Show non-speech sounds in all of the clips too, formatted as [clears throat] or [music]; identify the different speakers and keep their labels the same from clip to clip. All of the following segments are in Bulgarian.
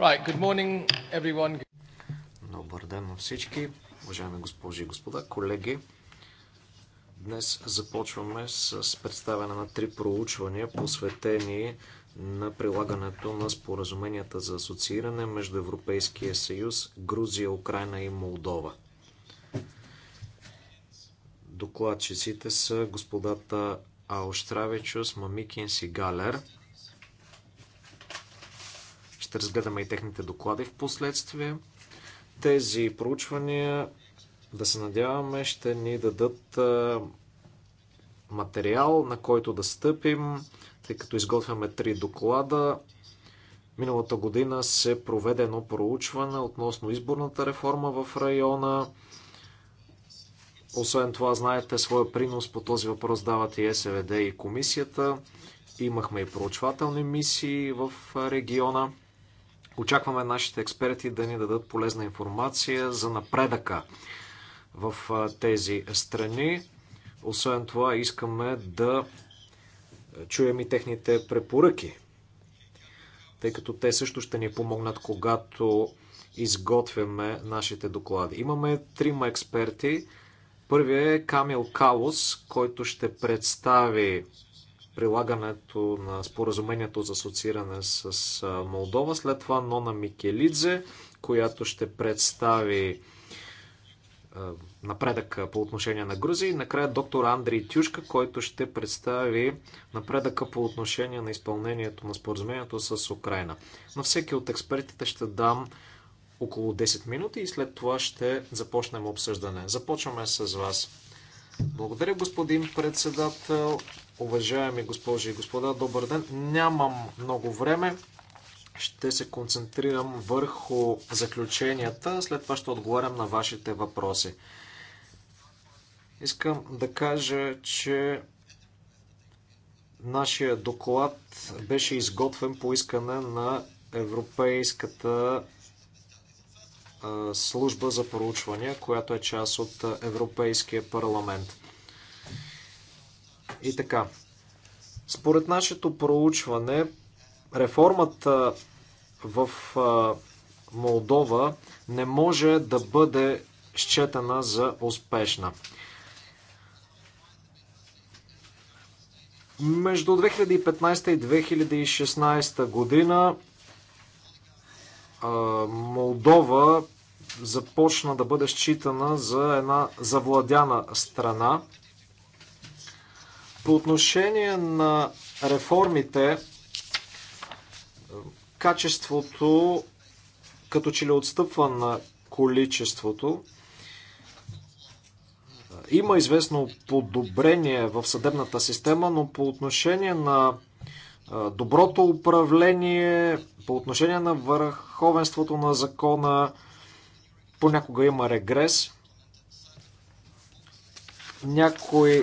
Speaker 1: Right, good morning, everyone. Добър ден на всички, уважаеми госпожи и господа, колеги. Днес започваме с представяне на три проучвания, посветени на прилагането на споразуменията за асоцииране между Европейския съюз, Грузия, Украина и Молдова. Докладчиците са господата Аустравичус, Мамикинс и Галер – ще разгледаме и техните доклади в последствие. Тези проучвания, да се надяваме, ще ни дадат материал, на който да стъпим, тъй като изготвяме три доклада. Миналата година се проведе едно проучване относно изборната реформа в района. Освен това, знаете, своя принос по този въпрос дават и СВД и комисията. Имахме и проучвателни мисии в региона. Очакваме нашите експерти да ни дадат полезна информация за напредъка в тези страни. Освен това, искаме да чуем и техните препоръки, тъй като те също ще ни помогнат, когато изготвяме нашите доклади. Имаме трима експерти. Първият е Камил Калос, който ще представи прилагането на споразумението за асоцииране с Молдова. След това Нона Микелидзе, която ще представи напредък по отношение на Грузия и накрая доктор Андрей Тюшка, който ще представи напредъка по отношение на изпълнението на споразумението с Украина. На всеки от експертите ще дам около 10 минути и след това ще започнем обсъждане. Започваме с вас. Благодаря, господин председател. Уважаеми госпожи и господа, добър ден. Нямам много време. Ще се концентрирам върху заключенията. След това ще отговарям на вашите въпроси. Искам да кажа, че нашия доклад беше изготвен по искане на Европейската служба за проучвания, която е част от Европейския парламент. И така, според нашето проучване, реформата в Молдова не може да бъде счетена за успешна. Между 2015 и 2016 година Молдова започна да бъде считана за една завладяна страна. По отношение на реформите, качеството като че ли отстъпва на количеството. Има известно подобрение в съдебната система, но по отношение на доброто управление, по отношение на върховенството на закона, понякога има регрес. Някои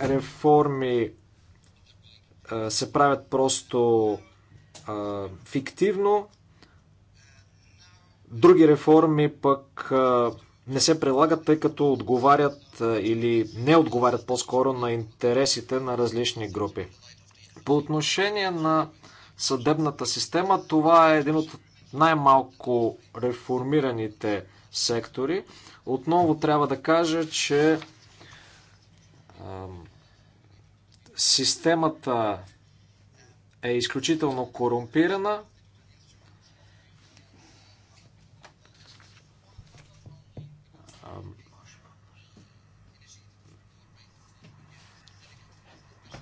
Speaker 1: реформи се правят просто фиктивно, други реформи пък не се прилагат, тъй като отговарят или не отговарят по-скоро на интересите на различни групи. По отношение на съдебната система, това е един от най-малко реформираните сектори. Отново трябва да кажа, че Системата е изключително корумпирана.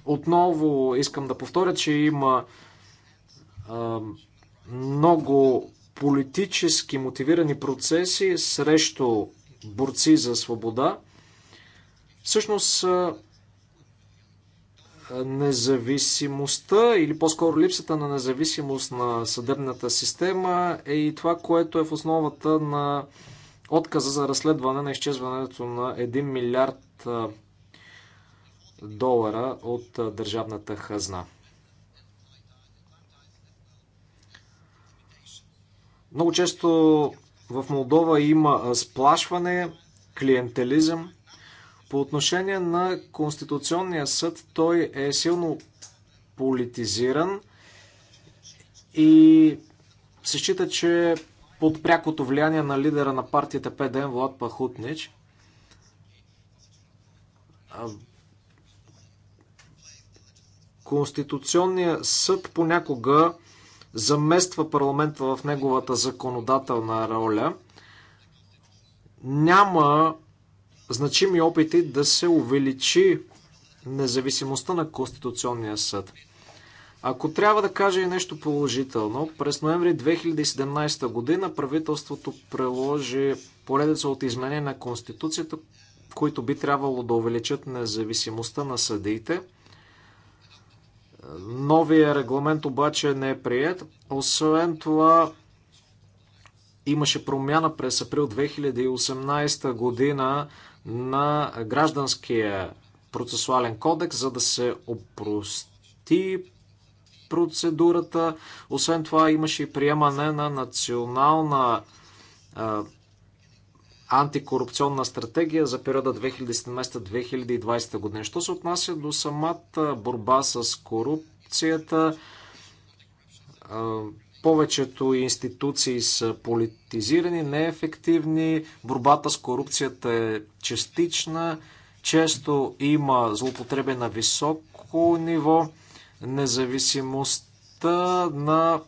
Speaker 1: Отново искам да повторя, че има много политически мотивирани процеси срещу борци за свобода. Всъщност, независимостта или по-скоро липсата на независимост на съдебната система е и това, което е в основата на отказа за разследване на изчезването на 1 милиард долара от държавната хазна. Много често в Молдова има сплашване, клиентелизъм. По отношение на Конституционния съд, той е силно политизиран и се счита, че под прякото влияние на лидера на партията ПДМ Влад Пахутнич. Конституционният съд понякога замества парламента в неговата законодателна роля. Няма значими опити да се увеличи независимостта на Конституционния съд. Ако трябва да кажа и нещо положително, през ноември 2017 година правителството приложи поредица от изменения на Конституцията, които би трябвало да увеличат независимостта на съдиите. Новия регламент обаче не е прият. Освен това, имаше промяна през април 2018 година на гражданския процесуален кодекс, за да се опрости процедурата. Освен това имаше и приемане на национална а, антикорупционна стратегия за периода 2017-2020 година. Що се отнася до самата борба с корупцията, а, повечето институции са политизирани, неефективни, борбата с корупцията е частична, често има злоупотреби на високо ниво, независимостта на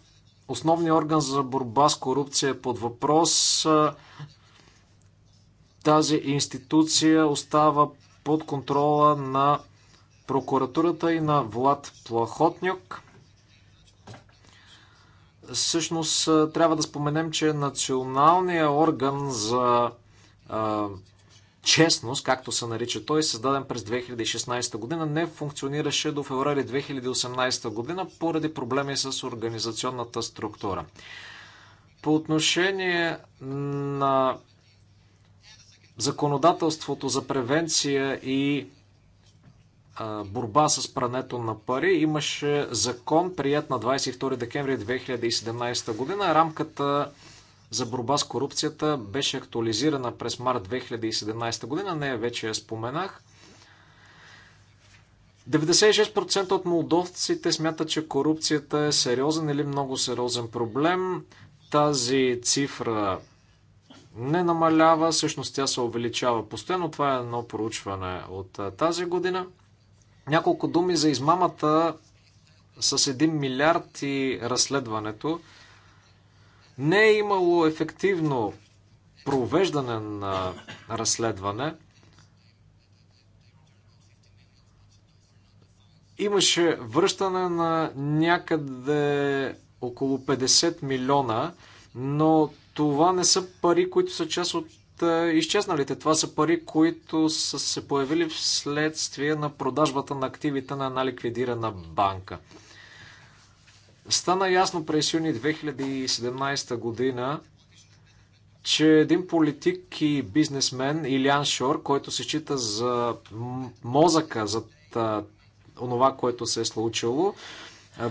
Speaker 1: основния орган за борба с корупция е под въпрос. Тази институция остава под контрола на прокуратурата и на Влад Плахотнюк. Всъщност трябва да споменем, че националният орган за а, честност, както се нарича той, създаден през 2016 година, не функционираше до феврали 2018 година поради проблеми с организационната структура. По отношение на законодателството за превенция и борба с прането на пари. Имаше закон, прият на 22 декември 2017 година. Рамката за борба с корупцията беше актуализирана през март 2017 година. Нея вече я споменах. 96% от молдовците смятат, че корупцията е сериозен или много сериозен проблем. Тази цифра не намалява, всъщност тя се увеличава постоянно. Това е едно проучване от тази година. Няколко думи за измамата с 1 милиард и разследването. Не е имало ефективно провеждане на разследване. Имаше връщане на някъде около 50 милиона, но това не са пари, които са част от изчезналите. Това са пари, които са се появили вследствие на продажбата на активите на една ликвидирана банка. Стана ясно през юни 2017 година, че един политик и бизнесмен, Илиан Шор, който се счита за мозъка, за онова, което се е случило,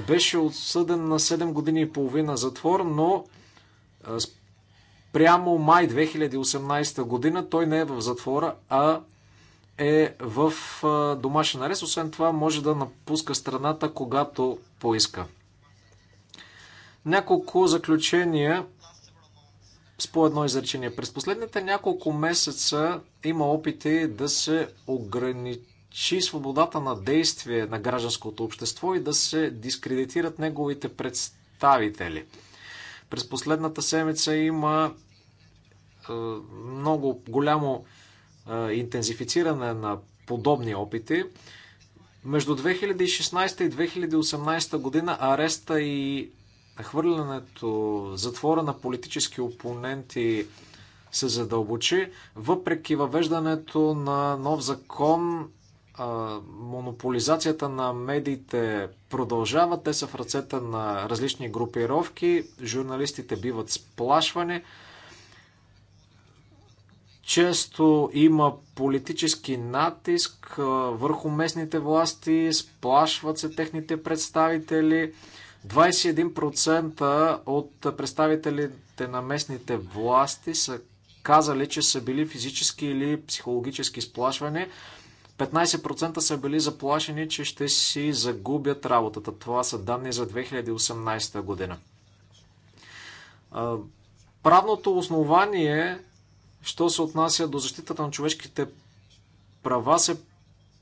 Speaker 1: беше отсъден на 7 години и половина затвор, но Прямо май 2018 година той не е в затвора, а е в домашен арест. Освен това, може да напуска страната, когато поиска. Няколко заключения с по едно изречение. През последните няколко месеца има опити да се ограничи свободата на действие на гражданското общество и да се дискредитират неговите представители – през последната седмица има е, много голямо е, интензифициране на подобни опити. Между 2016 и 2018 година ареста и хвърлянето затвора на политически опоненти се задълбочи, въпреки въвеждането на нов закон монополизацията на медиите продължава. Те са в ръцете на различни групировки. Журналистите биват сплашвани. Често има политически натиск върху местните власти, сплашват се техните представители. 21% от представителите на местните власти са казали, че са били физически или психологически сплашвани. 15% са били заплашени, че ще си загубят работата. Това са данни за 2018 година. Правното основание, що се отнася до защитата на човешките права, се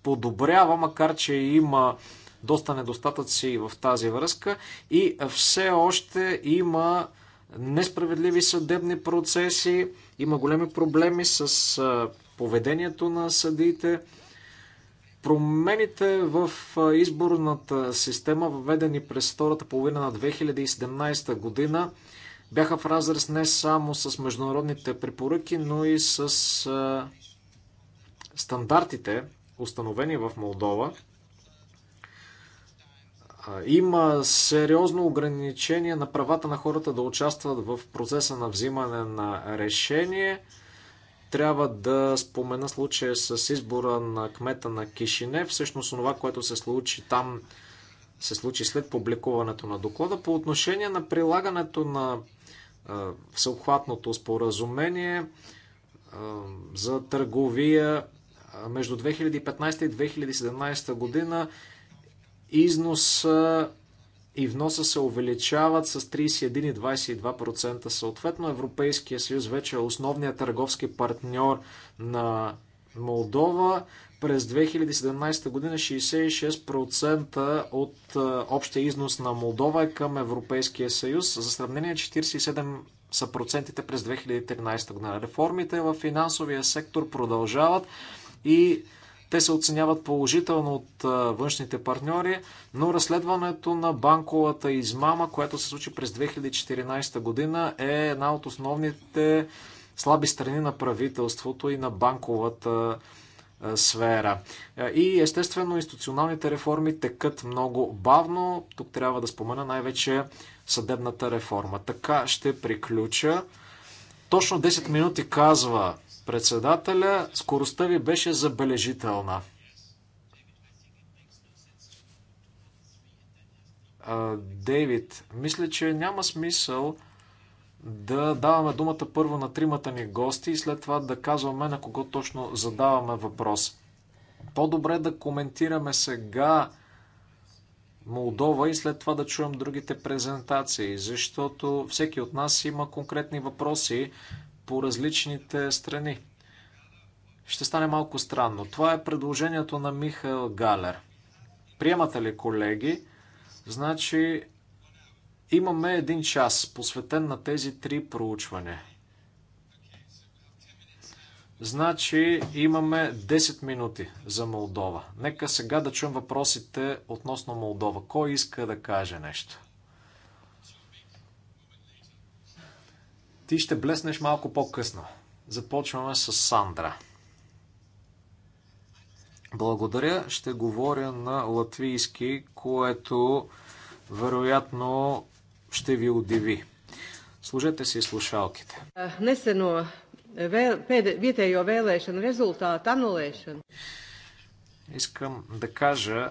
Speaker 1: подобрява, макар че има доста недостатъци в тази връзка и все още има несправедливи съдебни процеси, има големи проблеми с поведението на съдиите. Промените в изборната система, въведени през втората половина на 2017 година, бяха в разрез не само с международните препоръки, но и с стандартите, установени в Молдова. Има сериозно ограничение на правата на хората да участват в процеса на взимане на решение – трябва да спомена случая с избора на кмета на Кишине. Всъщност това, което се случи там, се случи след публикуването на доклада. По отношение на прилагането на всеобхватното споразумение за търговия между 2015 и 2017 година износа и вноса се увеличават с 31 22%. Съответно, Европейския съюз вече е основният търговски партньор на Молдова. През 2017 година 66% от общия износ на Молдова е към Европейския съюз. За сравнение 47 са процентите през 2013 година. Реформите в финансовия сектор продължават и те се оценяват положително от външните партньори, но разследването на банковата измама, която се случи през 2014 година, е една от основните слаби страни на правителството и на банковата сфера. И естествено институционалните реформи текат много бавно. Тук трябва да спомена най-вече съдебната реформа. Така ще приключа. Точно 10 минути казва председателя. Скоростта ви беше забележителна. Дейвид, мисля, че няма смисъл да даваме думата първо на тримата ни гости и след това да казваме на кого точно задаваме въпрос. По-добре да коментираме сега Молдова и след това да чуем другите презентации, защото всеки от нас има конкретни въпроси по различните страни. Ще стане малко странно. Това е предложението на Михаил Галер. Приемате ли, колеги? Значи имаме един час, посветен на тези три проучвания. Значи имаме 10 минути за Молдова. Нека сега да чуем въпросите относно Молдова. Кой иска да каже нещо? Ти ще блеснеш малко по-късно. Започваме с Сандра. Благодаря. Ще говоря на латвийски, което вероятно ще ви удиви. Служете си слушалките.
Speaker 2: Несено
Speaker 1: Искам да кажа,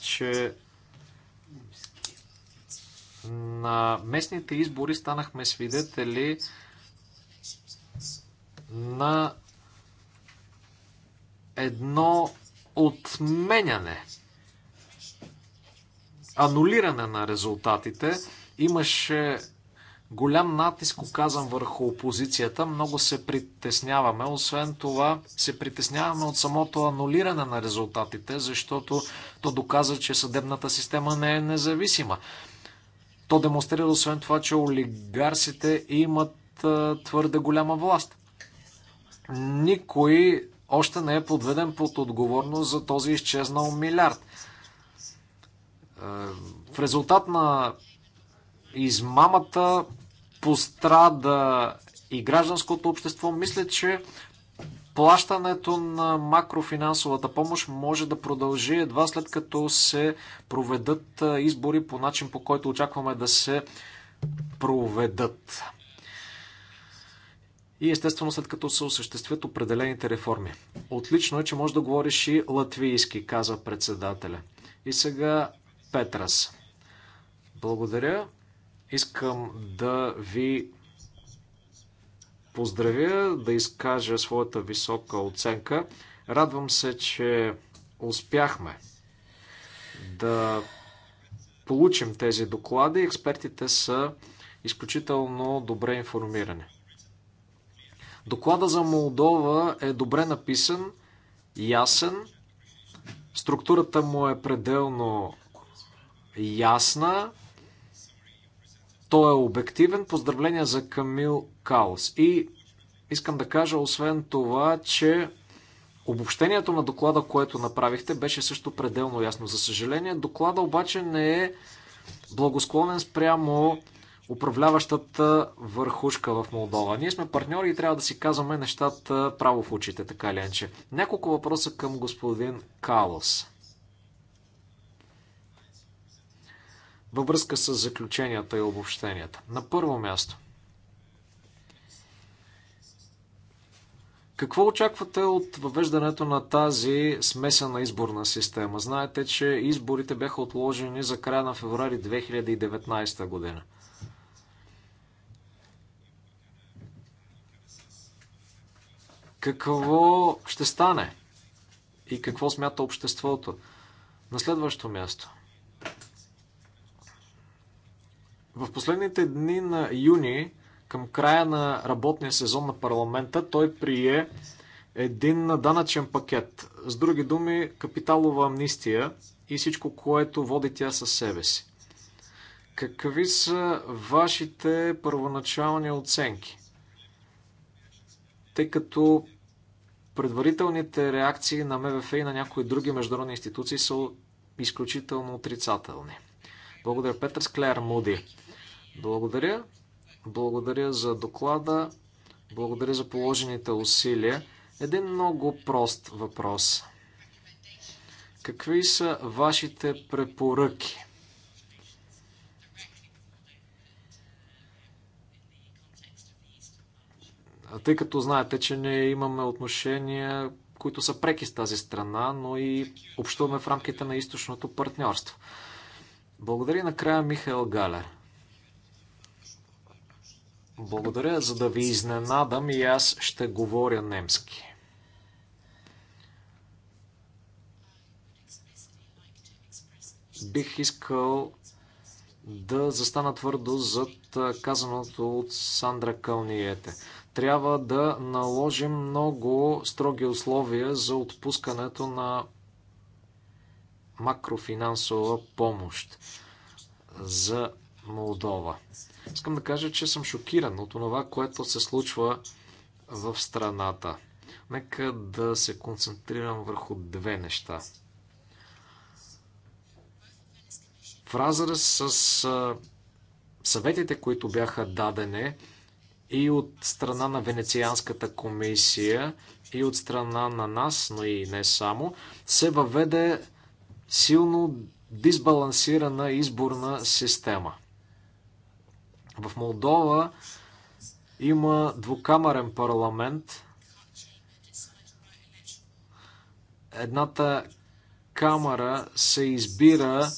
Speaker 1: че на местните избори станахме свидетели на едно отменяне, анулиране на резултатите. Имаше голям натиск оказан върху опозицията. Много се притесняваме. Освен това, се притесняваме от самото анулиране на резултатите, защото то доказа, че съдебната система не е независима. То демонстрира освен това, че олигарсите имат твърде голяма власт. Никой още не е подведен под отговорност за този изчезнал милиард. В резултат на измамата пострада и гражданското общество. Мисля, че Плащането на макрофинансовата помощ може да продължи едва след като се проведат избори по начин, по който очакваме да се проведат. И естествено след като се осъществят определените реформи. Отлично е, че може да говориш и латвийски, каза председателя. И сега Петрас. Благодаря. Искам да ви поздравя, да изкажа своята висока оценка. Радвам се, че успяхме да получим тези доклади. Експертите са изключително добре информирани. Доклада за Молдова е добре написан, ясен, структурата му е пределно ясна, той е обективен. Поздравления за Камил Каос. И искам да кажа, освен това, че обобщението на доклада, което направихте, беше също пределно ясно. За съжаление, доклада обаче не е благосклонен спрямо управляващата върхушка в Молдова. Ние сме партньори и трябва да си казваме нещата право в очите, така Ленче. Няколко въпроса към господин Калос. във връзка с заключенията и обобщенията. На първо място, Какво очаквате от въвеждането на тази смесена изборна система? Знаете, че изборите бяха отложени за края на феврари 2019 година. Какво ще стане? И какво смята обществото? На следващо място. В последните дни на юни, към края на работния сезон на парламента, той прие един данъчен пакет. С други думи, капиталова амнистия и всичко, което води тя със себе си. Какви са вашите първоначални оценки? Тъй като предварителните реакции на МВФ и на някои други международни институции са изключително отрицателни. Благодаря, Петър Склеер Муди. Благодаря. Благодаря за доклада. Благодаря за положените усилия. Един много прост въпрос. Какви са вашите препоръки? Тъй като знаете, че ние имаме отношения, които са преки с тази страна, но и общуваме в рамките на източното партньорство. Благодаря накрая Михаил Галер. Благодаря, за да ви изненадам и аз ще говоря немски. Бих искал да застана твърдо зад казаното от Сандра Кълниете. Трябва да наложим много строги условия за отпускането на макрофинансова помощ за Молдова. Искам да кажа, че съм шокиран от това, което се случва в страната. Нека да се концентрирам върху две неща. В разрез с съветите, които бяха дадени и от страна на Венецианската комисия, и от страна на нас, но и не само, се въведе силно дисбалансирана изборна система. В Молдова има двукамерен парламент. Едната камера се избира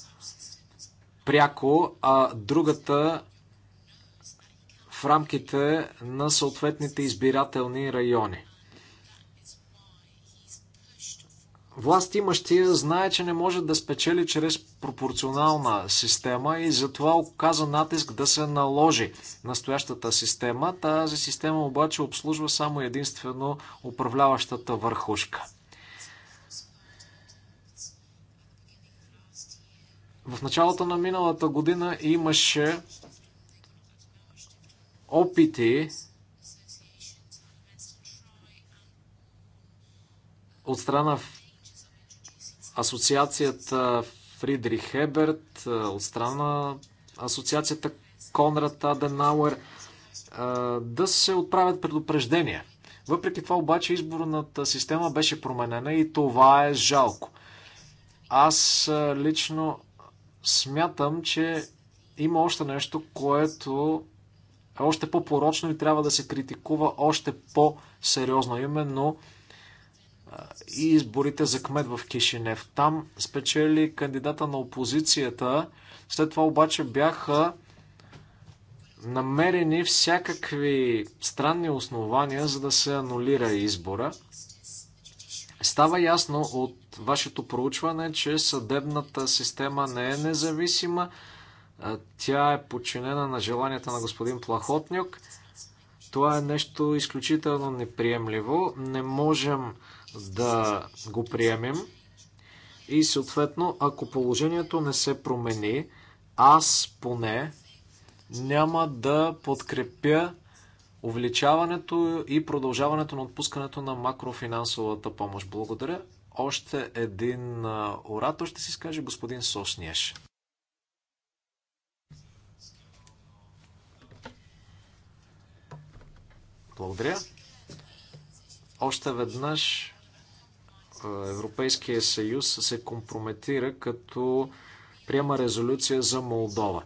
Speaker 1: пряко, а другата в рамките на съответните избирателни райони. власт имащия знае, че не може да спечели чрез пропорционална система и затова оказа натиск да се наложи настоящата система. Тази система обаче обслужва само единствено управляващата върхушка. В началото на миналата година имаше опити от страна асоциацията Фридрих Хеберт, е, от страна на асоциацията Конрад Аденауер, е, да се отправят предупреждения. Въпреки това обаче изборната система беше променена и това е жалко. Аз е, лично смятам, че има още нещо, което е още по-порочно и трябва да се критикува още по-сериозно, именно и изборите за кмет в Кишинев. Там спечели кандидата на опозицията, след това обаче бяха намерени всякакви странни основания, за да се анулира избора. Става ясно от вашето проучване, че съдебната система не е независима. Тя е подчинена на желанията на господин Плахотнюк – това е нещо изключително неприемливо. Не можем да го приемем. И съответно, ако положението не се промени, аз поне няма да подкрепя увеличаването и продължаването на отпускането на макрофинансовата помощ. Благодаря. Още един оратор ще си скаже господин Сосниеш. Благодаря. Още веднъж Европейския съюз се компрометира като приема резолюция за Молдова.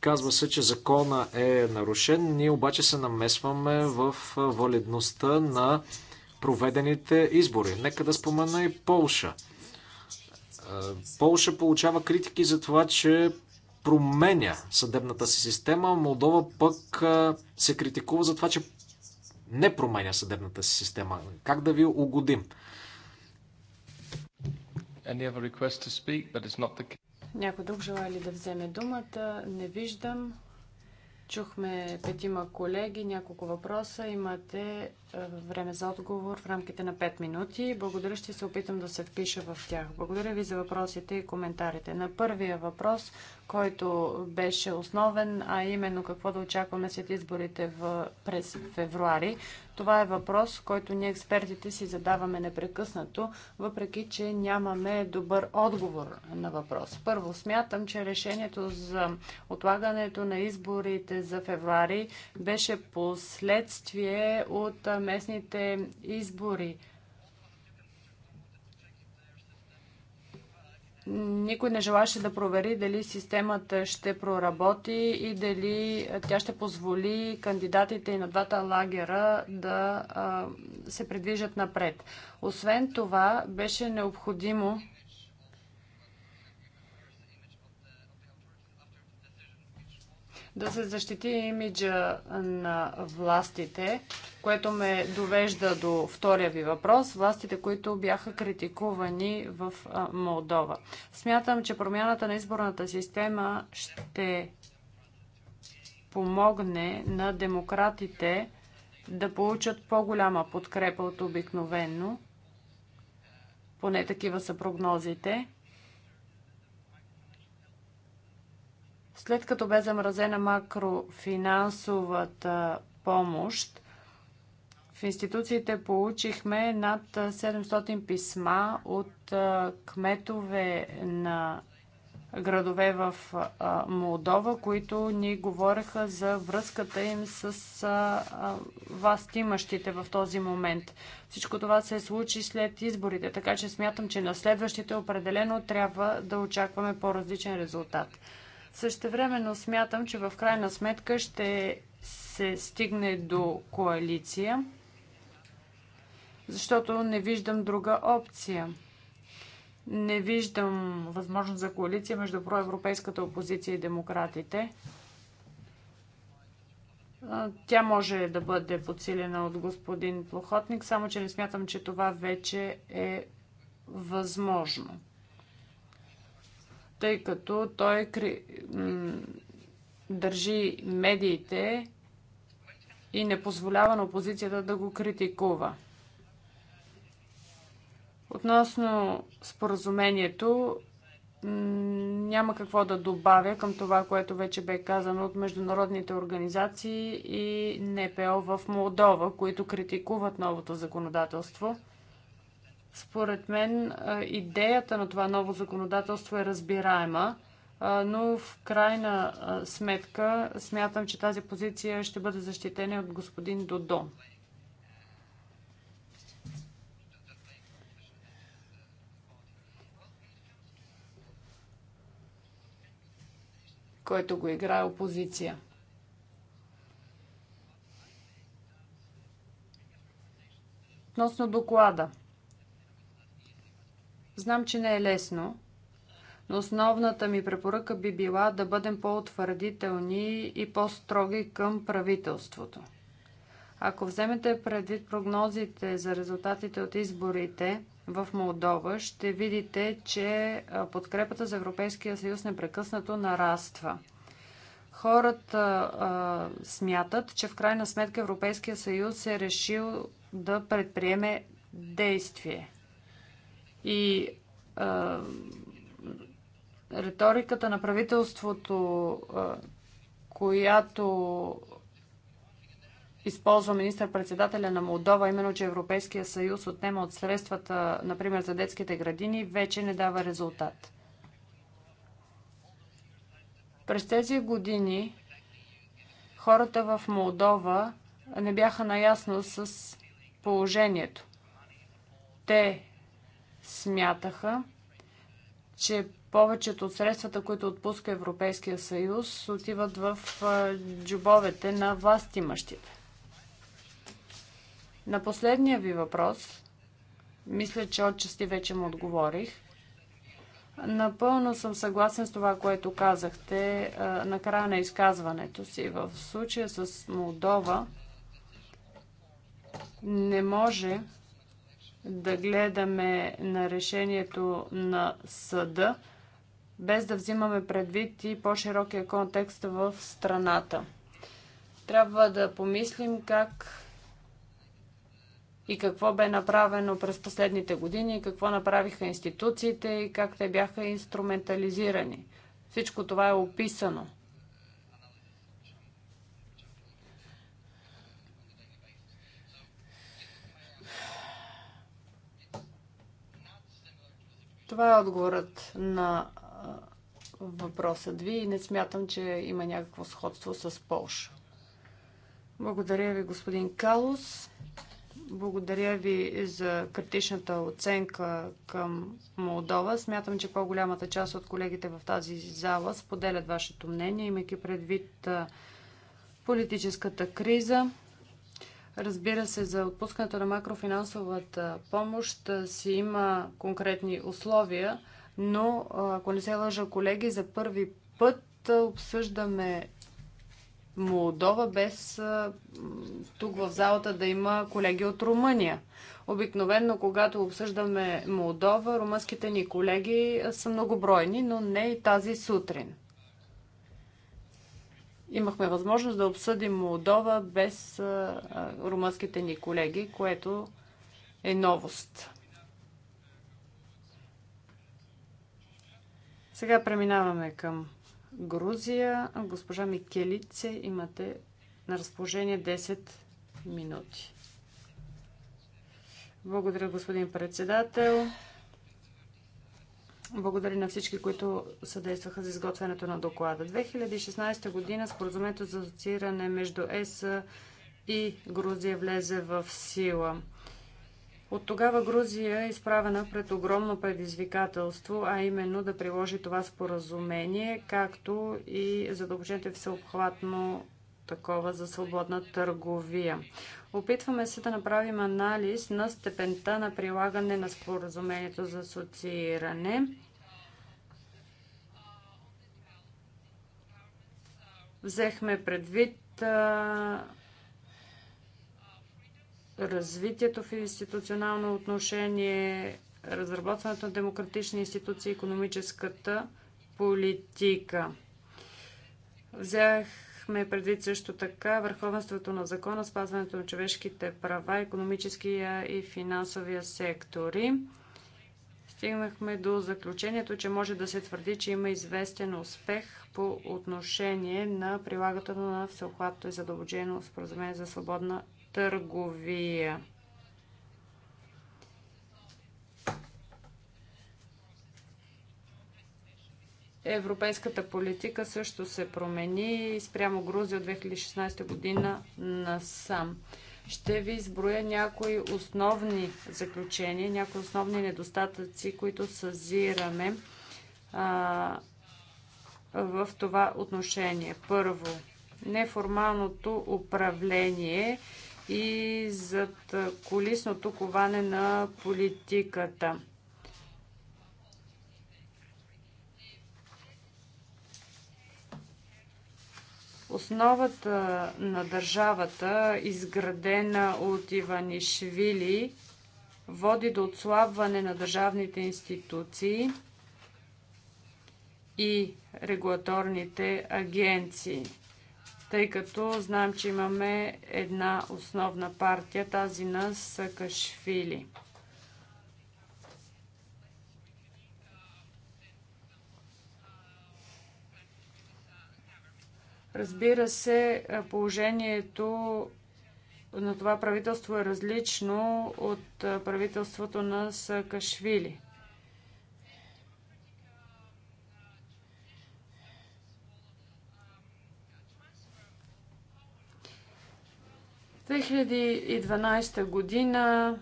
Speaker 1: Казва се, че закона е нарушен, ние обаче се намесваме в валидността на проведените избори. Нека да спомена и Полша. Полша получава критики за това, че променя съдебната си система. Молдова пък се критикува за това, че не променя съдебната си система. Как да ви угодим?
Speaker 2: Някой друг желая ли да вземе думата? Не виждам. Чухме петима колеги, няколко въпроса. Имате е, време за отговор в рамките на 5 минути. Благодаря, ще се опитам да се впиша в тях. Благодаря ви за въпросите и коментарите. На първия въпрос, който беше основен, а именно какво да очакваме след изборите в, през февруари, това е въпрос, който ние експертите си задаваме непрекъснато, въпреки че нямаме добър отговор на въпрос. Първо, смятам, че решението за отлагането на изборите за февруари беше последствие от местните избори никой не желаше да провери дали системата ще проработи и дали тя ще позволи кандидатите и на двата лагера да се придвижат напред. Освен това, беше необходимо да се защити имиджа на властите, което ме довежда до втория ви въпрос. Властите, които бяха критикувани в Молдова. Смятам, че промяната на изборната система ще помогне на демократите да получат по-голяма подкрепа от обикновено. Поне такива са прогнозите. След като бе замразена макрофинансовата помощ, в институциите получихме над 700 писма от кметове на градове в Молдова, които ни говореха за връзката им с властимащите в този момент. Всичко това се случи след изборите, така че смятам, че на следващите определено трябва да очакваме по-различен резултат. Същевременно смятам, че в крайна сметка ще се стигне до коалиция, защото не виждам друга опция. Не виждам възможност за коалиция между проевропейската опозиция и демократите. Тя може да бъде подсилена от господин Плохотник, само че не смятам, че това вече е възможно тъй като той държи медиите и не позволява на опозицията да го критикува. Относно споразумението, няма какво да добавя към това, което вече бе казано от международните организации и НПО в Молдова, които критикуват новото законодателство. Според мен идеята на това ново законодателство е разбираема, но в крайна сметка смятам, че тази позиция ще бъде защитена от господин Додо. който го играе опозиция. Относно доклада – Знам, че не е лесно, но основната ми препоръка би била да бъдем по-утвърдителни и по-строги към правителството. Ако вземете предвид прогнозите за резултатите от изборите в Молдова, ще видите, че подкрепата за Европейския съюз непрекъснато нараства. Хората а, смятат, че в крайна сметка Европейския съюз е решил да предприеме действие – и а, риториката на правителството, а, която използва министър-председателя на Молдова, именно, че Европейския съюз отнема от средствата, например, за детските градини, вече не дава резултат. През тези години хората в Молдова не бяха наясно с положението. Те смятаха, че повечето от средствата, които отпуска Европейския съюз, отиват в джобовете на властимащите. На последния ви въпрос, мисля, че отчасти вече му отговорих. Напълно съм съгласен с това, което казахте на края на изказването си. В случая с Молдова не може да гледаме на решението на съда, без да взимаме предвид и по-широкия контекст в страната. Трябва да помислим как и какво бе направено през последните години, какво направиха институциите и как те бяха инструментализирани. Всичко това е описано – Това е отговорът на въпросът ви и не смятам, че има някакво сходство с Полша. Благодаря ви, господин Калус. Благодаря ви за критичната оценка към Молдова. Смятам, че по-голямата част от колегите в тази зала споделят вашето мнение, имайки предвид политическата криза. Разбира се, за отпускането на макрофинансовата помощ си има конкретни условия, но ако не се лъжа, колеги, за първи път обсъждаме Молдова, без тук в залата да има колеги от Румъния. Обикновено, когато обсъждаме Молдова, румънските ни колеги са многобройни, но не и тази сутрин имахме възможност да обсъдим Молдова без румънските ни колеги, което е новост. Сега преминаваме към Грузия. Госпожа Микелице, имате на разположение 10 минути. Благодаря, господин председател. Благодаря на всички, които съдействаха за изготвянето на доклада. 2016 година споразумението за асоцииране между ЕС и Грузия влезе в сила. От тогава Грузия е изправена пред огромно предизвикателство, а именно да приложи това споразумение, както и задълбочените всеобхватно такова за свободна търговия. Опитваме се да направим анализ на степента на прилагане на споразумението за асоцииране. Взехме предвид развитието в институционално отношение, разработването на демократични институции, економическата политика. Взех имахме предвид също така върховенството на закона, спазването на човешките права, економическия и финансовия сектори. Стигнахме до заключението, че може да се твърди, че има известен успех по отношение на прилагането на всеохватно и задълбочено споразумение за свободна търговия. Европейската политика също се промени спрямо Грузия от 2016 година насам. Ще ви изброя някои основни заключения, някои основни недостатъци, които съзираме а, в това отношение. Първо, неформалното управление и зад колисното коване на политиката – Основата на държавата, изградена от Иванишвили, води до отслабване на държавните институции и регулаторните агенции. Тъй като знаем, че имаме една основна партия, тази на Сакашвили. Разбира се, положението на това правителство е различно от правителството на Саакашвили. В 2012 година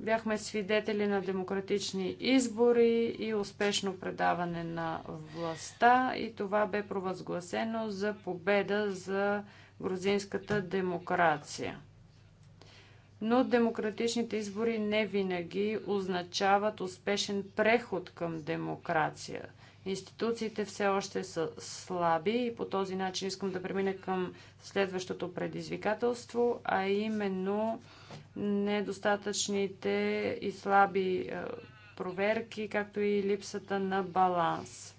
Speaker 2: Бяхме свидетели на демократични избори и успешно предаване на властта и това бе провъзгласено за победа за грузинската демокрация. Но демократичните избори не винаги означават успешен преход към демокрация. Институциите все още са слаби и по този начин искам да премина към следващото предизвикателство, а именно недостатъчните и слаби е, проверки, както и липсата на баланс.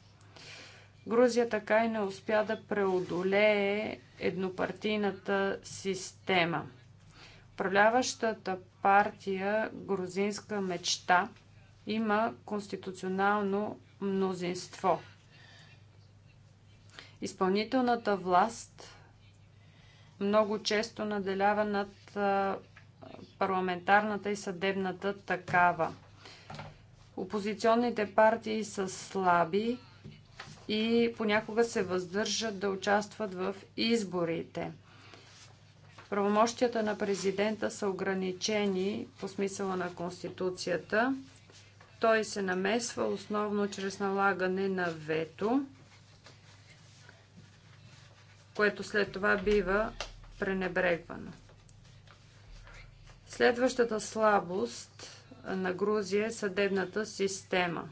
Speaker 2: Грузия така и не успя да преодолее еднопартийната система. Управляващата партия Грузинска мечта има конституционално мнозинство. Изпълнителната власт много често наделява над е, парламентарната и съдебната такава. Опозиционните партии са слаби и понякога се въздържат да участват в изборите. Правомощията на президента са ограничени по смисъла на Конституцията. Той се намесва основно чрез налагане на вето, което след това бива пренебрегвано. Следващата слабост на Грузия е съдебната система.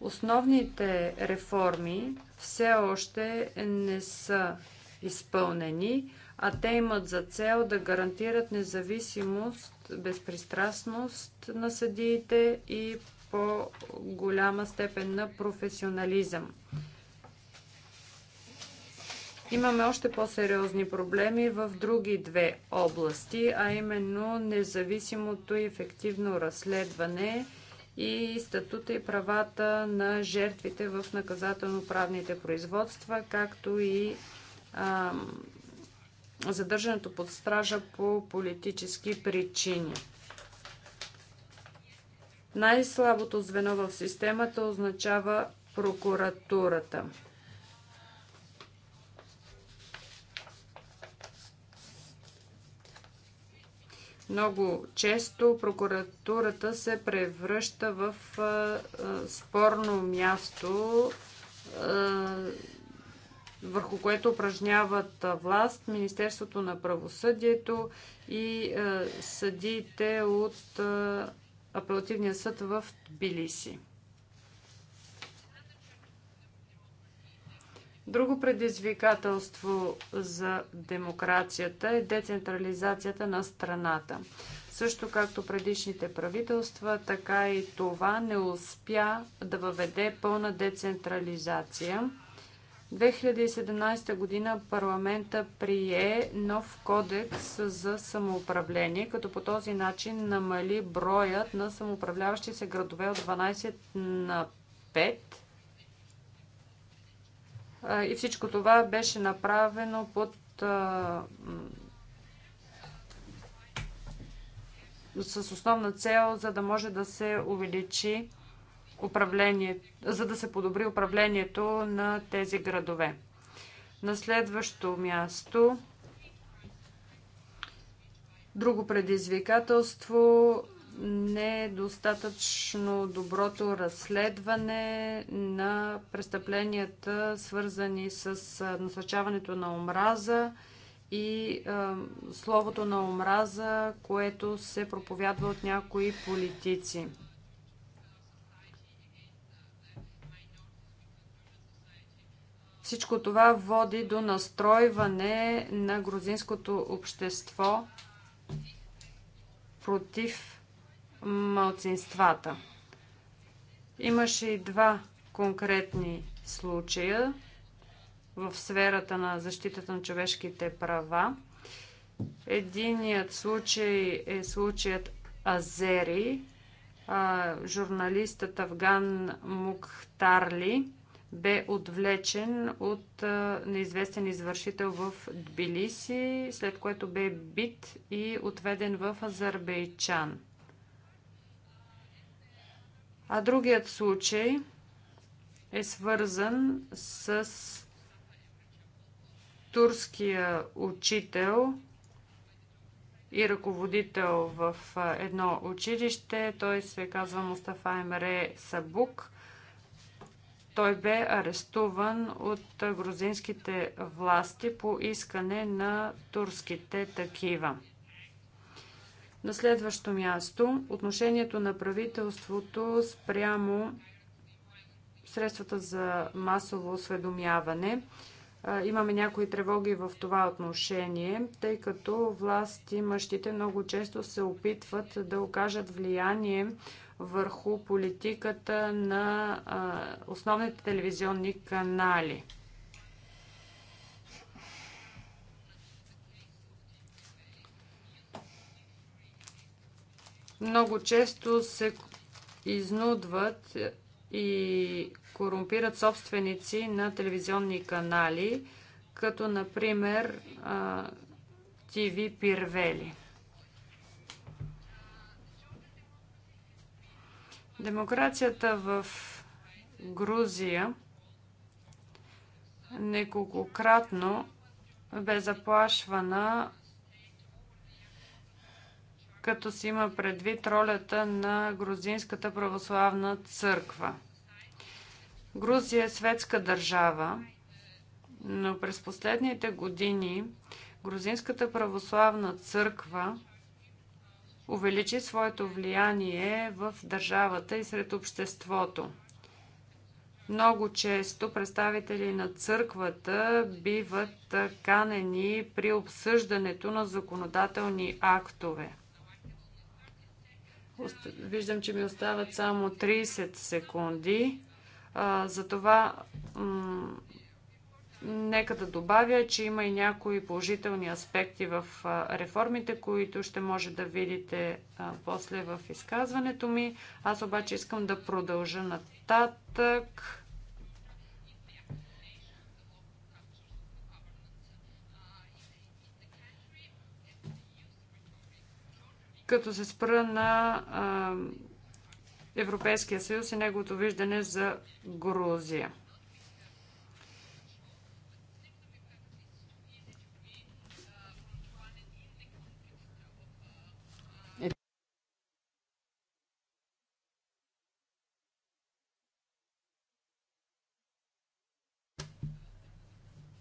Speaker 2: Основните реформи все още не са изпълнени, а те имат за цел да гарантират независимост, безпристрастност на съдиите и по-голяма степен на професионализъм. Имаме още по-сериозни проблеми в други две области, а именно независимото и ефективно разследване и статута и правата на жертвите в наказателно-правните производства, както и а, задържането под стража по политически причини. Най-слабото звено в системата означава прокуратурата. Много често прокуратурата се превръща в спорно място, върху което упражняват власт Министерството на правосъдието и съдиите от апелативния съд в Тбилиси. Друго предизвикателство за демокрацията е децентрализацията на страната. Също както предишните правителства, така и това не успя да въведе пълна децентрализация. 2017 година парламента прие нов кодекс за самоуправление, като по този начин намали броят на самоуправляващи се градове от 12 на 5 и всичко това беше направено под с основна цел, за да може да се увеличи управлението, за да се подобри управлението на тези градове. На следващо място Друго предизвикателство недостатъчно е доброто разследване на престъпленията, свързани с насърчаването на омраза и е, словото на омраза, което се проповядва от някои политици. Всичко това води до настройване на грузинското общество против малцинствата. Имаше и два конкретни случая в сферата на защитата на човешките права. Единият случай е случаят Азери. Журналистът Афган Мухтарли бе отвлечен от неизвестен извършител в Тбилиси, след което бе бит и отведен в Азербайджан. А другият случай е свързан с турския учител и ръководител в едно училище. Той се казва Мустафа Емре Сабук. Той бе арестуван от грузинските власти по искане на турските такива. На следващо място, отношението на правителството спрямо средствата за масово осведомяване. Имаме някои тревоги в това отношение, тъй като власти мъщите много често се опитват да окажат влияние върху политиката на основните телевизионни канали. много често се изнудват и корумпират собственици на телевизионни канали, като например ТВ Пирвели. Демокрацията в Грузия неколкократно бе заплашвана като се има предвид ролята на Грузинската православна църква. Грузия е светска държава, но през последните години Грузинската православна църква увеличи своето влияние в държавата и сред обществото. Много често представители на църквата биват канени при обсъждането на законодателни актове. Виждам, че ми остават само 30 секунди. Затова нека да добавя, че има и някои положителни аспекти в реформите, които ще може да видите после в изказването ми. Аз обаче искам да продължа нататък като се спра на а, Европейския съюз и неговото виждане за Грузия.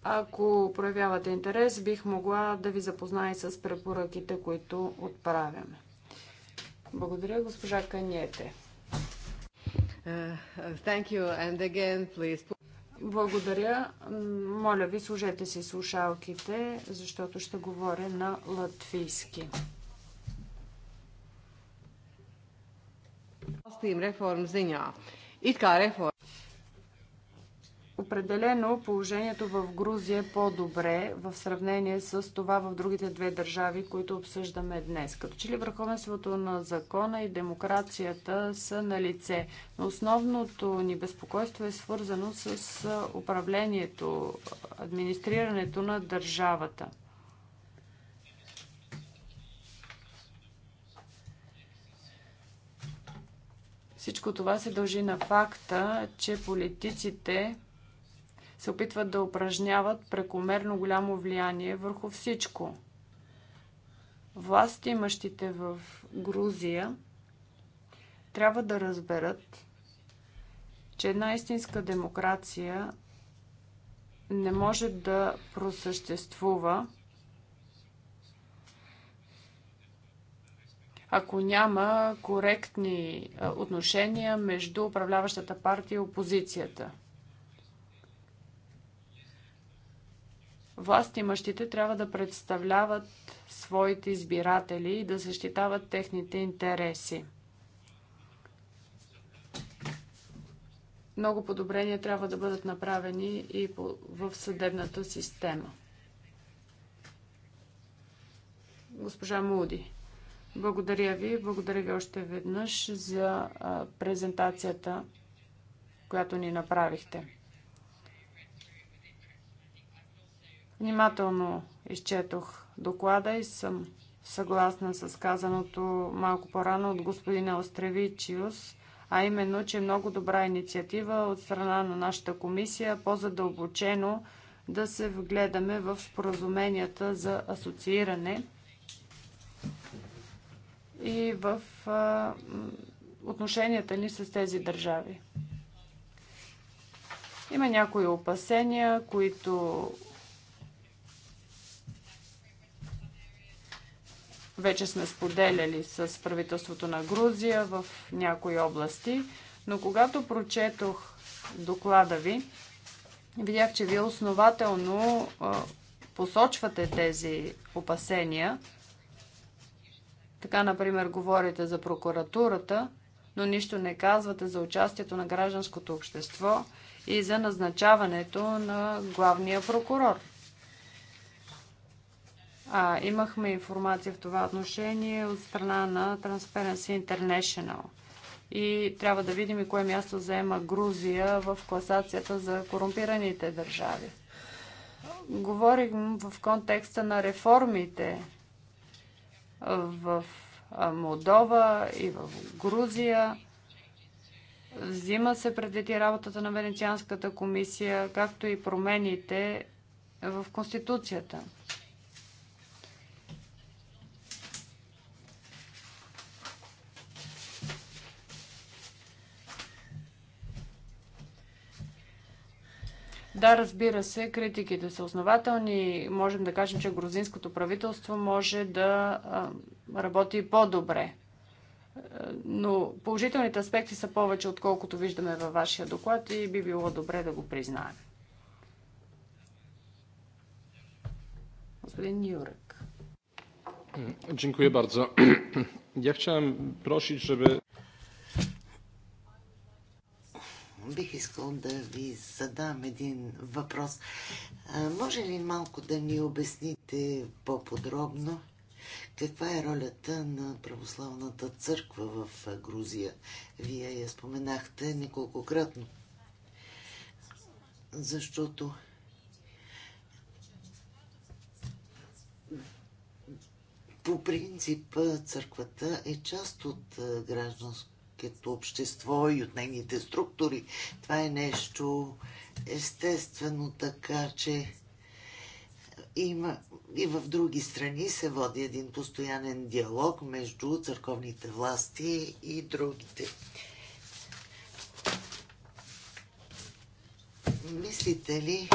Speaker 2: Ако проявявате интерес, бих могла да ви запозная и с препоръките, които отправяме. Благодаря, госпожа Каниете. Uh, Благодаря. Моля ви, служете си слушалките, защото ще говоря на латвийски. Valstīm reformu ziņā. It реформ. Определено положението в Грузия е по-добре в сравнение с това в другите две държави, които обсъждаме днес. Като че ли върховенството на закона и демокрацията са на лице. Но основното ни безпокойство е свързано с управлението, администрирането на държавата. Всичко това се дължи на факта, че политиците се опитват да упражняват прекомерно голямо влияние върху всичко. Власти имащите в Грузия трябва да разберат, че една истинска демокрация не може да просъществува, ако няма коректни отношения между управляващата партия и опозицията. властимащите трябва да представляват своите избиратели и да защитават техните интереси. Много подобрения трябва да бъдат направени и в съдебната система. Госпожа Муди, благодаря ви. Благодаря ви още веднъж за презентацията, която ни направихте. Внимателно изчетох доклада и съм съгласна с казаното малко по-рано от господина Остревичиус, а именно, че е много добра инициатива от страна на нашата комисия по-задълбочено да се вгледаме в споразуменията за асоцииране и в отношенията ни с тези държави. Има някои опасения, които Вече сме споделяли с правителството на Грузия в някои области, но когато прочетох доклада ви, видях, че вие основателно посочвате тези опасения. Така, например, говорите за прокуратурата, но нищо не казвате за участието на гражданското общество и за назначаването на главния прокурор. А, имахме информация в това отношение от страна на Transparency International. И трябва да видим и кое място заема Грузия в класацията за корумпираните държави. Говорим в контекста на реформите в Молдова и в Грузия. Взима се предвид и работата на Венецианската комисия, както и промените в Конституцията. Да, разбира се, критиките са основателни. Можем да кажем, че грузинското правителство може да работи по-добре. Е, но положителните аспекти са повече, отколкото виждаме във вашия доклад и би било добре да го признаем. Господин Юрек.
Speaker 1: Dziękuję bardzo. [clears throat] Ja chciałem prosić, żeby
Speaker 3: бих искал да ви задам един въпрос. може ли малко да ни обясните по-подробно каква е ролята на православната църква в Грузия? Вие я споменахте неколкократно. Защото по принцип църквата е част от гражданското като общество и от нейните структури. Това е нещо естествено, така че има, и в други страни се води един постоянен диалог между църковните власти и другите. Мислите ли,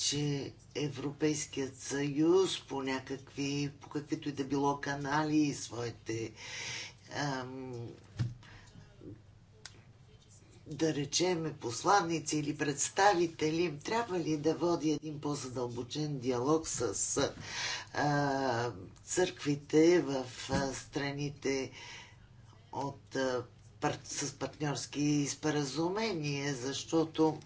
Speaker 3: че Европейският съюз по някакви, по каквито и да било канали и своите да речем, посланници или представители, трябва ли да води един по-задълбочен диалог с а, църквите в а, страните от, а, пар, с партньорски споразумения, защото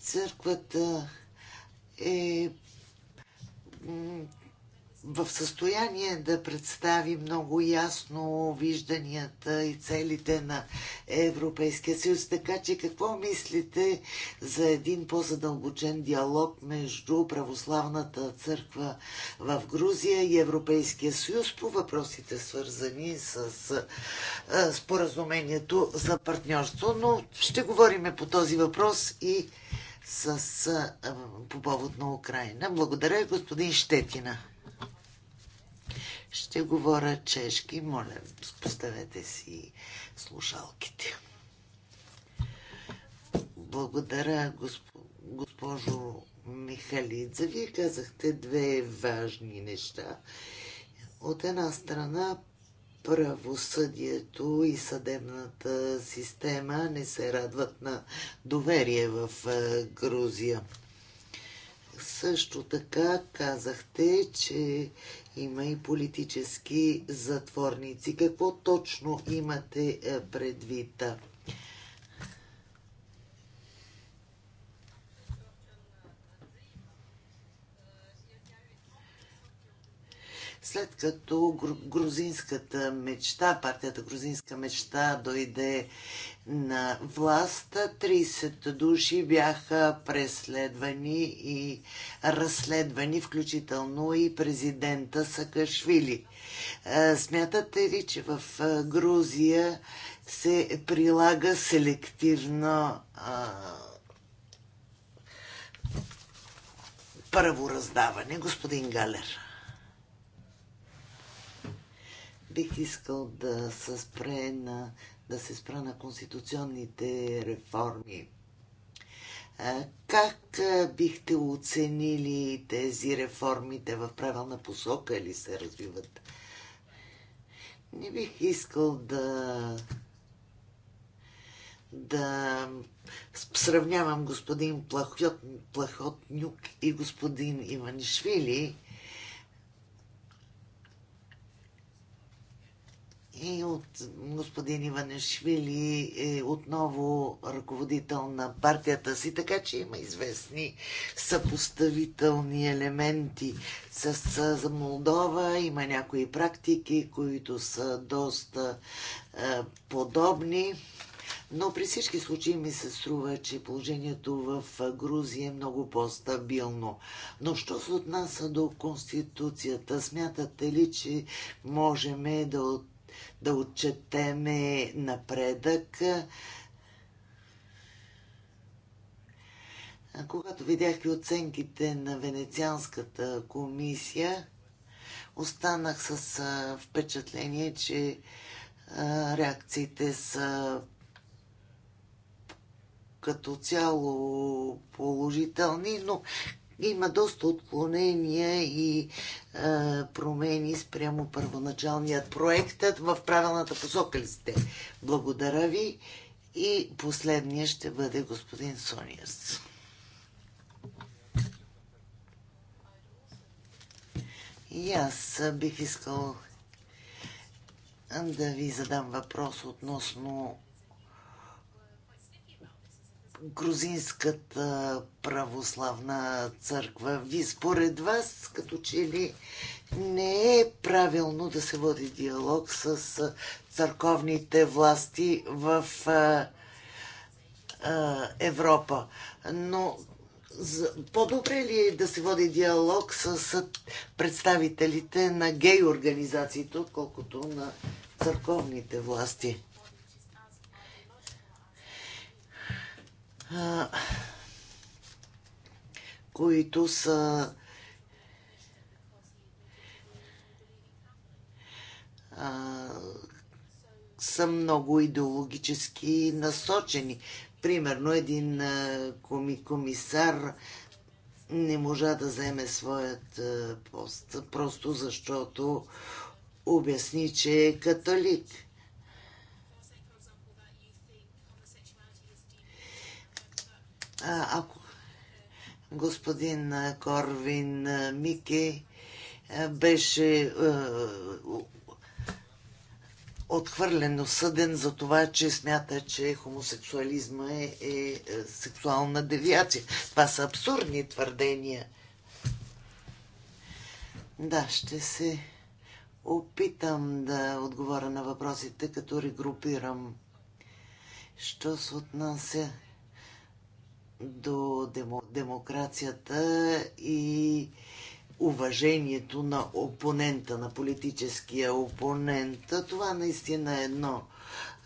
Speaker 3: църквата е в състояние да представи много ясно вижданията и целите на Европейския съюз. Така че какво мислите за един по-задълбочен диалог между Православната църква в Грузия и Европейския съюз по въпросите свързани с споразумението за партньорство? Но ще говорим по този въпрос и с, а, по повод на Украина. Благодаря, господин Щетина. Ще говоря чешки. Моля, поставете си слушалките. Благодаря, госпожо Михалидзе. Вие казахте две важни неща. От една страна правосъдието и съдебната система не се радват на доверие в е, Грузия. Също така казахте, че има и политически затворници. Какво точно имате е, предвид? след като грузинската мечта, партията грузинска мечта дойде на власт, 30 души бяха преследвани и разследвани, включително и президента Сакашвили. Е, смятате ли, че в е, Грузия се прилага селективно правораздаване, господин Галер? Бих искал да се спре на, да се спра на конституционните реформи. Е, как е, бихте оценили тези реформите в правилна посока или се развиват? Не бих искал да да сравнявам господин Плахот, Плахотнюк и господин Иванишвили, и от господин Иванешвили, е отново ръководител на партията си, така че има известни съпоставителни елементи с, с за Молдова. Има някои практики, които са доста е, подобни. Но при всички случаи ми се струва, че положението в Грузия е много по-стабилно. Но що се отнася до Конституцията? Смятате ли, че можем да от да отчетеме напредък. Когато видях и оценките на Венецианската комисия, останах с впечатление, че реакциите са като цяло положителни, но има доста отклонения и е, промени спрямо първоначалният проект. Е, в правилната посока ли сте? Благодаря ви. И последния ще бъде господин Сониас. И аз бих искал да ви задам въпрос относно грузинската православна църква. Ви според вас, като че ли не е правилно да се води диалог с църковните власти в а, а, Европа. Но по-добре ли е да се води диалог с, с представителите на гей организациите, отколкото на църковните власти? които са са много идеологически насочени. Примерно един комисар не можа да вземе своят пост, просто защото обясни, че е католик. ако господин Корвин Мике беше отхвърлен, осъден за това, че смята, че хомосексуализма е, е, е сексуална девиация. Това са абсурдни твърдения. Да, ще се опитам да отговоря на въпросите, като регрупирам. Що се отнася до демо, демокрацията и уважението на опонента, на политическия опонент. Това наистина е едно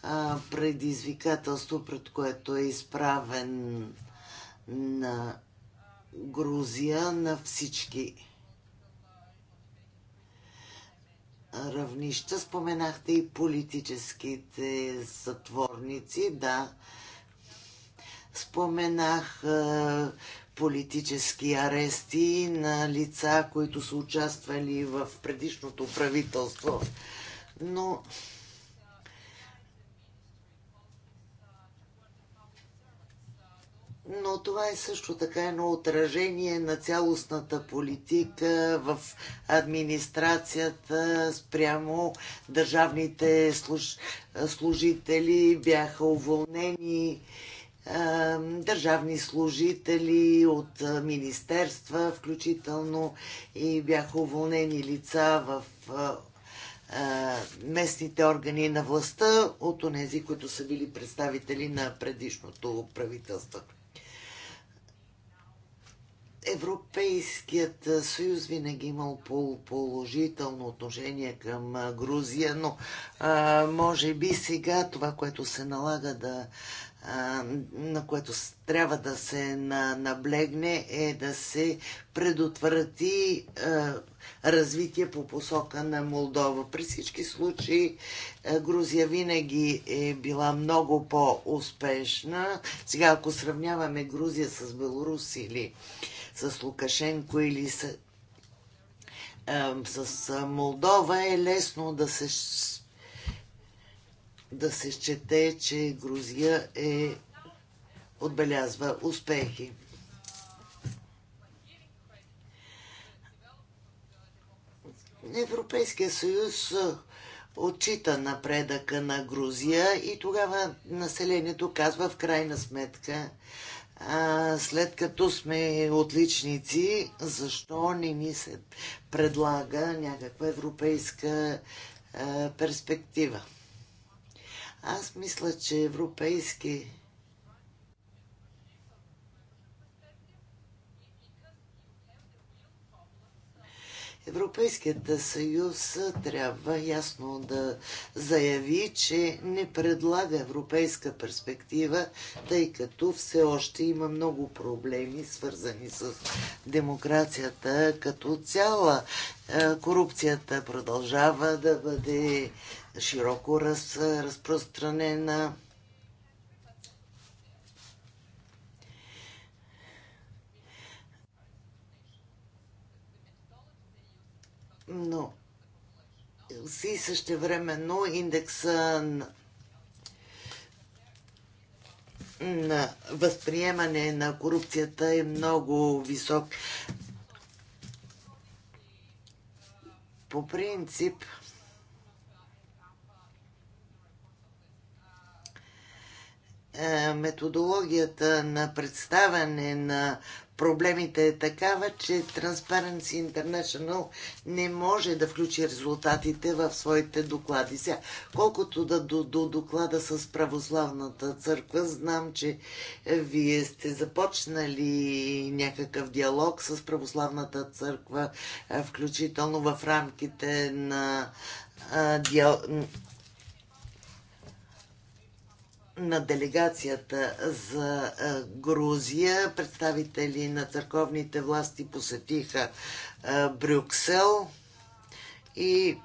Speaker 3: а, предизвикателство, пред което е изправен на Грузия, на всички равнища. Споменахте и политическите затворници. Да, Споменах политически арести на лица, които са участвали в предишното правителство. Но но това е също така едно отражение на цялостната политика в администрацията спрямо държавните служ... служители бяха уволнени е, държавни служители от е, министерства, включително и бяха уволнени лица в е, местните органи на властта от онези, които са били представители на предишното правителство. Европейският съюз винаги имал положително отношение към Грузия, но може би сега това, което се налага да на което трябва да се наблегне, е да се предотврати развитие по посока на Молдова. При всички случаи Грузия винаги е била много по-успешна. Сега, ако сравняваме Грузия с Беларус или с Лукашенко или с, с Молдова, е лесно да се да се счете, че Грузия е отбелязва успехи. Европейския съюз отчита напредъка на Грузия и тогава населението казва в крайна сметка, а, след като сме отличници, защо не ни се предлага някаква европейска а, перспектива? Аз мисля, че европейски Европейският съюз трябва ясно да заяви, че не предлага европейска перспектива, тъй като все още има много проблеми, свързани с демокрацията като цяла. Е, корупцията продължава да бъде широко раз, разпространена. Но време, но индекса на на възприемане на корупцията е много висок. По принцип, Е, методологията на представяне на проблемите е такава, че Transparency International не може да включи резултатите в своите доклади. Сега, колкото да, до, до доклада с православната църква, знам, че вие сте започнали някакъв диалог с православната църква, включително в рамките на, на делегацията за е, Грузия. Представители на църковните власти посетиха е, Брюксел и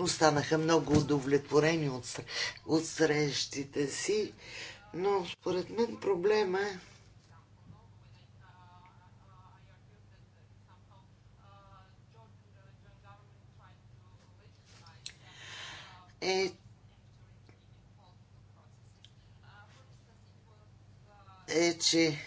Speaker 3: останаха много удовлетворени от, от срещите си. Но според мен проблема е е, е, че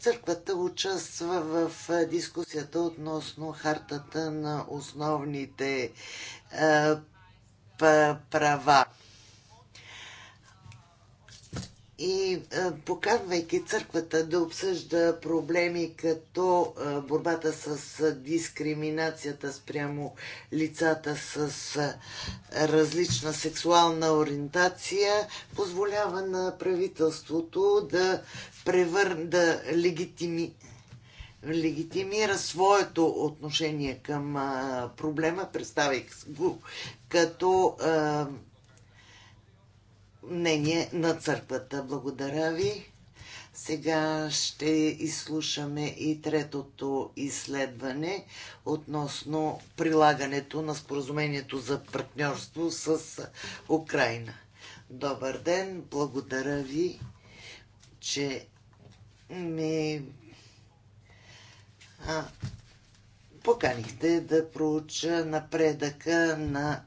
Speaker 3: църквата участва в дискусията относно хартата на основните права и покарвайки църквата да обсъжда проблеми като борбата с дискриминацията спрямо лицата с различна сексуална ориентация, позволява на правителството да, превърне, да легитими... легитимира своето отношение към проблема, представих го като мнение на църквата. Благодаря ви. Сега ще изслушаме и третото изследване относно прилагането на споразумението за партньорство с Украина. Добър ден, благодаря ви, че ми а, поканихте да проуча напредъка на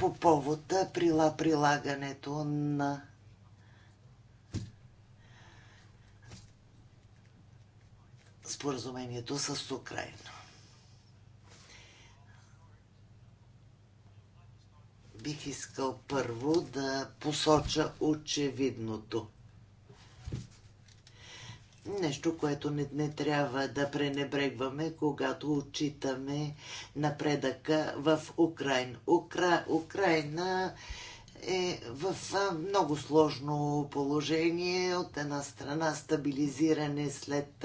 Speaker 3: по повод прила прилагането на споразумението с Украина. Бих искал първо да посоча очевидното нещо, което не, не трябва да пренебрегваме, когато отчитаме напредъка в Украина. Укра... Украина е в много сложно положение. От една страна стабилизиране след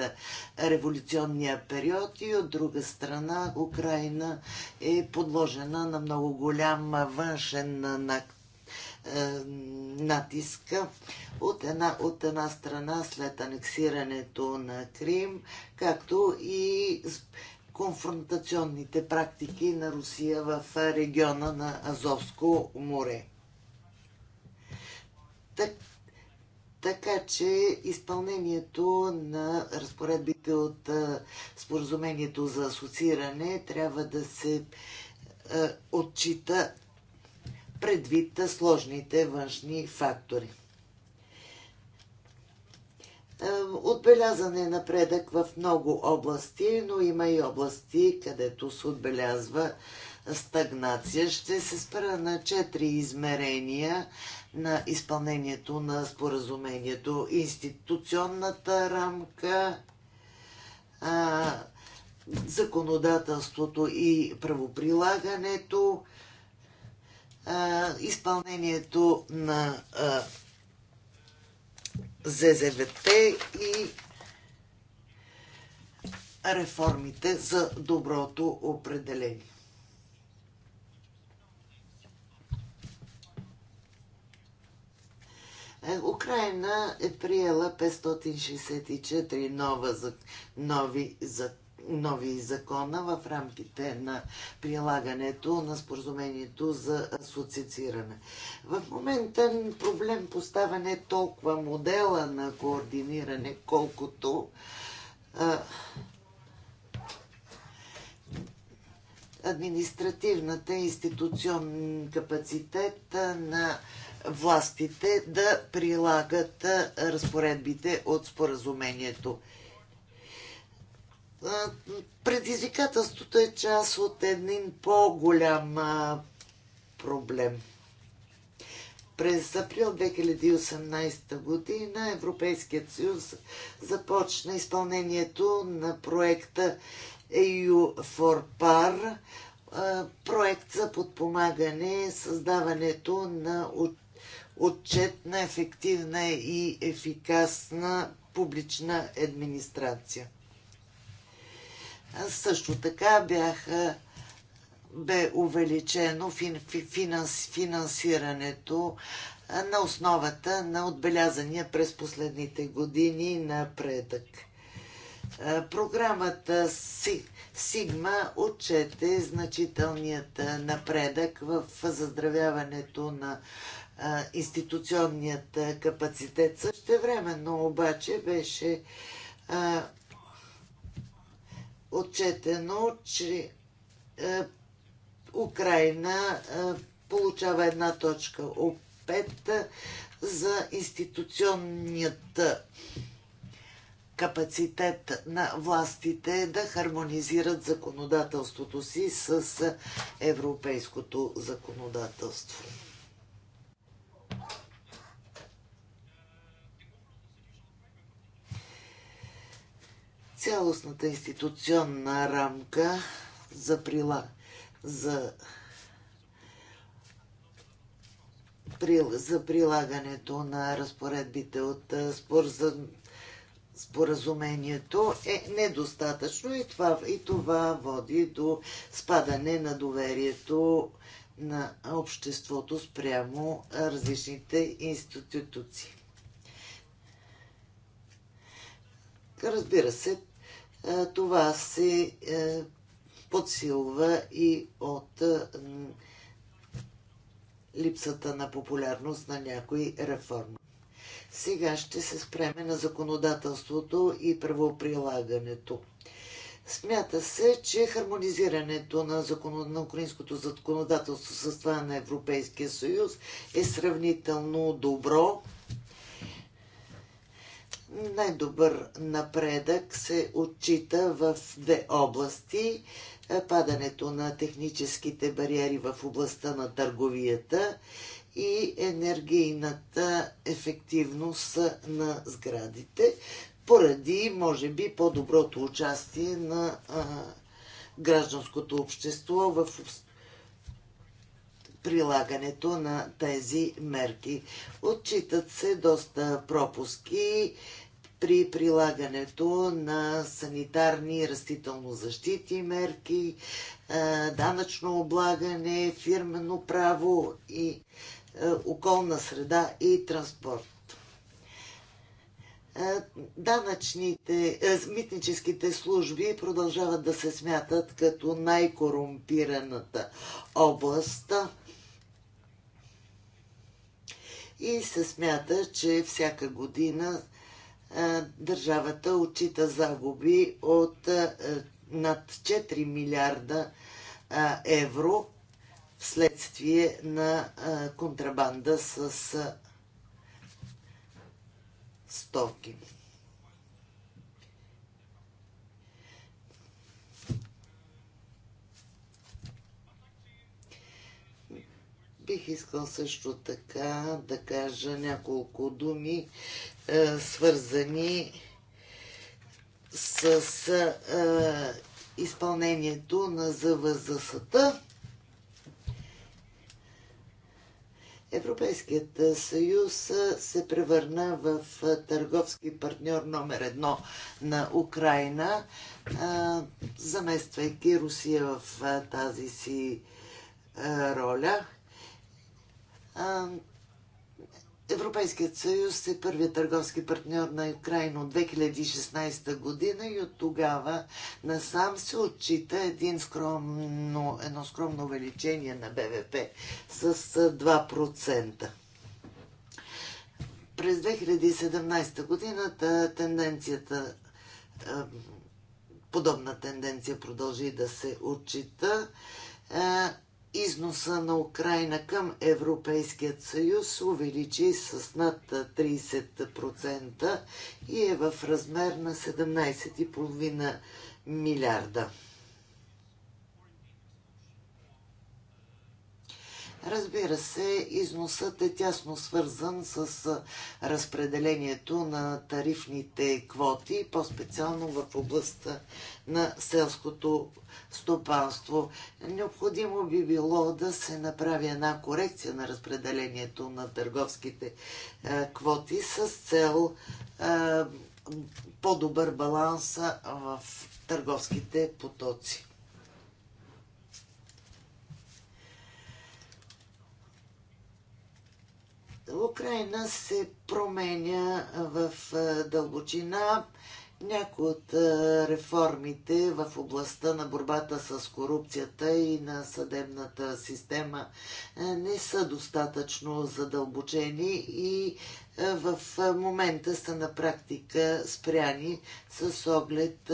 Speaker 3: революционния период и от друга страна Украина е подложена на много голям външен е, натиска от една, от една страна след анексирането на Крим, както и конфронтационните практики на Русия в региона на Азовско море. Так, така че изпълнението на разпоредбите от а, е, споразумението за асоцииране трябва да се а, е, отчита предвид сложните външни фактори. Отбелязан е напредък в много области, но има и области, където се отбелязва стагнация. Ще се спра на четири измерения на изпълнението на споразумението. Институционната рамка, законодателството и правоприлагането, изпълнението на ЗЗВТ и реформите за доброто определение. Е, Украина е приела 564 нови нови нови закона в рамките на прилагането на споразумението за асоцииране. В момента проблем поставя не толкова модела на координиране, колкото а, административната институционен капацитет на властите да прилагат разпоредбите от споразумението предизвикателството е част от един по-голям проблем. През април 2018 година Европейският съюз започна изпълнението на проекта EU for PAR, проект за подпомагане създаването на отчет на ефективна и ефикасна публична администрация. Също така бяха бе увеличено финанс, финансирането на основата на отбелязания през последните години напредък. Програмата Сигма отчете значителният напредък в заздравяването на институционният капацитет. Същевременно обаче беше отчетено, че е, Украина е, получава една точка опет за институционният капацитет на властите да хармонизират законодателството си с европейското законодателство. цялостната институционна рамка за прила... за за прилагането на разпоредбите от споразумението е недостатъчно и това, и това води до спадане на доверието на обществото спрямо различните институции. Разбира се, е, това се е, подсилва и от е, липсата на популярност на някои реформи. Сега ще се спреме на законодателството и правоприлагането. Смята се, че хармонизирането на, закон... на украинското законодателство с това на Европейския съюз е сравнително добро най-добър напредък се отчита в две области. Е, падането на техническите бариери в областта на търговията и енергийната ефективност на сградите, поради, може би, по-доброто участие на а, гражданското общество в прилагането на тези мерки. Отчитат се доста пропуски при прилагането на санитарни растително защити мерки, е, данъчно облагане, фирмено право и е, околна среда и транспорт е, данъчните, митническите служби продължават да се смятат като най-корумпираната област и се смята, че всяка година държавата отчита загуби от над 4 милиарда евро вследствие на контрабанда с стоки. Бих искал също така да кажа няколко думи е, свързани с а, е, изпълнението на звзс Европейският съюз се превърна в търговски партньор номер едно на Украина, е, замествайки Русия в тази си роля. Европейският съюз е първият търговски партньор на Украина от 2016 година и от тогава насам се отчита един скромно, едно скромно увеличение на БВП с 2%. През 2017 година тенденцията, подобна тенденция продължи да се отчита износа на Украина към Европейският съюз увеличи с над 30% и е в размер на 17,5 милиарда. Разбира се, износът е тясно свързан с разпределението на тарифните квоти, по-специално в областта на селското стопанство. Необходимо би било да се направи една корекция на разпределението на търговските квоти с цел по-добър баланс в търговските потоци. Украина се променя в дълбочина. Някои от реформите в областта на борбата с корупцията и на съдебната система не са достатъчно задълбочени и в момента са на практика спряни с оглед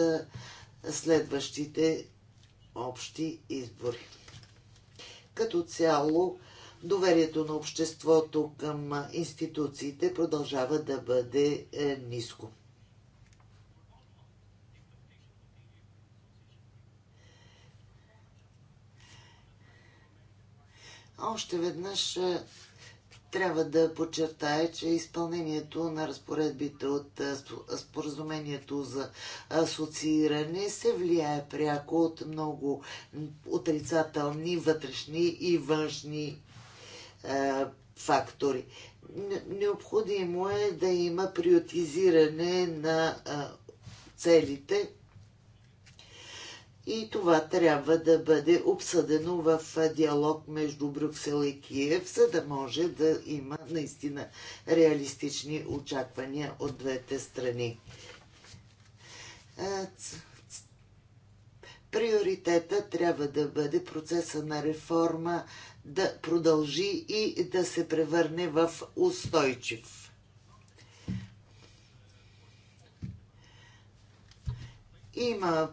Speaker 3: следващите общи избори. Като цяло доверието на обществото към институциите продължава да бъде е, ниско. Още веднъж е, трябва да подчертая, че изпълнението на разпоредбите от е, споразумението за асоцииране се влияе пряко от много отрицателни вътрешни и външни е, фактори. Необходимо е да има приотизиране на е, целите и това трябва да бъде обсъдено в е, диалог между Брюксел и Киев, за да може да има наистина реалистични очаквания от двете страни. Приоритета трябва да бъде процеса на реформа да продължи и да се превърне в устойчив. Има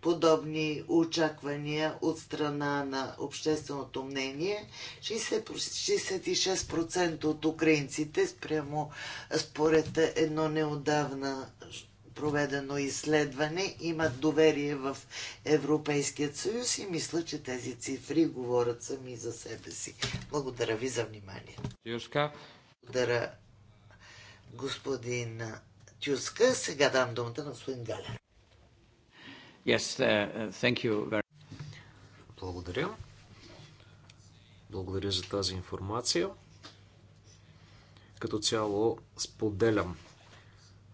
Speaker 3: подобни очаквания от страна на общественото мнение. 66% от украинците спрямо според едно неодавна проведено изследване, имат доверие в Европейският съюз и мисля, че тези цифри говорят сами за себе си. Благодаря ви за внимание. Тюска. Благодаря, господин Тюска. Сега дам думата на господин Галер.
Speaker 2: Yes, uh,
Speaker 1: thank you very... Благодаря. Благодаря за тази информация. Като цяло споделям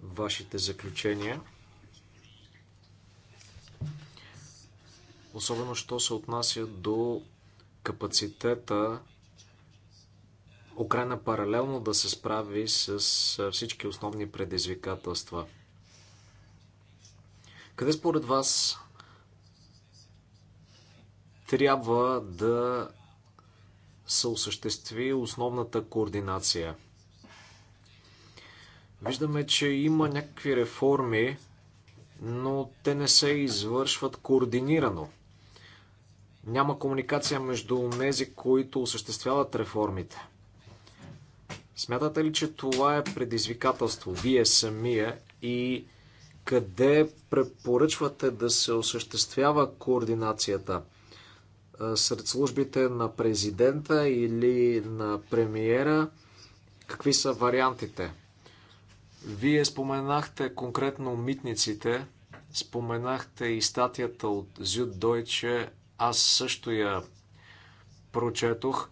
Speaker 1: вашите заключения. Особено, що се отнася до капацитета Украина паралелно да се справи с всички основни предизвикателства. Къде според вас трябва да се осъществи основната координация? Виждаме, че има някакви реформи, но те не се извършват координирано. Няма комуникация между тези, които осъществяват реформите. Смятате ли, че това е предизвикателство, вие самия и къде препоръчвате да се осъществява координацията? Сред службите на президента или на премиера? Какви са вариантите? Вие споменахте конкретно митниците, споменахте и статията от Зюд Дойче, аз също я прочетох.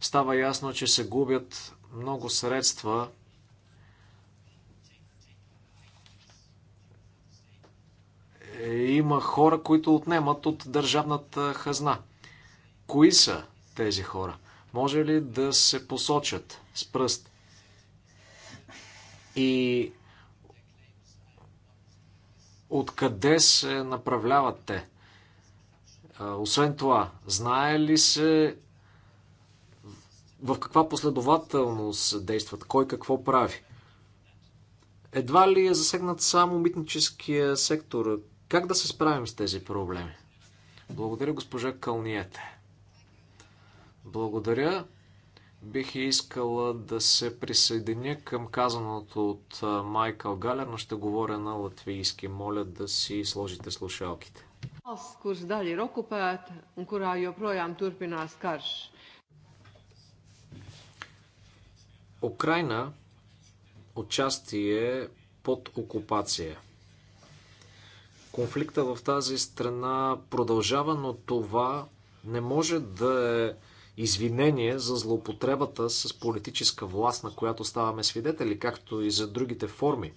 Speaker 1: Става ясно, че се губят много средства. Има хора, които отнемат от държавната хазна. Кои са тези хора? Може ли да се посочат с пръст? и откъде се направляват те. Освен това, знае ли се в каква последователност действат, кой какво прави? Едва ли е засегнат само митническия сектор? Как да се справим с тези проблеми? Благодаря, госпожа Кълниете. Благодаря. Бих искала да се присъединя към казаното от Майкъл Галер, но ще говоря на латвийски. Моля да си сложите слушалките. Украина отчасти е под окупация. Конфликта в тази страна продължава, но това не може да е извинение за злоупотребата с политическа власт, на която ставаме свидетели, както и за другите форми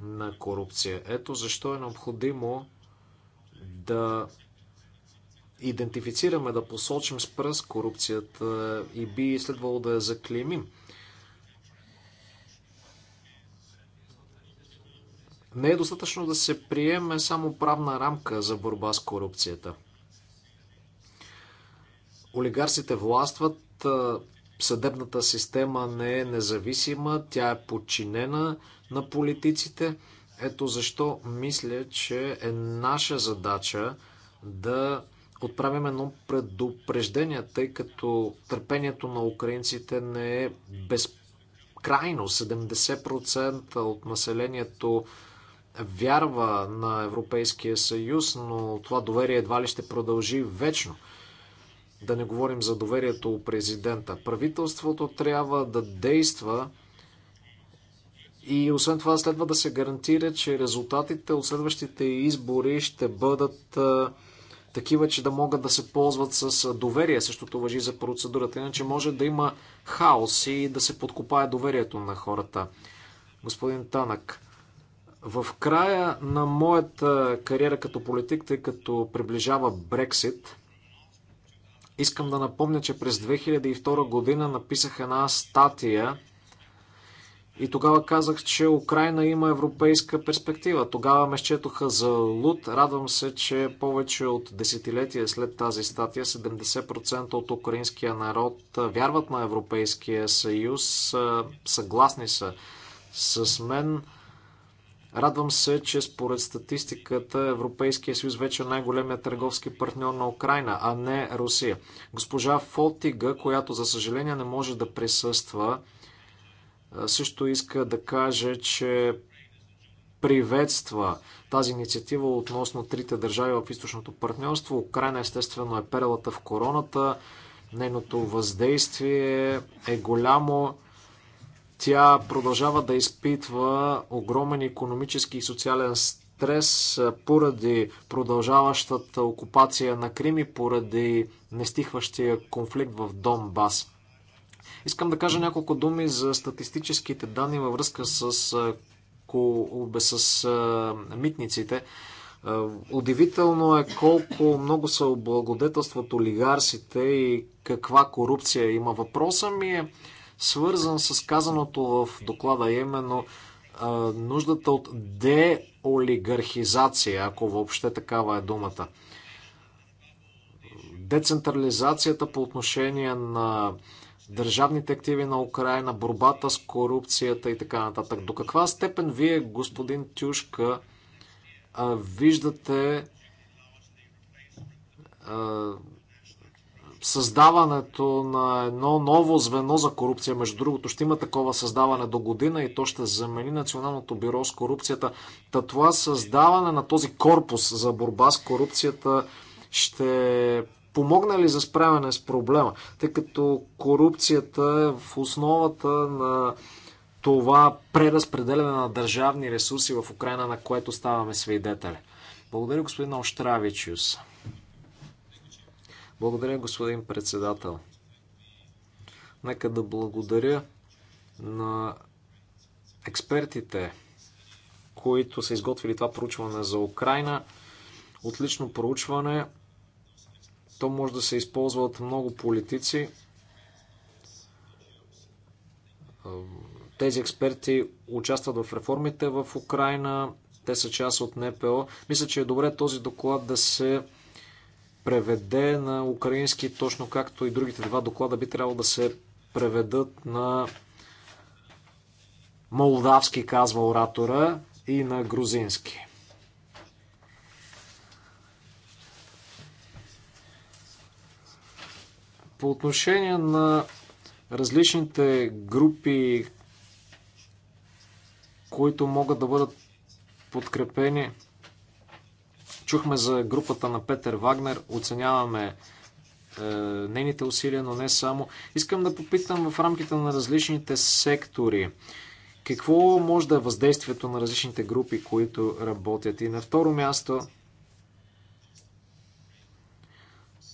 Speaker 1: на корупция. Ето защо е необходимо да идентифицираме, да посочим с пръст корупцията и би следвало да я заклеймим. Не е достатъчно да се приеме само правна рамка за борба с корупцията – олигарсите властват, съдебната система не е независима, тя е подчинена на политиците. Ето защо мисля, че е наша задача да отправим едно предупреждение, тъй като търпението на украинците не е безкрайно. 70% от населението вярва на Европейския съюз, но това доверие едва ли ще продължи вечно. Да не говорим за доверието у президента. Правителството трябва да действа и освен това следва да се гарантира, че резултатите от следващите избори ще бъдат такива, че да могат да се ползват с доверие. Същото въжи за процедурата. Иначе може да има хаос и да се подкопае доверието на хората. Господин Танък, в края на моята кариера като политик, тъй като приближава Брексит, Искам да напомня, че през 2002 година написах една статия и тогава казах, че Украина има европейска перспектива. Тогава ме счетоха за луд. Радвам се, че повече от десетилетия след тази статия 70% от украинския народ вярват на Европейския съюз, съгласни са с мен. Радвам се, че според статистиката Европейския съюз вече е най-големият търговски партньор на Украина, а не Русия. Госпожа Фолтига, която за съжаление не може да присъства, също иска да каже, че приветства тази инициатива относно трите държави в източното партньорство. Украина естествено е перелата в короната, нейното въздействие е голямо. Тя продължава да изпитва огромен економически и социален стрес поради продължаващата окупация на Крим и поради нестихващия конфликт в Донбас. Искам да кажа няколко думи за статистическите данни във връзка с, с митниците. Удивително е колко много се облагодетелстват олигарсите и каква корупция има. Въпросът ми е свързан с казаното в доклада, именно а, нуждата от деолигархизация, ако въобще такава е думата. Децентрализацията по отношение на държавните активи на Украина, борбата с корупцията и така нататък. До каква степен вие, господин Тюшка, виждате създаването на едно ново звено за корупция. Между другото, ще има такова създаване до година и то ще замени Националното бюро с корупцията. Та това създаване на този корпус за борба с корупцията ще помогна ли за справяне с проблема? Тъй като корупцията е в основата на това преразпределяне на държавни ресурси в Украина, на което ставаме свидетели. Благодаря, господин Оштравичиус. Благодаря, господин председател. Нека да благодаря на експертите, които са изготвили това проучване за Украина. Отлично проучване. То може да се използва от много политици. Тези експерти участват в реформите в Украина. Те са част от НПО. Мисля, че е добре този доклад да се преведе на украински, точно както и другите два доклада би трябвало да се преведат на молдавски, казва оратора, и на грузински. По отношение на различните групи, които могат да бъдат подкрепени Чухме за групата на Петър Вагнер, оценяваме е, нейните усилия, но не само. Искам да попитам в рамките на различните сектори. Какво може да е въздействието на различните групи, които работят? И на второ място,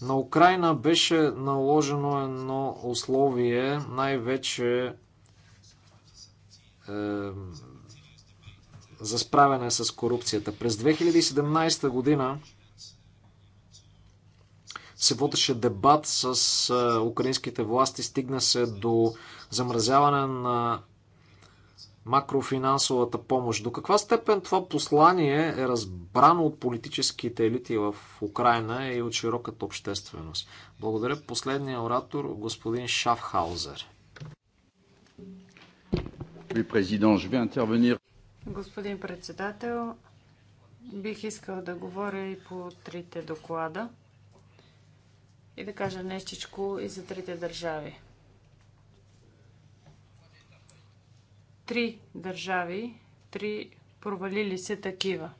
Speaker 1: на Украина беше наложено едно условие, най-вече е, за справяне с корупцията. През 2017 година се водеше дебат с украинските власти, стигна се до замразяване на макрофинансовата помощ. До каква степен това послание е разбрано от политическите елити в Украина и от широката общественост? Благодаря. Последния оратор, господин Шафхаузер.
Speaker 2: Господин председател, бих искал да говоря и по трите доклада и да кажа нещичко и за трите държави. Три държави, три провалили се такива.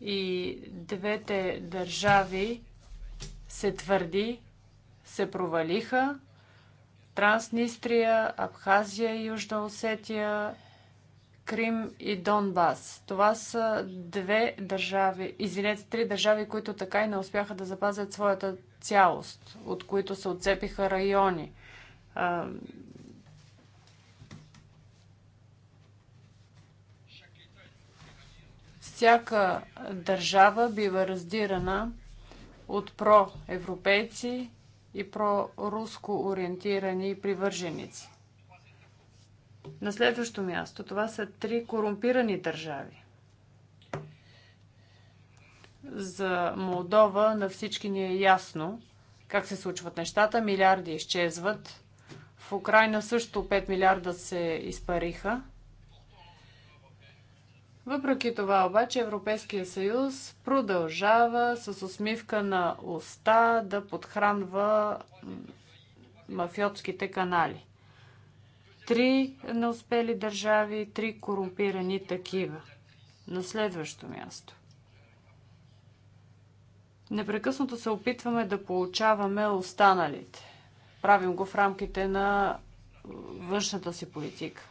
Speaker 2: И двете държави се твърди, се провалиха. Транснистрия, Абхазия и Южна Осетия Крим и Донбас. Това са две държави, извинете, три държави, които така и не успяха да запазят своята цялост, от които се отцепиха райони. Всяка държава бива раздирана от проевропейци и проруско ориентирани привърженици. На следващо място, това са три корумпирани държави. За Молдова на всички ни е ясно как се случват нещата. Милиарди изчезват. В Украина също 5 милиарда се изпариха. Въпреки това обаче Европейския съюз продължава с усмивка на уста да подхранва мафиотските канали. Три неуспели държави, три корумпирани такива. На следващо място. Непрекъснато се опитваме да получаваме останалите. Правим го в рамките на е, външната си политика.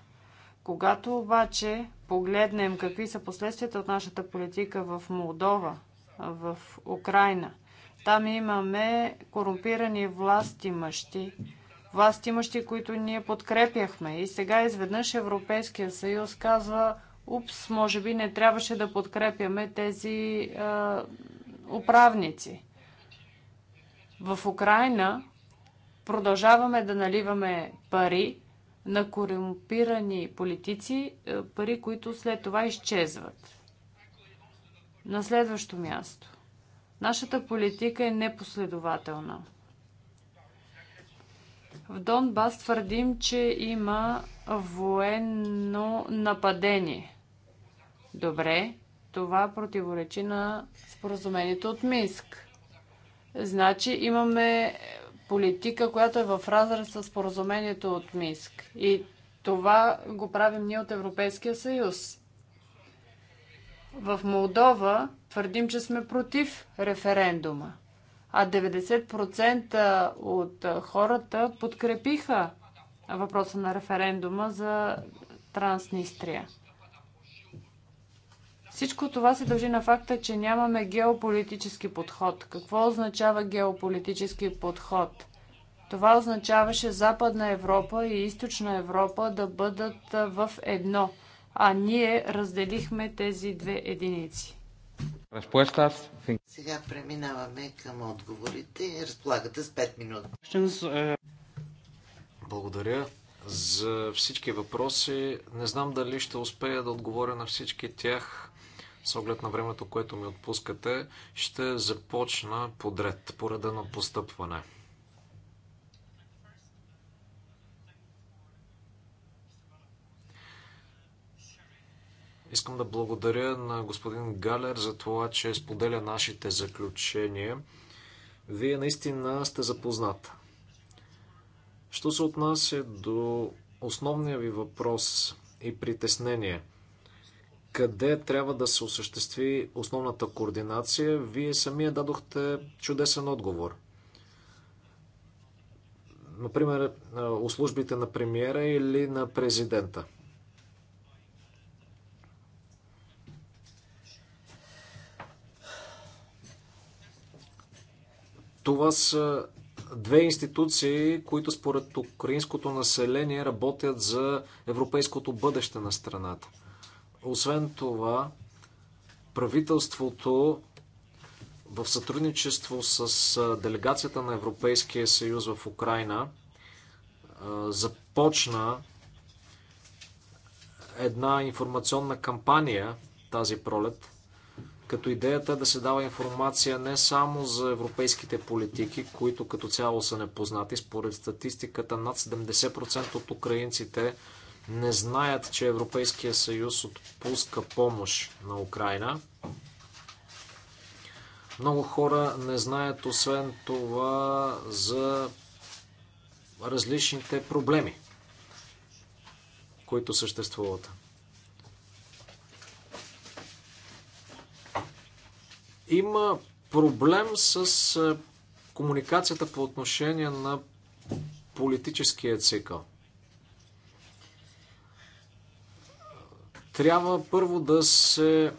Speaker 2: Когато обаче погледнем какви са последствията от нашата политика в Молдова, в Украина, там имаме корумпирани власти мъщи, власт имащи, които ние подкрепяхме. И сега изведнъж Европейския съюз казва, упс, може би не трябваше да подкрепяме тези е, управници. В Украина продължаваме да наливаме пари на корумпирани политици, пари, които след това изчезват. На следващо място. Нашата политика е непоследователна. В Донбас твърдим, че има военно нападение. Добре, това противоречи на споразумението от Минск. Значи имаме политика, която е в разрез с споразумението от Минск. И това го правим ние от Европейския съюз. В Молдова твърдим, че сме против референдума а 90% от хората подкрепиха въпроса на референдума за Транснистрия. Всичко това се дължи на факта, че нямаме геополитически подход. Какво означава геополитически подход? Това означаваше Западна Европа и Източна Европа да бъдат в едно, а ние разделихме тези две единици.
Speaker 3: Сега преминаваме към отговорите. Разполагате с 5 минути.
Speaker 2: Е,
Speaker 1: Благодаря за всички въпроси. Не знам дали ще успея да отговоря на всички тях с оглед на времето, което ми отпускате. Ще започна подред, по реда на постъпване. Искам да благодаря на господин Галер за това, че споделя нашите заключения. Вие наистина сте запозната. Що се отнася до основния ви въпрос и притеснение, къде трябва да се осъществи основната координация, вие самия дадохте чудесен отговор. Например, е, услужбите на премиера или на президента – Това са две институции, които според украинското население работят за европейското бъдеще на страната. Освен това, правителството в сътрудничество с делегацията на Европейския съюз в Украина започна една информационна кампания тази пролет – като идеята е да се дава информация не само за европейските политики, които като цяло са непознати. Според статистиката над 70% от украинците не знаят, че Европейския съюз отпуска помощ на Украина. Много хора не знаят освен това за различните проблеми, които съществуват. Има проблем с е, комуникацията по отношение на политическия цикъл. Трябва първо да се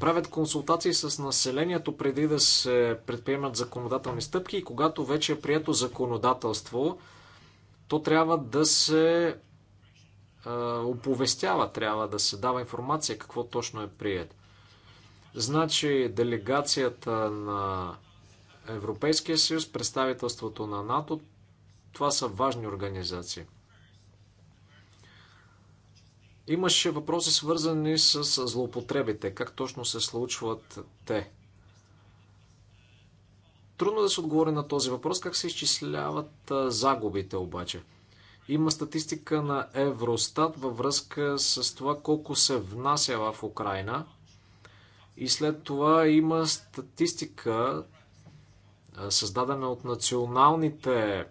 Speaker 1: правят консултации с населението преди да се предприемат законодателни стъпки и когато вече е прието законодателство, то трябва да се е, оповестява, трябва да се дава информация какво точно е прият. Значи делегацията на Европейския съюз, представителството на НАТО, това са важни организации. Имаше въпроси свързани с злоупотребите, как точно се случват те. Трудно да се отговори на този въпрос, как се изчисляват загубите обаче. Има статистика на Евростат във връзка с това колко се внася в Украина – и след това има статистика, създадена от националните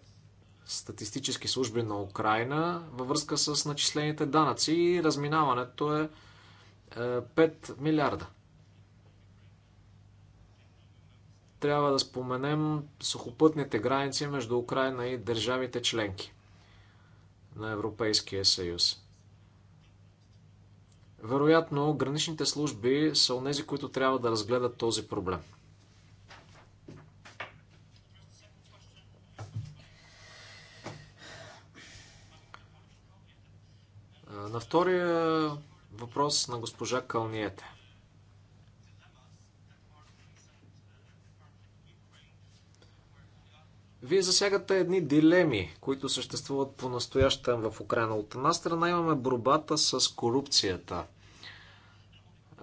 Speaker 1: статистически служби на Украина във връзка с начислените данъци и разминаването е 5 е, милиарда. Трябва да споменем сухопътните граници между Украина и държавите членки на Европейския съюз. Вероятно, граничните служби са онези, които трябва да разгледат този проблем. На втория въпрос на госпожа Калниете. Вие засягате едни дилеми, които съществуват по настоящен в Украина. От една страна имаме борбата с корупцията.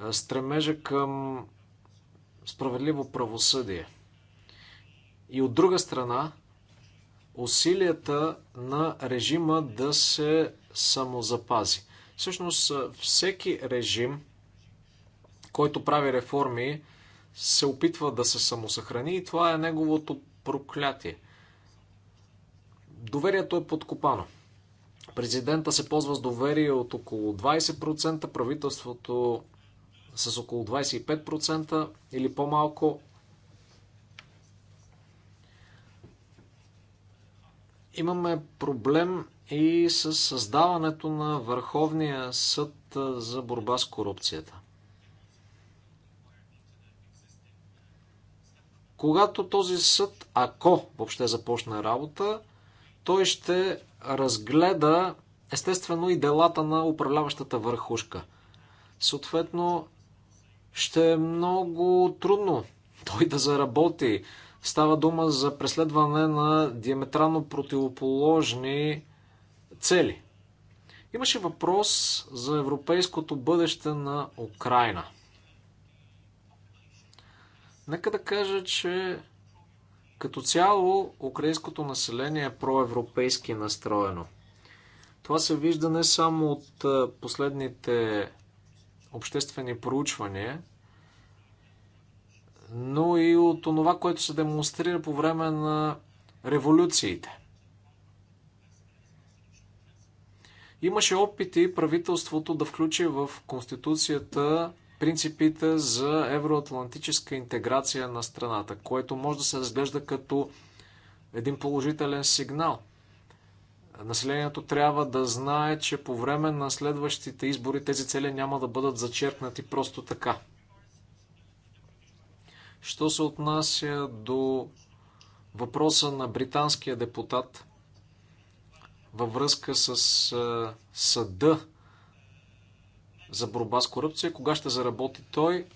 Speaker 1: Е, стремежа към справедливо правосъдие. И от друга страна, усилията на режима да се самозапази. Всъщност, е, всеки режим, който прави реформи, се опитва да се самосъхрани и това е неговото проклятие. Доверието е подкопано. Президента се ползва с доверие от около 20%, правителството с около 25% или по-малко. Имаме проблем и с създаването на Върховния съд за борба с корупцията. Когато този съд, ако въобще започне работа, той ще разгледа естествено и делата на управляващата върхушка. Съответно, ще е много трудно той да заработи. Става дума за преследване на диаметрално противоположни цели. Имаше въпрос за европейското бъдеще на Украина. Нека да кажа, че като цяло украинското население е проевропейски настроено. Това се вижда не само от последните обществени проучвания, но и от това, което се демонстрира по време на революциите. Имаше опити правителството да включи в Конституцията принципите за евроатлантическа интеграция на страната, което може да се разглежда като един положителен сигнал – Населението трябва да знае, че по време на следващите избори тези цели няма да бъдат зачеркнати просто така. Що се отнася до въпроса на британския депутат във връзка с е, съда за борба с корупция, кога ще заработи той,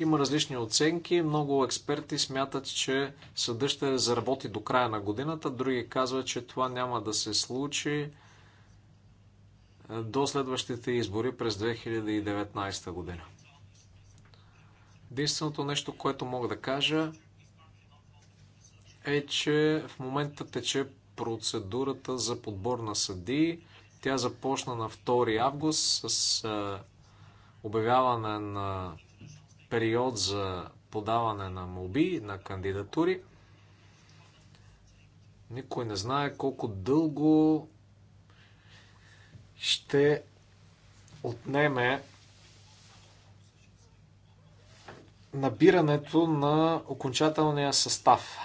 Speaker 1: има различни оценки. Много експерти смятат, че съда ще заработи до края на годината. Други казват, че това няма да се случи до следващите избори през 2019 година. Единственото нещо, което мога да кажа е, че в момента тече процедурата за подбор на съдии. Тя започна на 2 август с обявяване на период за подаване на моби, на кандидатури. Никой не знае колко дълго ще отнеме набирането на окончателния състав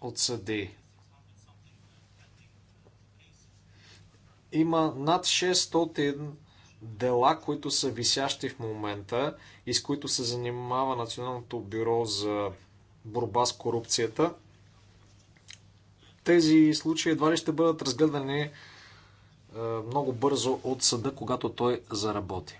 Speaker 1: от съди. Има над 600 дела, които са висящи в момента и с които се занимава Националното бюро за борба с корупцията. Тези случаи едва ли ще бъдат разгледани е, много бързо от съда, когато той заработи.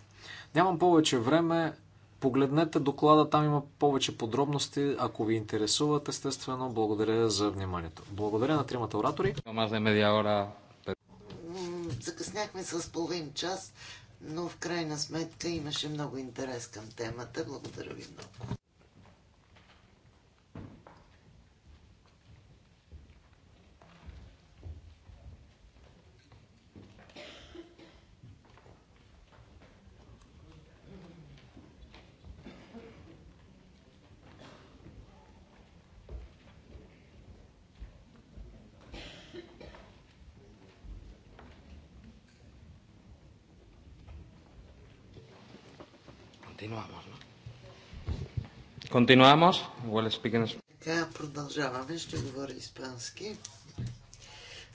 Speaker 1: Нямам повече време. Погледнете доклада, там има повече подробности. Ако ви интересуват, естествено, благодаря за вниманието. Благодаря на тримата оратори.
Speaker 3: Закъсняхме с половин час но в крайна сметка имаше много интерес към темата. Благодаря ви много. Continuamos, no? Continuamos. Well, speaking... Така, продължаваме. Ще говоря испански.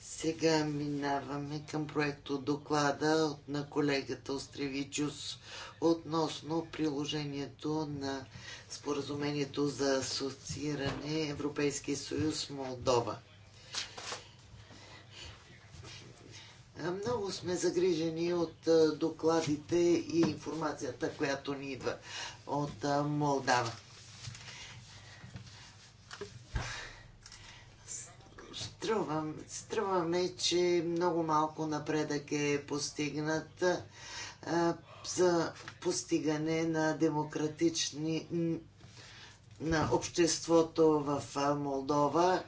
Speaker 3: Сега минаваме към проекто доклада на колегата Остревичус относно приложението на споразумението за асоцииране Европейския съюз Молдова. Много сме загрижени от докладите и информацията, която ни идва от Молдава. Струвам, струваме, че много малко напредък е постигнат за постигане на демократични на обществото в Молдова,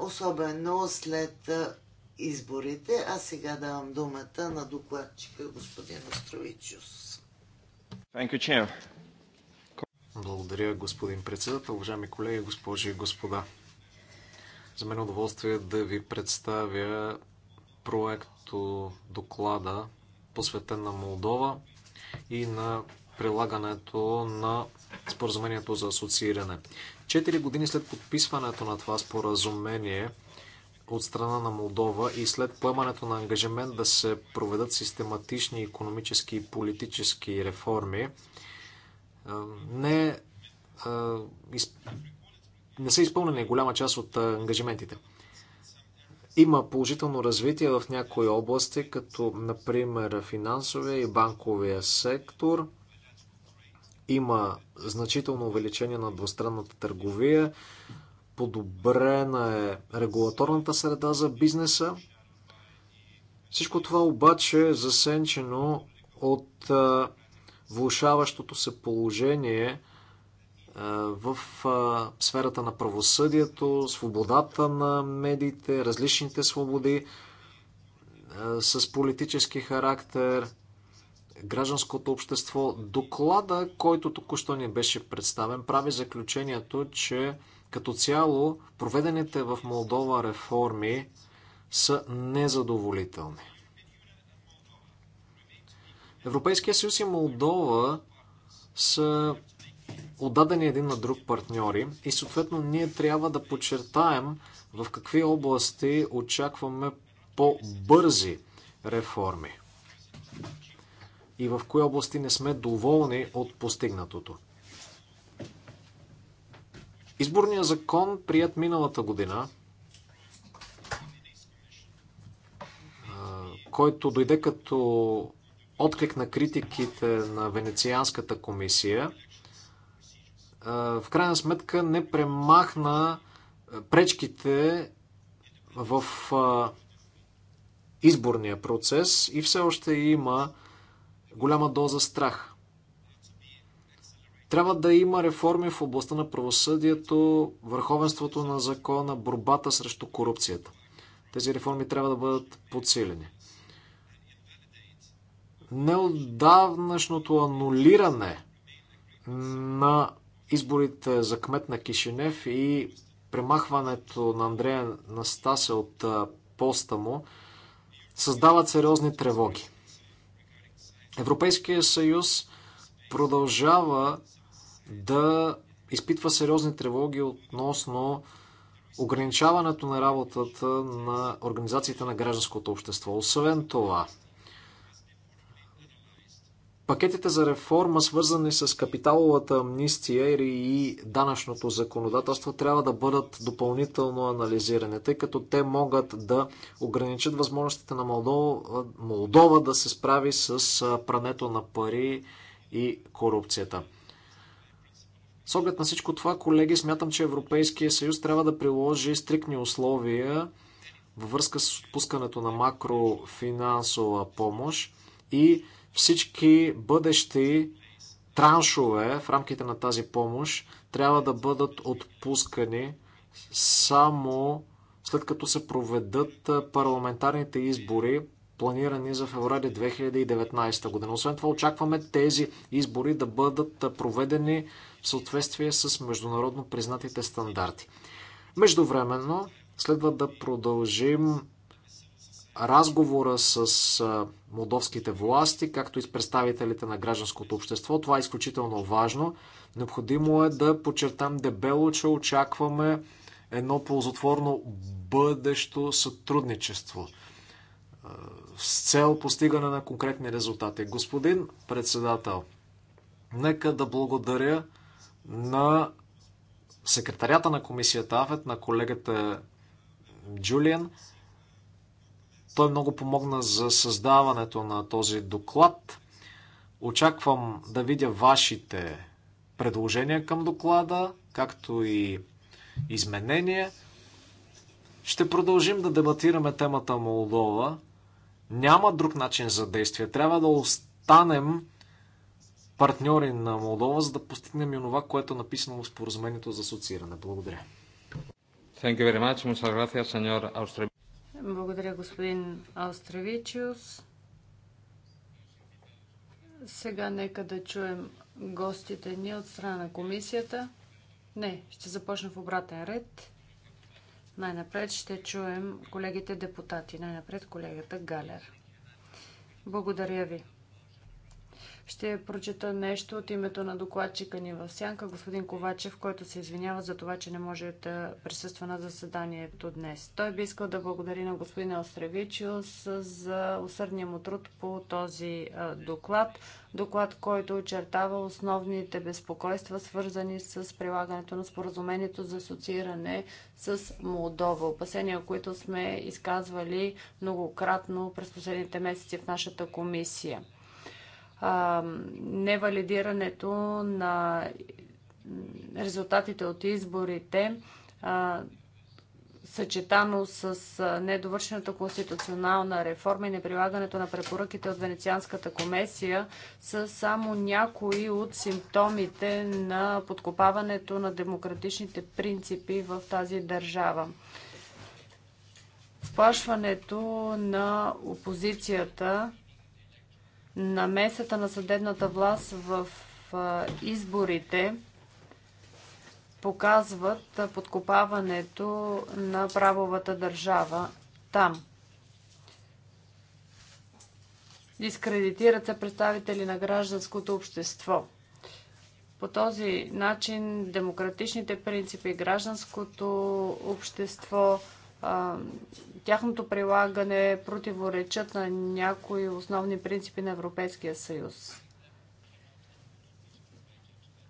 Speaker 3: особено след изборите. А сега давам думата на докладчика господин Островичус.
Speaker 1: Благодаря, господин председател. Уважаеми колеги, госпожи и господа. За мен е удоволствие да ви представя проекто доклада посветен на Молдова и на прилагането на споразумението за асоцииране. Четири години след подписването на това споразумение – от страна на Молдова и след поемането на ангажимент да се проведат систематични економически и политически реформи, не, не са изпълнени голяма част от ангажиментите. Има положително развитие в някои области, като например финансовия и банковия сектор. Има значително увеличение на двустранната търговия подобрена е регулаторната среда за бизнеса. Всичко това обаче е засенчено от влушаващото се положение в сферата на правосъдието, свободата на медиите, различните свободи с политически характер, гражданското общество. Доклада, който току-що ни беше представен, прави заключението, че като цяло, проведените в Молдова реформи са незадоволителни. Европейския съюз и Молдова са отдадени един на друг партньори и съответно ние трябва да подчертаем в какви области очакваме по-бързи реформи и в кои области не сме доволни от постигнатото. Изборния закон, прият миналата година, който дойде като отклик на критиките на Венецианската комисия, в крайна сметка не премахна пречките в изборния процес и все още има голяма доза страх. Трябва да има реформи в областта на правосъдието, върховенството на закона, борбата срещу корупцията. Тези реформи трябва да бъдат подсилени. Неодавнашното анулиране на изборите за кмет на Кишинев и премахването на Андрея Настасе от поста му създават сериозни тревоги. Европейския съюз продължава да изпитва сериозни тревоги относно ограничаването на работата на организациите на гражданското общество. Освен това, пакетите за реформа, свързани с капиталовата амнистия и данъчното законодателство, трябва да бъдат допълнително анализирани, тъй като те могат да ограничат възможностите на Молдова, Молдова да се справи с прането на пари и корупцията. С оглед на всичко това, колеги, смятам, че Европейския съюз трябва да приложи стрикни условия във връзка с отпускането на макрофинансова помощ и всички бъдещи траншове в рамките на тази помощ трябва да бъдат отпускани само след като се проведат парламентарните избори, планирани за феврари 2019 година. Освен това очакваме тези избори да бъдат проведени в съответствие с международно признатите стандарти. Междувременно следва да продължим разговора с молдовските власти, както и с представителите на гражданското общество. Това е изключително важно. Необходимо е да подчертам дебело, че очакваме едно ползотворно бъдещо сътрудничество с цел постигане на конкретни резултати. Господин председател, нека да благодаря на секретарята на комисията АФЕТ, на колегата Джулиан. Той много помогна за създаването на този доклад. Очаквам да видя вашите предложения към доклада, както и изменения. Ще продължим да дебатираме темата Молдова. Няма друг начин за действие. Трябва да останем партньори на Молдова, за да постигнем и това, което е написано в споразумението за асоцииране. Благодаря.
Speaker 2: Благодаря, господин Аустравичиус. Сега нека да чуем гостите ни от страна на комисията. Не, ще започна в обратен ред. Най-напред ще чуем колегите депутати. Най-напред колегата Галер. Благодаря ви. Ще прочета нещо от името на докладчика ни в Сянка, господин Ковачев, който се извинява за това, че не може да присъства на заседанието днес. Той би искал да благодари на господин Остревичиус за усърдния му труд по този доклад. Доклад, който очертава основните безпокойства, свързани с прилагането на споразумението за асоцииране с Молдова. Опасения, които сме изказвали многократно през последните месеци в нашата комисия невалидирането на резултатите от изборите съчетано с недовършената конституционална реформа и неприлагането на препоръките от Венецианската комисия са само някои от симптомите на подкопаването на демократичните принципи в тази държава. Сплашването на опозицията намесата на съдебната власт в изборите показват подкопаването на правовата държава там. Дискредитират се представители на гражданското общество. По този начин демократичните принципи, гражданското общество, тяхното прилагане противоречат на някои основни принципи на Европейския съюз.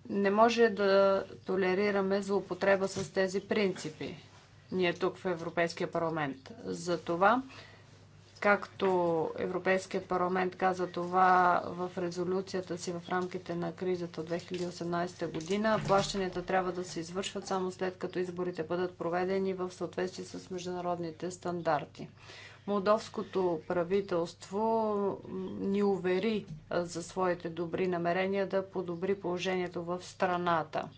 Speaker 2: Не може да толерираме злоупотреба с тези принципи ние тук в Европейския парламент. Затова Както Европейският парламент каза това в резолюцията си в рамките на кризата от 2018 година, плащанията трябва да се извършват само след като изборите бъдат проведени в съответствие с международните стандарти. Молдовското правителство ни увери за своите добри намерения да подобри положението в страната.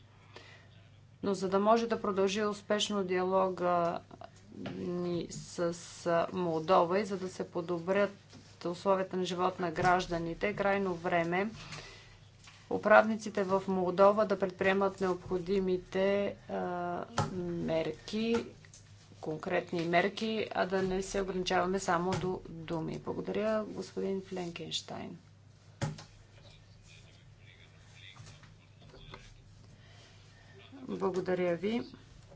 Speaker 2: Но за да може да продължи успешно диалога ни с Молдова и за да се подобрят условията на живот на гражданите, е крайно време управниците в Молдова да предприемат необходимите а, мерки, конкретни мерки, а да не се ограничаваме само до думи. Благодаря, господин Фленкенштайн. Благодаря ви.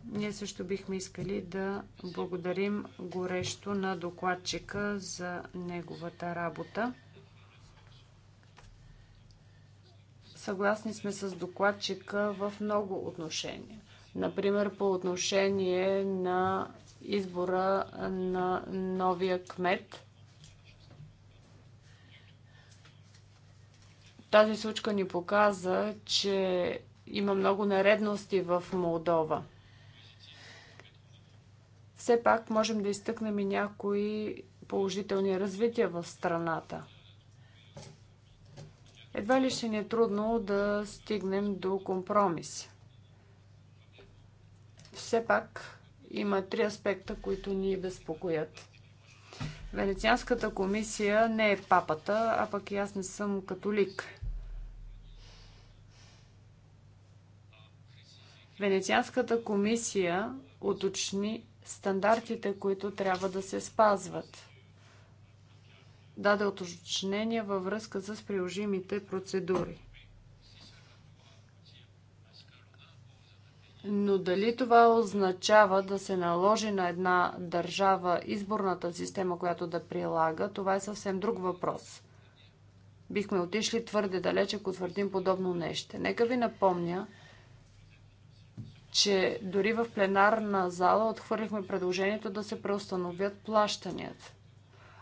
Speaker 2: Ние също бихме искали да благодарим горещо на докладчика за неговата работа. Съгласни сме с докладчика в много отношения. Например, по отношение на избора на новия кмет. Тази случка ни показа, че има много наредности в Молдова все пак можем да изтъкнем и някои положителни развития в страната. Едва ли ще ни е трудно да стигнем до компромис. Все пак има три аспекта, които ни безпокоят. Венецианската комисия не е папата, а пък и аз не съм католик. Венецианската комисия уточни стандартите, които трябва да се спазват. Даде уточнение във връзка с приложимите процедури. Но дали това означава да се наложи на една държава изборната система, която да прилага, това е съвсем друг въпрос. Бихме отишли твърде далеч, ако твърдим подобно нещо. Нека ви напомня, че дори в пленарна зала отхвърлихме предложението да се преустановят плащанията.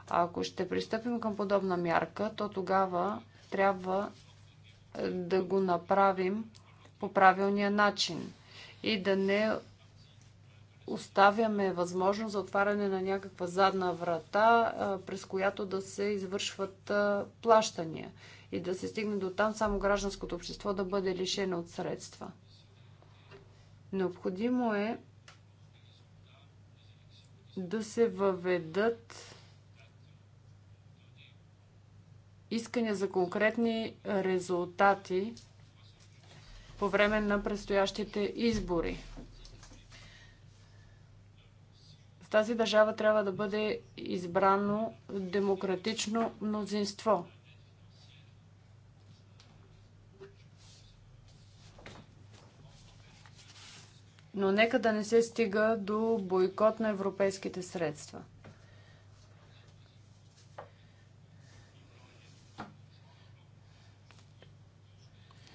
Speaker 2: А ако ще пристъпим към подобна мярка, то тогава трябва е, да го направим по правилния начин и да не оставяме възможност за отваряне на някаква задна врата, е, през която да се извършват е, плащания и да се стигне до там само гражданското общество да бъде лишено от средства. Необходимо е да се въведат искания за конкретни резултати по време на предстоящите избори. В тази държава трябва да бъде избрано демократично мнозинство. но нека да не се стига до бойкот на европейските средства.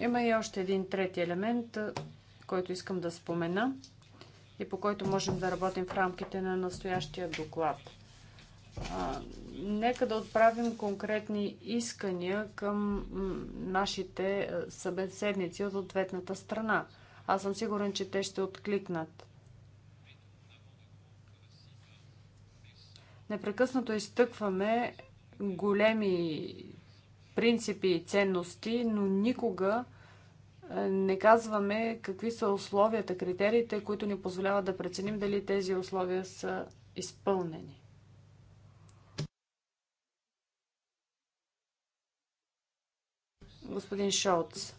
Speaker 2: Има и още един трети елемент, който искам да спомена и по който можем да работим в рамките на настоящия доклад. А, нека да отправим конкретни искания към нашите събеседници от ответната страна. Аз съм сигурен, че те ще откликнат. Непрекъснато изтъкваме големи принципи и ценности, но никога е, не казваме какви са условията, критериите, които ни позволяват да преценим дали тези условия са изпълнени. Господин Шоуц,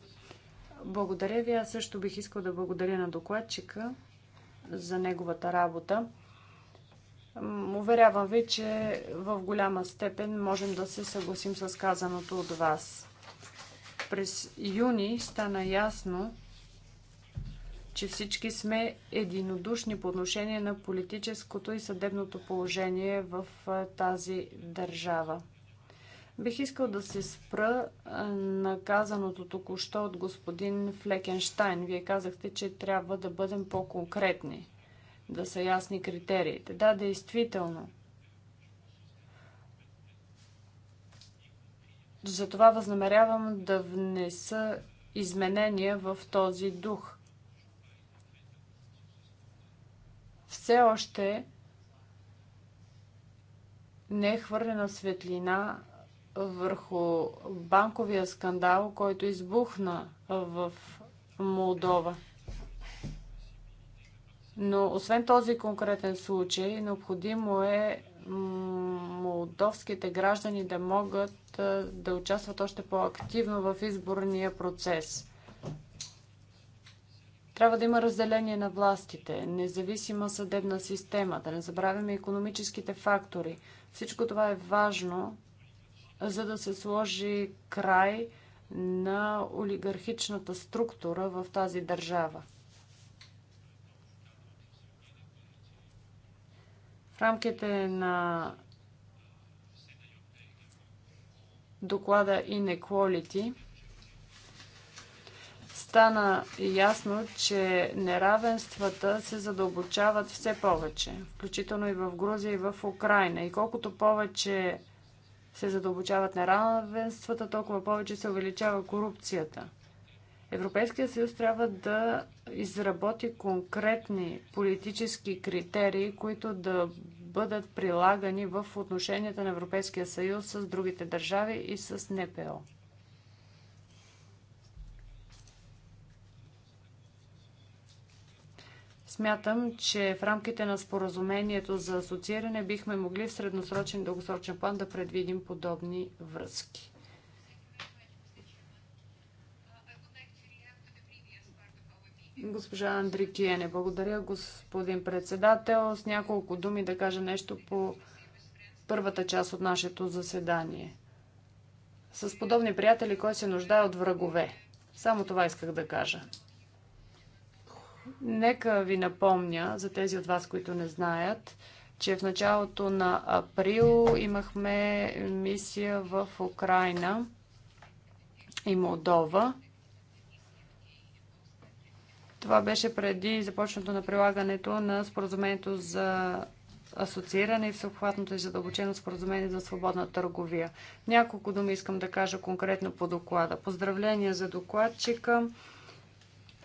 Speaker 2: благодаря ви. Аз също бих искал да благодаря на докладчика за неговата работа. Уверявам ви, че в голяма степен можем да се съгласим с казаното от вас. През юни стана ясно, че всички сме единодушни по отношение на политическото и съдебното положение в тази държава. Бих искал да се спра на казаното току-що от господин Флекенштайн. Вие казахте, че трябва да бъдем по-конкретни, да са ясни критериите. Да, действително. Затова възнамерявам да внеса изменения в този дух. Все още не е хвърлена светлина върху банковия скандал, който избухна в Молдова. Но освен този конкретен случай, необходимо е молдовските граждани да могат да участват още по-активно в изборния процес. Трябва да има разделение на властите, независима съдебна система, да не забравяме економическите фактори. Всичко това е важно, за да се сложи край на олигархичната структура в тази държава. В рамките на доклада Inequality стана ясно, че неравенствата се задълбочават все повече, включително и в Грузия и в Украина. И колкото повече се задълбочават неравенствата, толкова повече се увеличава корупцията. Европейския съюз трябва да изработи конкретни политически критерии, които да бъдат прилагани в отношенията на Европейския съюз с другите държави и с НПО. Смятам, че в рамките на споразумението за асоцииране бихме могли в средносрочен и дългосрочен план да предвидим подобни връзки. Госпожа Андри Киене, благодаря господин председател. С няколко думи да кажа нещо по първата част от нашето заседание. С подобни приятели, кой се нуждае от врагове? Само това исках да кажа. Нека ви напомня за тези от вас, които не знаят, че в началото на април имахме мисия в Украина и Молдова. Това беше преди започването на прилагането на споразумението за асоцииране и всеобхватното и задълбочено споразумение за свободна търговия. Няколко думи искам да кажа конкретно по доклада. Поздравления за докладчика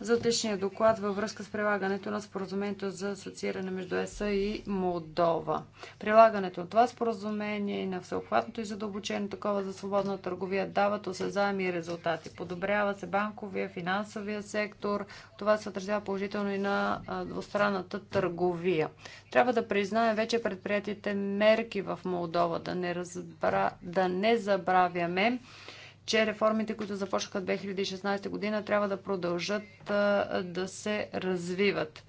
Speaker 2: за отличния доклад във връзка с прилагането на споразумението за асоцииране между ЕСА и Молдова. Прилагането на това споразумение и на всеобхватното и задълбочено такова за свободна търговия дават осезаеми резултати. Подобрява се банковия, финансовия сектор. Това се отразява положително и на двустранната търговия. Трябва да признаем вече предприятите мерки в Молдова, да не, разбра... да не забравяме че реформите, които започнаха 2016 година, трябва да продължат да се развиват.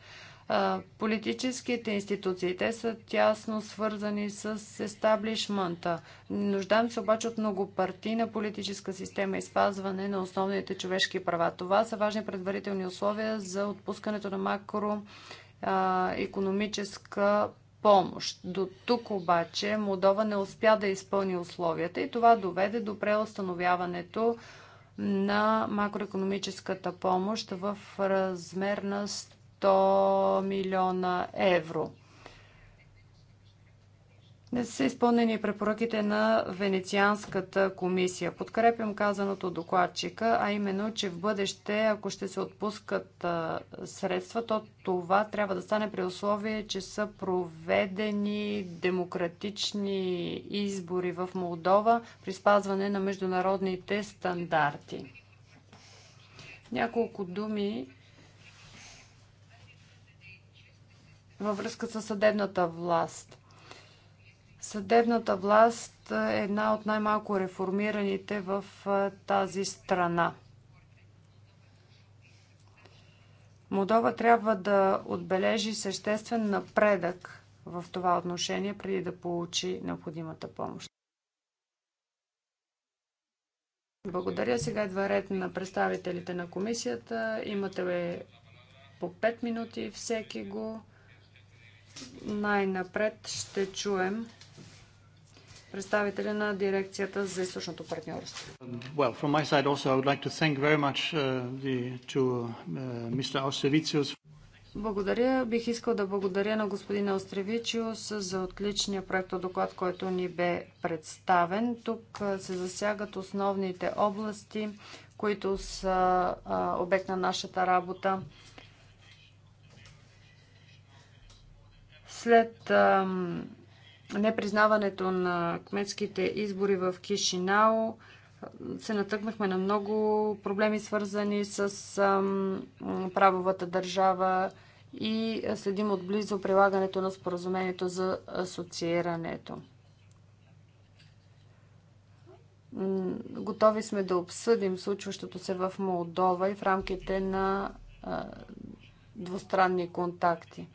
Speaker 2: Политическите институции, те са тясно свързани с естаблишмента. Нуждам се обаче от многопартийна политическа система и спазване на основните човешки права. Това са важни предварителни условия за отпускането на макро економическа помощ. До тук обаче Молдова не успя да изпълни условията и това доведе до преустановяването на макроекономическата помощ в размер на 100 милиона евро не са изпълнени препоръките на Венецианската комисия. Подкрепям казаното докладчика, а именно, че в бъдеще, ако ще се отпускат средства, то това трябва да стане при условие, че са проведени демократични избори в Молдова при спазване на международните стандарти. Няколко думи във връзка с съдебната власт. Съдебната власт е една от най-малко реформираните в тази страна. Молдова трябва да отбележи съществен напредък в това отношение, преди да получи необходимата помощ. Благодаря. Сега едва ред на представителите на комисията. Имате ли по 5 минути всеки го. Най-напред ще чуем представителя на дирекцията за източното партньорство. Well, from my side also, I would like to thank very much uh, the, to uh, Mr. Благодаря. Бих искал да благодаря на господин Остревичиус за отличния доклад, който ни бе представен. Тук се засягат основните области, които са обект на нашата работа. След непризнаването на кметските избори в Кишинао, се натъкнахме на много проблеми, свързани с правовата държава и следим отблизо прилагането на споразумението за асоциирането. Готови сме да обсъдим случващото се в Молдова и в рамките на двустранни контакти.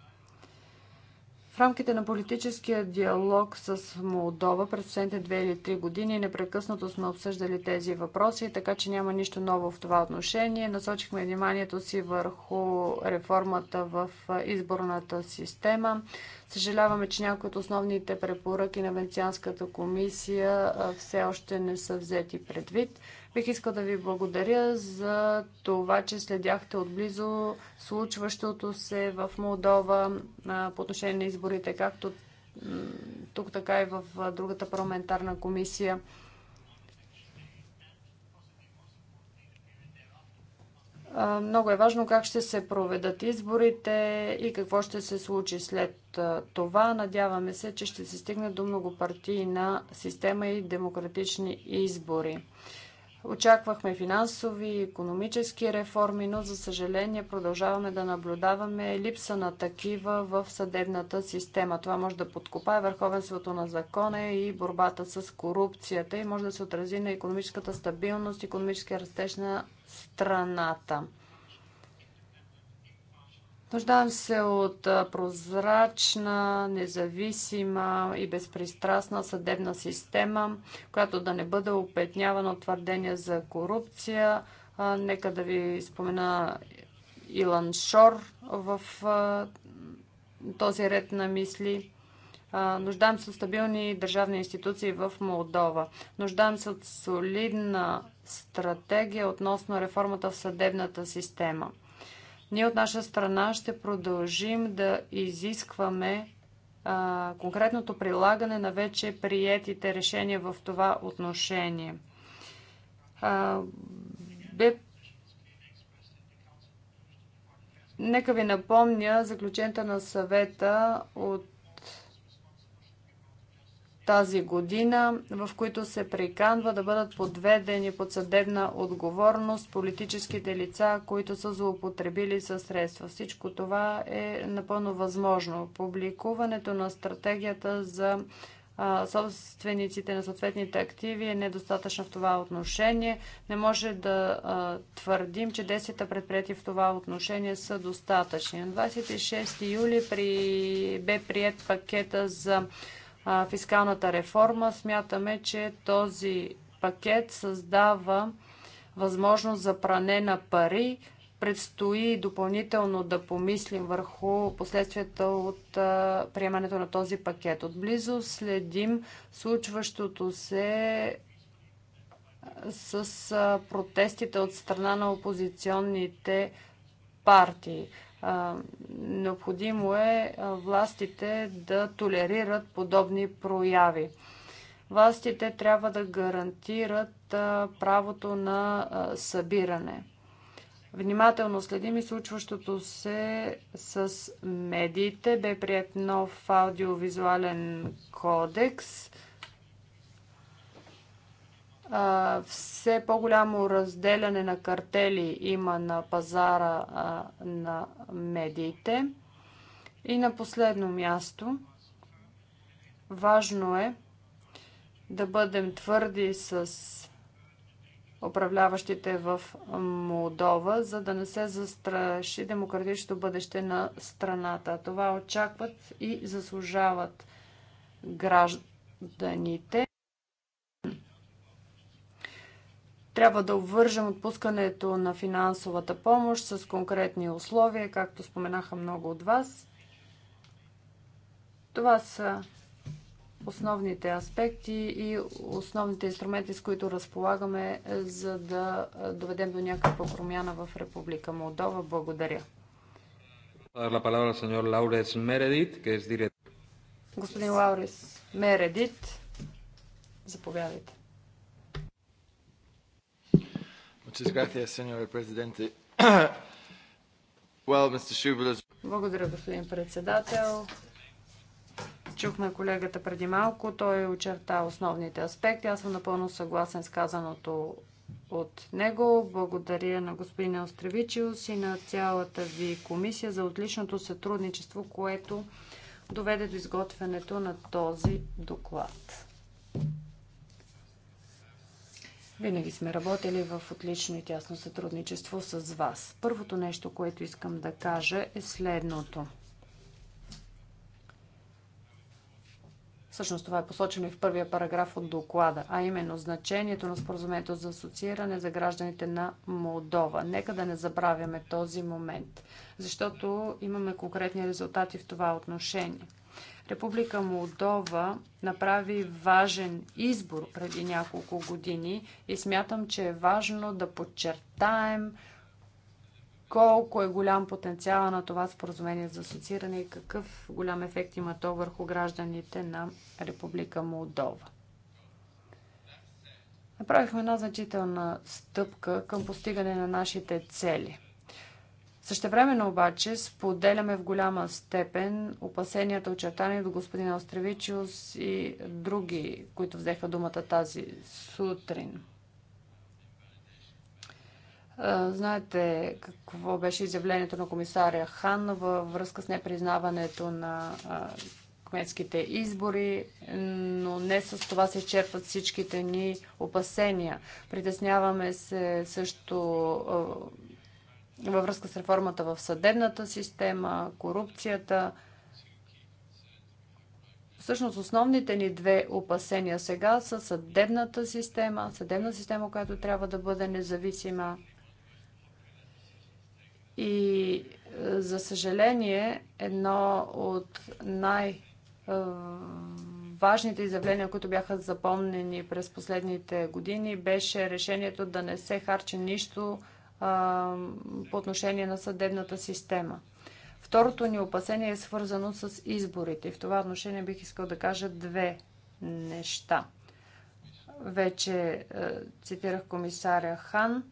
Speaker 2: В рамките на политическия диалог с Молдова през последните две или три години непрекъснато сме обсъждали тези въпроси, така че няма нищо ново в това отношение. Насочихме вниманието си върху реформата в изборната система. Съжаляваме, че някои от основните препоръки на Венецианската комисия все още не са взети предвид. Бих искал да ви благодаря за това, че следяхте отблизо случващото се в Молдова по отношение на изборите, както тук, така и в другата парламентарна комисия. Много е важно как ще се проведат изборите и какво ще се случи след това. Надяваме се, че ще се стигне до многопартийна система и демократични избори. Очаквахме финансови, економически реформи, но за съжаление продължаваме да наблюдаваме липса на такива в съдебната система. Това може да подкопае върховенството на закона и борбата с корупцията и може да се отрази на економическата стабилност, економическия растеж на страната. Нуждаем се от прозрачна, независима и безпристрастна съдебна система, която да не бъде опетнявана от твърдения за корупция. Нека да ви спомена Илан Шор в този ред на мисли. Нуждаем се от стабилни държавни институции в Молдова. Нуждаем се от солидна стратегия относно реформата в съдебната система – ние от наша страна ще продължим да изискваме а, конкретното прилагане на вече приетите решения в това отношение. А, бе Нека ви напомня заключента на съвета от тази година, в които се приканва да бъдат подведени под съдебна отговорност политическите лица, които са злоупотребили със средства. Всичко това е напълно възможно. Публикуването на стратегията за собствениците на съответните активи е недостатъчно в това отношение. Не може да твърдим, че действията предприяти в това отношение са достатъчни. На 26 юли при... бе прият пакета за фискалната реформа. Смятаме, че този пакет създава възможност за пране на пари. Предстои допълнително да помислим върху последствията от приемането на този пакет. Отблизо следим случващото се с протестите от страна на опозиционните партии. Необходимо е властите да толерират подобни прояви. Властите трябва да гарантират правото на събиране. Внимателно следим и случващото се с медиите. Бе прият нов аудиовизуален кодекс – все по-голямо разделяне на картели има на пазара на медиите. И на последно място, важно е да бъдем твърди с управляващите в Молдова, за да не се застраши демократичното бъдеще на страната. Това очакват и заслужават гражданите. Трябва да обвържем отпускането на финансовата помощ с конкретни условия, както споменаха много от вас. Това са основните аспекти и основните инструменти, с които разполагаме, за да доведем до някаква промяна в Република Молдова. Благодаря. Господин Лаурес Мередит, заповядайте. Благодаря, господин председател. Чухме колегата преди малко. Той очерта основните аспекти. Аз съм напълно съгласен с казаното от него. Благодаря на господин Остревичиус и на цялата ви комисия за отличното сътрудничество, което доведе до изготвянето на този доклад. Винаги сме работили в отлично и тясно сътрудничество с вас. Първото нещо, което искам да кажа е следното. Всъщност това е посочено и в първия параграф от доклада, а именно значението на споразумението за асоцииране за гражданите на Молдова. Нека да не забравяме този момент, защото имаме конкретни резултати в това отношение. Република Молдова направи важен избор преди няколко години и смятам, че е важно да подчертаем колко е голям потенциал на това споразумение за асоцииране и какъв голям ефект има то върху гражданите на Република Молдова. Направихме една значителна стъпка към постигане на нашите цели – Същевременно обаче споделяме в голяма степен опасенията, очертани до господин Остревичиус и други, които взеха думата тази сутрин. Знаете какво беше изявлението на комисаря Хан във връзка с непризнаването на кметските избори, но не с това се черпват всичките ни опасения. Притесняваме се също във връзка с реформата в съдебната система, корупцията. Всъщност основните ни две опасения сега са съдебната система, съдебна система, която трябва да бъде независима. И е, за съжаление, едно от най- важните изявления, които бяха запомнени през последните години, беше решението да не се харчи нищо по отношение на съдебната система. Второто ни опасение е свързано с изборите. В това отношение бих искал да кажа две неща. Вече е, цитирах комисаря Хан.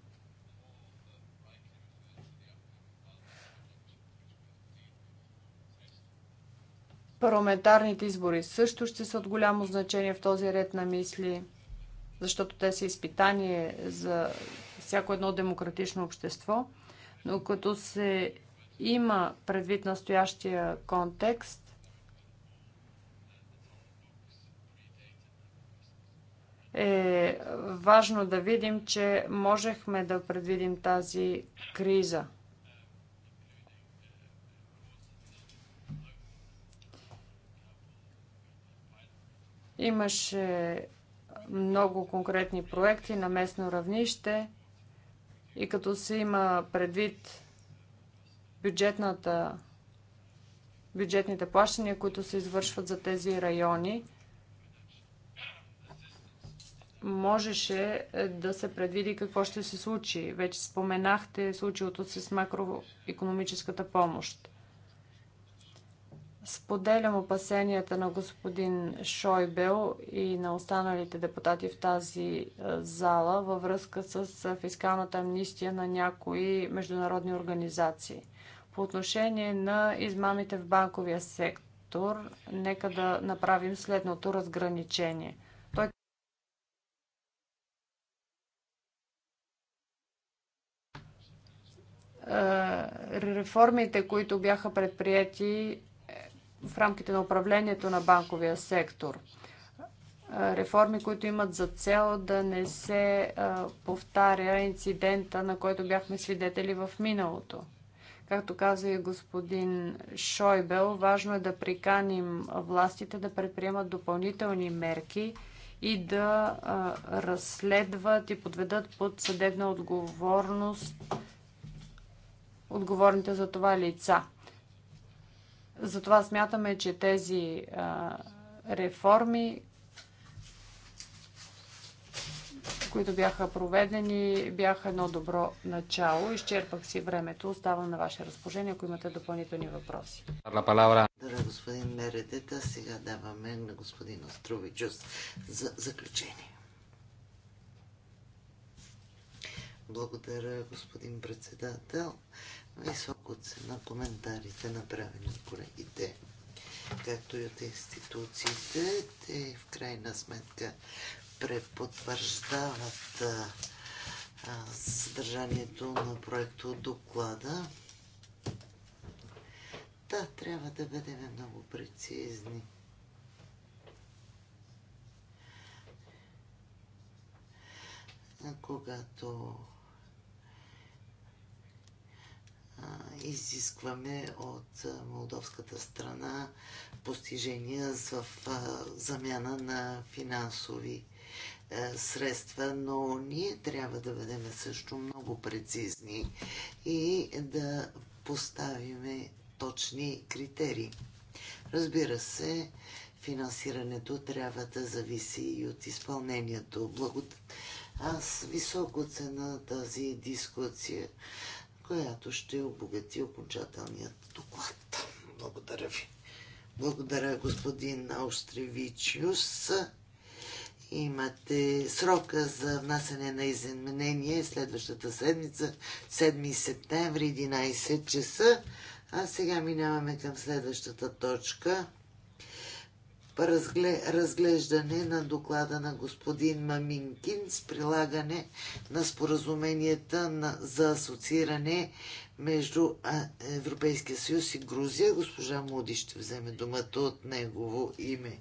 Speaker 2: Парламентарните избори също ще са от голямо значение в този ред на мисли, защото те са изпитание за всяко едно демократично общество, но като се има предвид настоящия контекст, е важно да видим, че можехме да предвидим тази криза. Имаше много конкретни проекти на местно равнище – и като се има предвид бюджетната, бюджетните плащания, които се извършват за тези райони, можеше е, да се предвиди какво ще се случи. Вече споменахте случилото се с макроекономическата помощ. Споделям опасенията на господин Шойбел и на останалите депутати в тази е, зала във връзка с е, фискалната амнистия на някои международни организации. По отношение на измамите в банковия сектор, нека да направим следното разграничение. Той е, Реформите, които бяха предприяти в рамките на управлението на банковия сектор. Реформи, които имат за цел да не се повтаря инцидента, на който бяхме свидетели в миналото. Както каза и господин Шойбел, важно е да приканим властите да предприемат допълнителни мерки и да разследват и подведат под съдебна отговорност отговорните за това лица. Затова смятаме, че тези реформи, които бяха проведени, бяха едно добро начало. Изчерпах си времето. Оставам на ваше разположение, ако имате допълнителни въпроси.
Speaker 1: Благодаря,
Speaker 3: господин Мередета. Сега даваме на господин Островичус за заключение. Благодаря, господин председател високо цена коментарите, направени от колегите, както и от институциите. Те в крайна сметка препотвърждават съдържанието на проекто доклада. Да, трябва да бъдем много прецизни. Когато изискваме от молдовската страна постижения в замяна на финансови е, средства, но ние трябва да бъдем също много прецизни и да поставиме точни критерии. Разбира се, финансирането трябва да зависи и от изпълнението. Благодаря. Аз високо цена тази дискусия, която ще обогати окончателният доклад. Благодаря ви. Благодаря, господин Аустревичиус. Имате срока за внасяне на изменение следващата седмица, 7 септември, 11 часа. А сега минаваме към следващата точка разглеждане на доклада на господин Маминкин с прилагане на споразуменията на, за асоцииране между Европейския съюз и Грузия. Госпожа Муди ще вземе думата от негово име.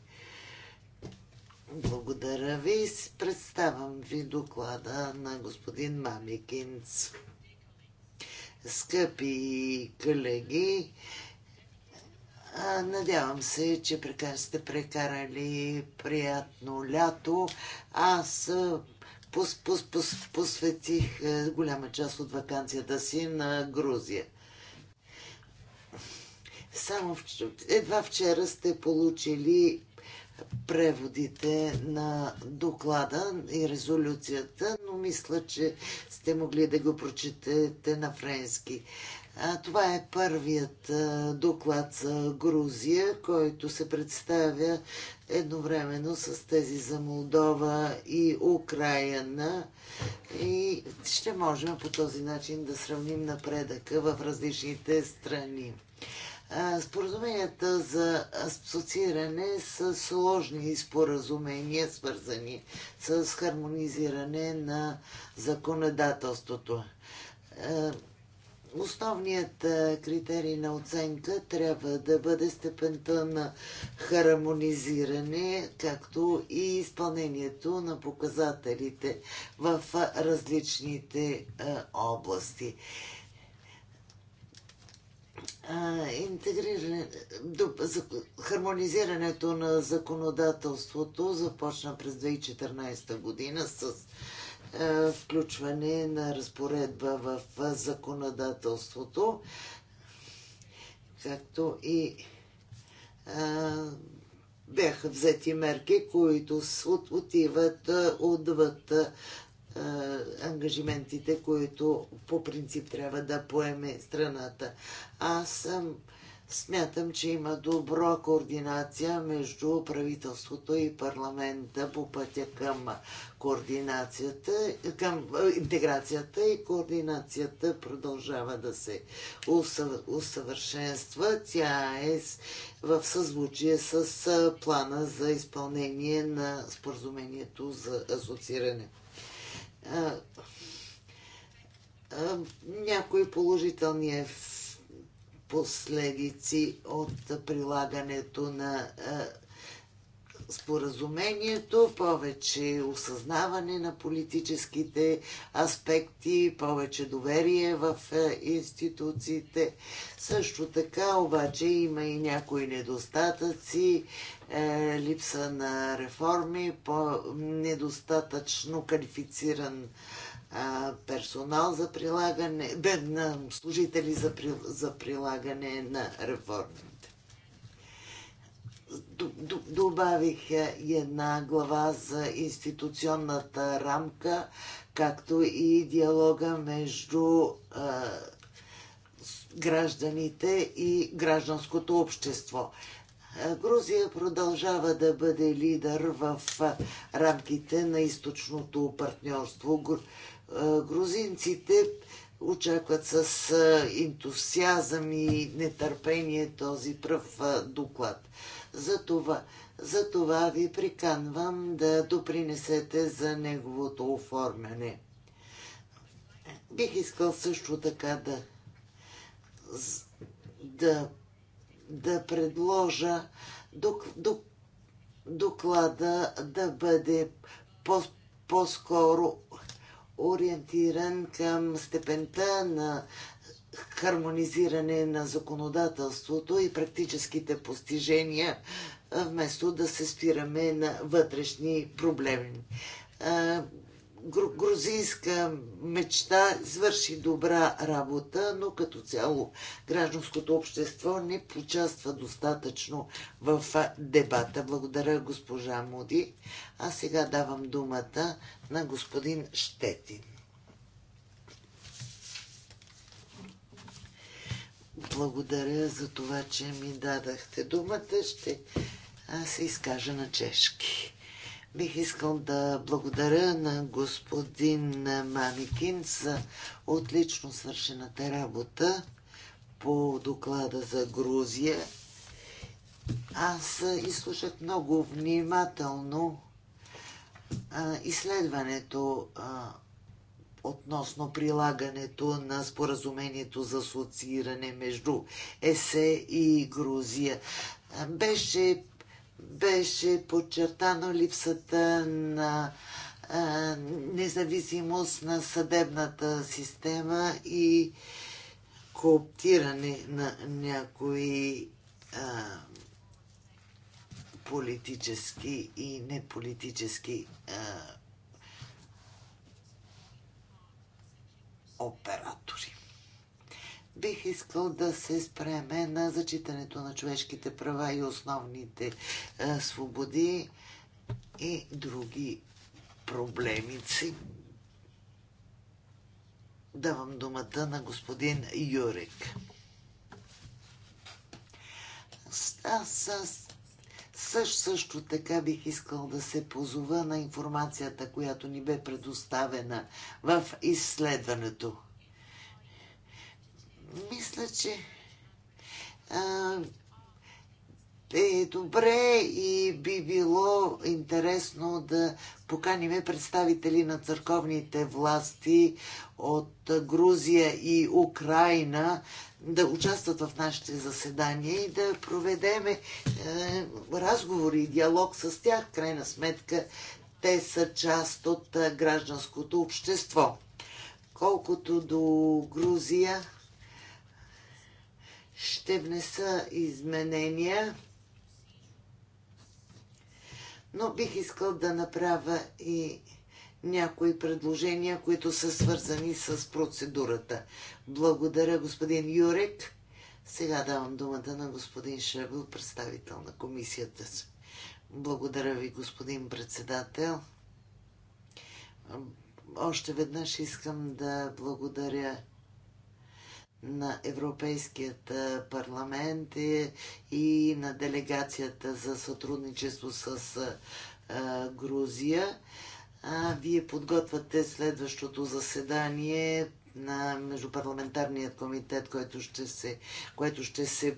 Speaker 3: Благодаря ви. Представам ви доклада на господин Мамикинц. Скъпи колеги, Надявам се, че сте прекарали приятно лято. Аз пос, пос, пос, посветих голяма част от вакансията си на Грузия. Само в едва вчера сте получили преводите на доклада и резолюцията, но мисля, че сте могли да го прочетете на френски. Това е първият доклад за Грузия, който се представя едновременно с тези за Молдова и Украина. И ще можем по този начин да сравним напредъка в различните страни. Споразуменията за асоцииране са сложни споразумения, свързани с хармонизиране на законодателството основният критерий на оценка трябва да бъде степента на хармонизиране, както и изпълнението на показателите в различните области. хармонизирането на законодателството започна през 2014 година с е, включване на разпоредба в законодателството, както и е, бяха взети мерки, които отиват е, отвъд ангажиментите, които по принцип трябва да поеме страната. Аз съм Смятам, че има добра координация между правителството и парламента по пътя към координацията, към интеграцията и координацията продължава да се усъвършенства. Тя е в съзвучие с плана за изпълнение на споразумението за асоцииране някои положителни ефекти последици от прилагането на е, споразумението, повече осъзнаване на политическите аспекти, повече доверие в е, институциите. Също така обаче има и някои недостатъци, е, липса на реформи, недостатъчно квалифициран персонал за прилагане, да, на служители за, при, за прилагане на реформите. Добавих е, една глава за институционната рамка, както и диалога между а, гражданите и гражданското общество. Грузия продължава да бъде лидер в рамките на източното партньорство грузинците очакват с ентусиазъм и нетърпение този пръв доклад. За това ви приканвам да допринесете за неговото оформяне. Бих искал също така да, да, да предложа док, док, доклада да бъде по, по-скоро ориентиран към степента на хармонизиране на законодателството и практическите постижения, вместо да се спираме на вътрешни проблеми грузинска мечта свърши добра работа, но като цяло гражданското общество не участва достатъчно в дебата. Благодаря госпожа Муди. А сега давам думата на господин Щетин. Благодаря за това, че ми дадахте думата. Ще се изкажа на чешки. Бих искал да благодаря на господин Маникин за отлично свършената работа по доклада за Грузия. Аз изслушах много внимателно изследването относно прилагането на споразумението за асоцииране между ЕСЕ и Грузия. Беше беше подчертано липсата на а, независимост на съдебната система и кооптиране на някои а, политически и неполитически а, оператори. Бих искал да се спреме на зачитането на човешките права и основните а, е, свободи и други проблемици. Давам думата на господин Юрик. Аз, също, също така бих искал да се позова на информацията, която ни бе предоставена в изследването. Мисля, че а, е добре и би било интересно да поканиме представители на църковните власти от Грузия и Украина да участват в нашите заседания и да проведеме е, разговори и диалог с тях. Крайна сметка, те са част от гражданското общество. Колкото до Грузия, ще внеса изменения, но бих искал да направя и някои предложения, които са свързани с процедурата. Благодаря, господин Юрек. Сега давам думата на господин Шебел, представител на комисията си. Благодаря ви, господин председател. Още веднъж искам да благодаря на Европейският парламент е, и на делегацията за сътрудничество с Грузия. Вие подготвяте следващото заседание на Междупарламентарният комитет, който ще се, което ще се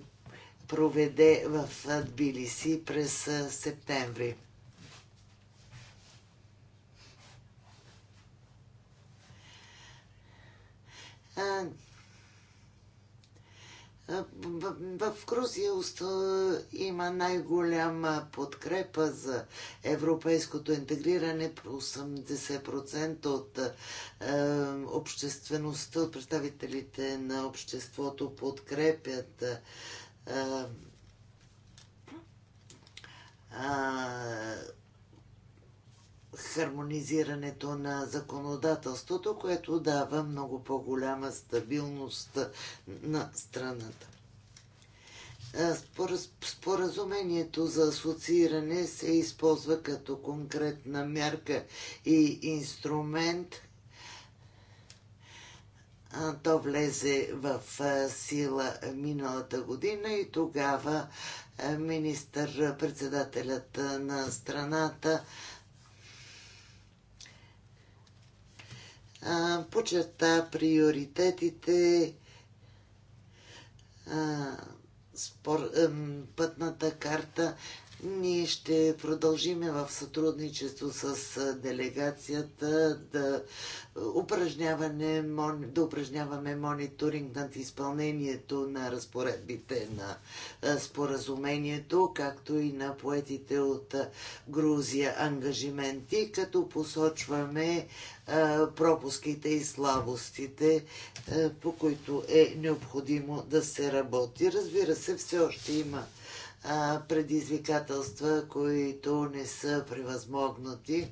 Speaker 3: проведе в Тбилиси през септември в Грузия има най-голяма подкрепа за европейското интегриране. 80% от е, обществеността, от представителите на обществото подкрепят е, е, хармонизирането на законодателството, което дава много по-голяма стабилност на страната. Споразумението за асоцииране се използва като конкретна мярка и инструмент. То влезе в сила миналата година и тогава министър-председателят на страната почерта приоритетите, спор, пътната карта. Ние ще продължиме в сътрудничество с делегацията да, упражняване, да упражняваме мониторинг над изпълнението на разпоредбите на споразумението, както и на поетите от Грузия ангажименти, като посочваме пропуските и слабостите, по които е необходимо да се работи. Разбира се, все още има предизвикателства, които не са превъзмогнати.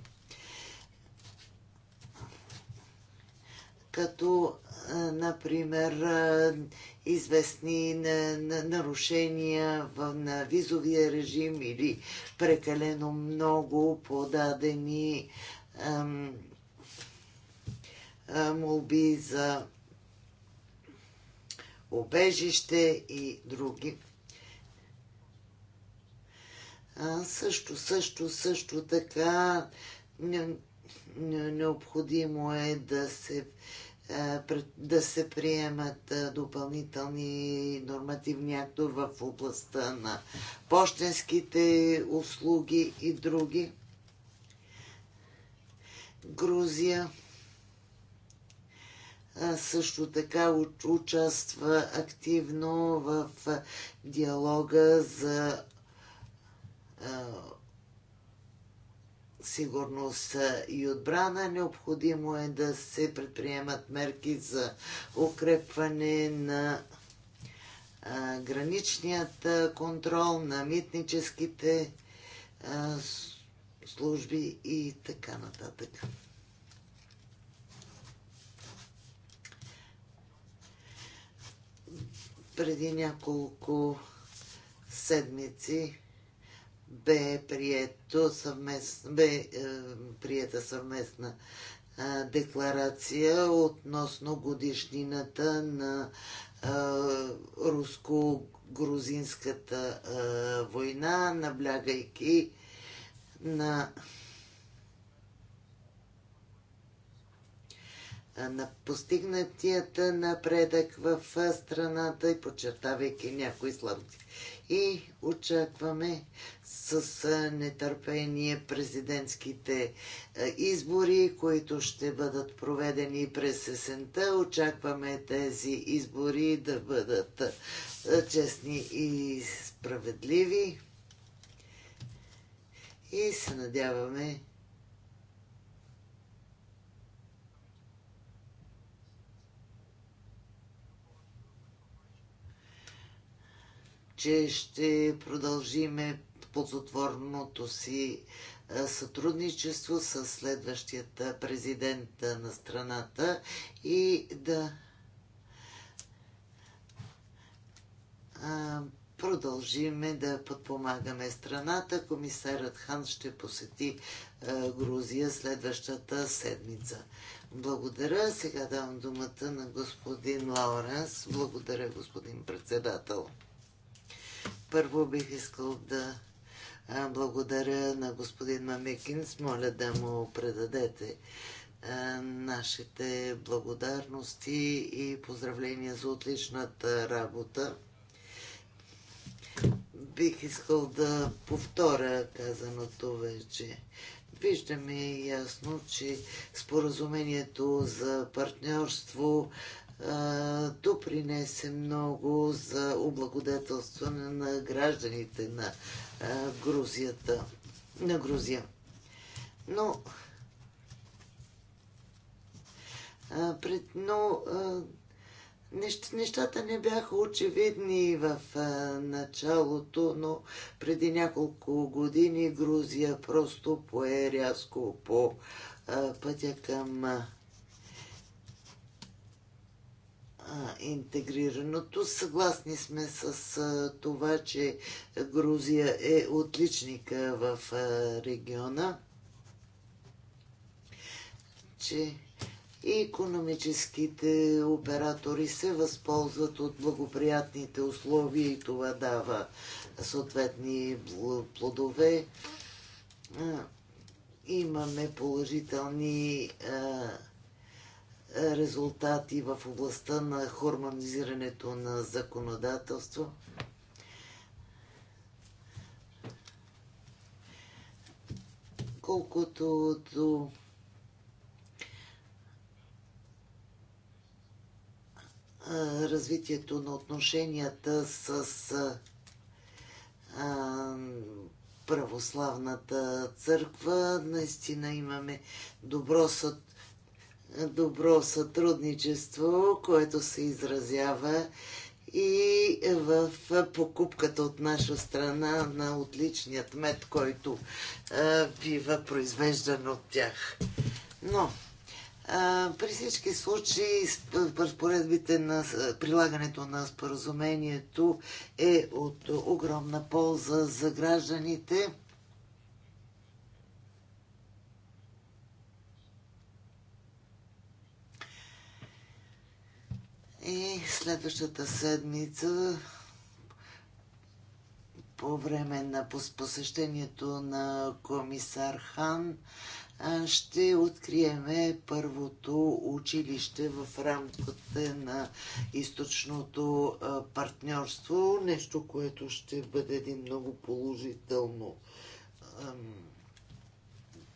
Speaker 3: Като, например, известни нарушения на визовия режим или прекалено много подадени молби за обежище и други. А, също, също, също така не, не, необходимо е да се, да се приемат допълнителни нормативни актове в областта на почтенските услуги и други. Грузия също така участва активно в диалога за сигурност и отбрана. Необходимо е да се предприемат мерки за укрепване на граничният контрол, на митническите служби и така нататък. Преди няколко седмици бе, прието съвмест... бе е, прията съвместна е, декларация относно годишнината на е, руско-грузинската е, война, наблягайки на на постигнатият напредък в страната и подчертавайки някои слабости. И очакваме с нетърпение президентските избори, които ще бъдат проведени през есента. Очакваме тези избори да бъдат честни и справедливи. И се надяваме че ще продължиме ползотворното си сътрудничество с следващият президент на страната и да продължиме да подпомагаме страната. Комисарът Хан ще посети Грузия следващата седмица. Благодаря. Сега давам думата на господин Лауренс. Благодаря, господин председател. Първо бих искал да благодаря на господин Мамикинс. Моля да му предадете нашите благодарности и поздравления за отличната работа. Бих искал да повторя казаното вече. Виждаме ясно, че споразумението за партньорство допринесе много за облагодетелстване на гражданите на Грузията, на Грузия. Но, пред, но нещата не бяха очевидни в началото, но преди няколко години Грузия просто пое рязко по пътя към интегрираното. Съгласни сме с това, че Грузия е отличника в региона, че и економическите оператори се възползват от благоприятните условия и това дава съответни плодове. Имаме положителни резултати в областта на хормонизирането на законодателство. Колкото до развитието на отношенията с а, православната църква. Наистина имаме добро съд, добро сътрудничество, което се изразява и в покупката от наша страна на отличният мед, който а, бива произвеждан от тях. Но а, при всички случаи разпоредбите на прилагането на споразумението е от огромна полза за гражданите И следващата седмица по време на посещението на комисар Хан ще откриеме първото училище в рамките на източното партньорство. Нещо, което ще бъде един много положително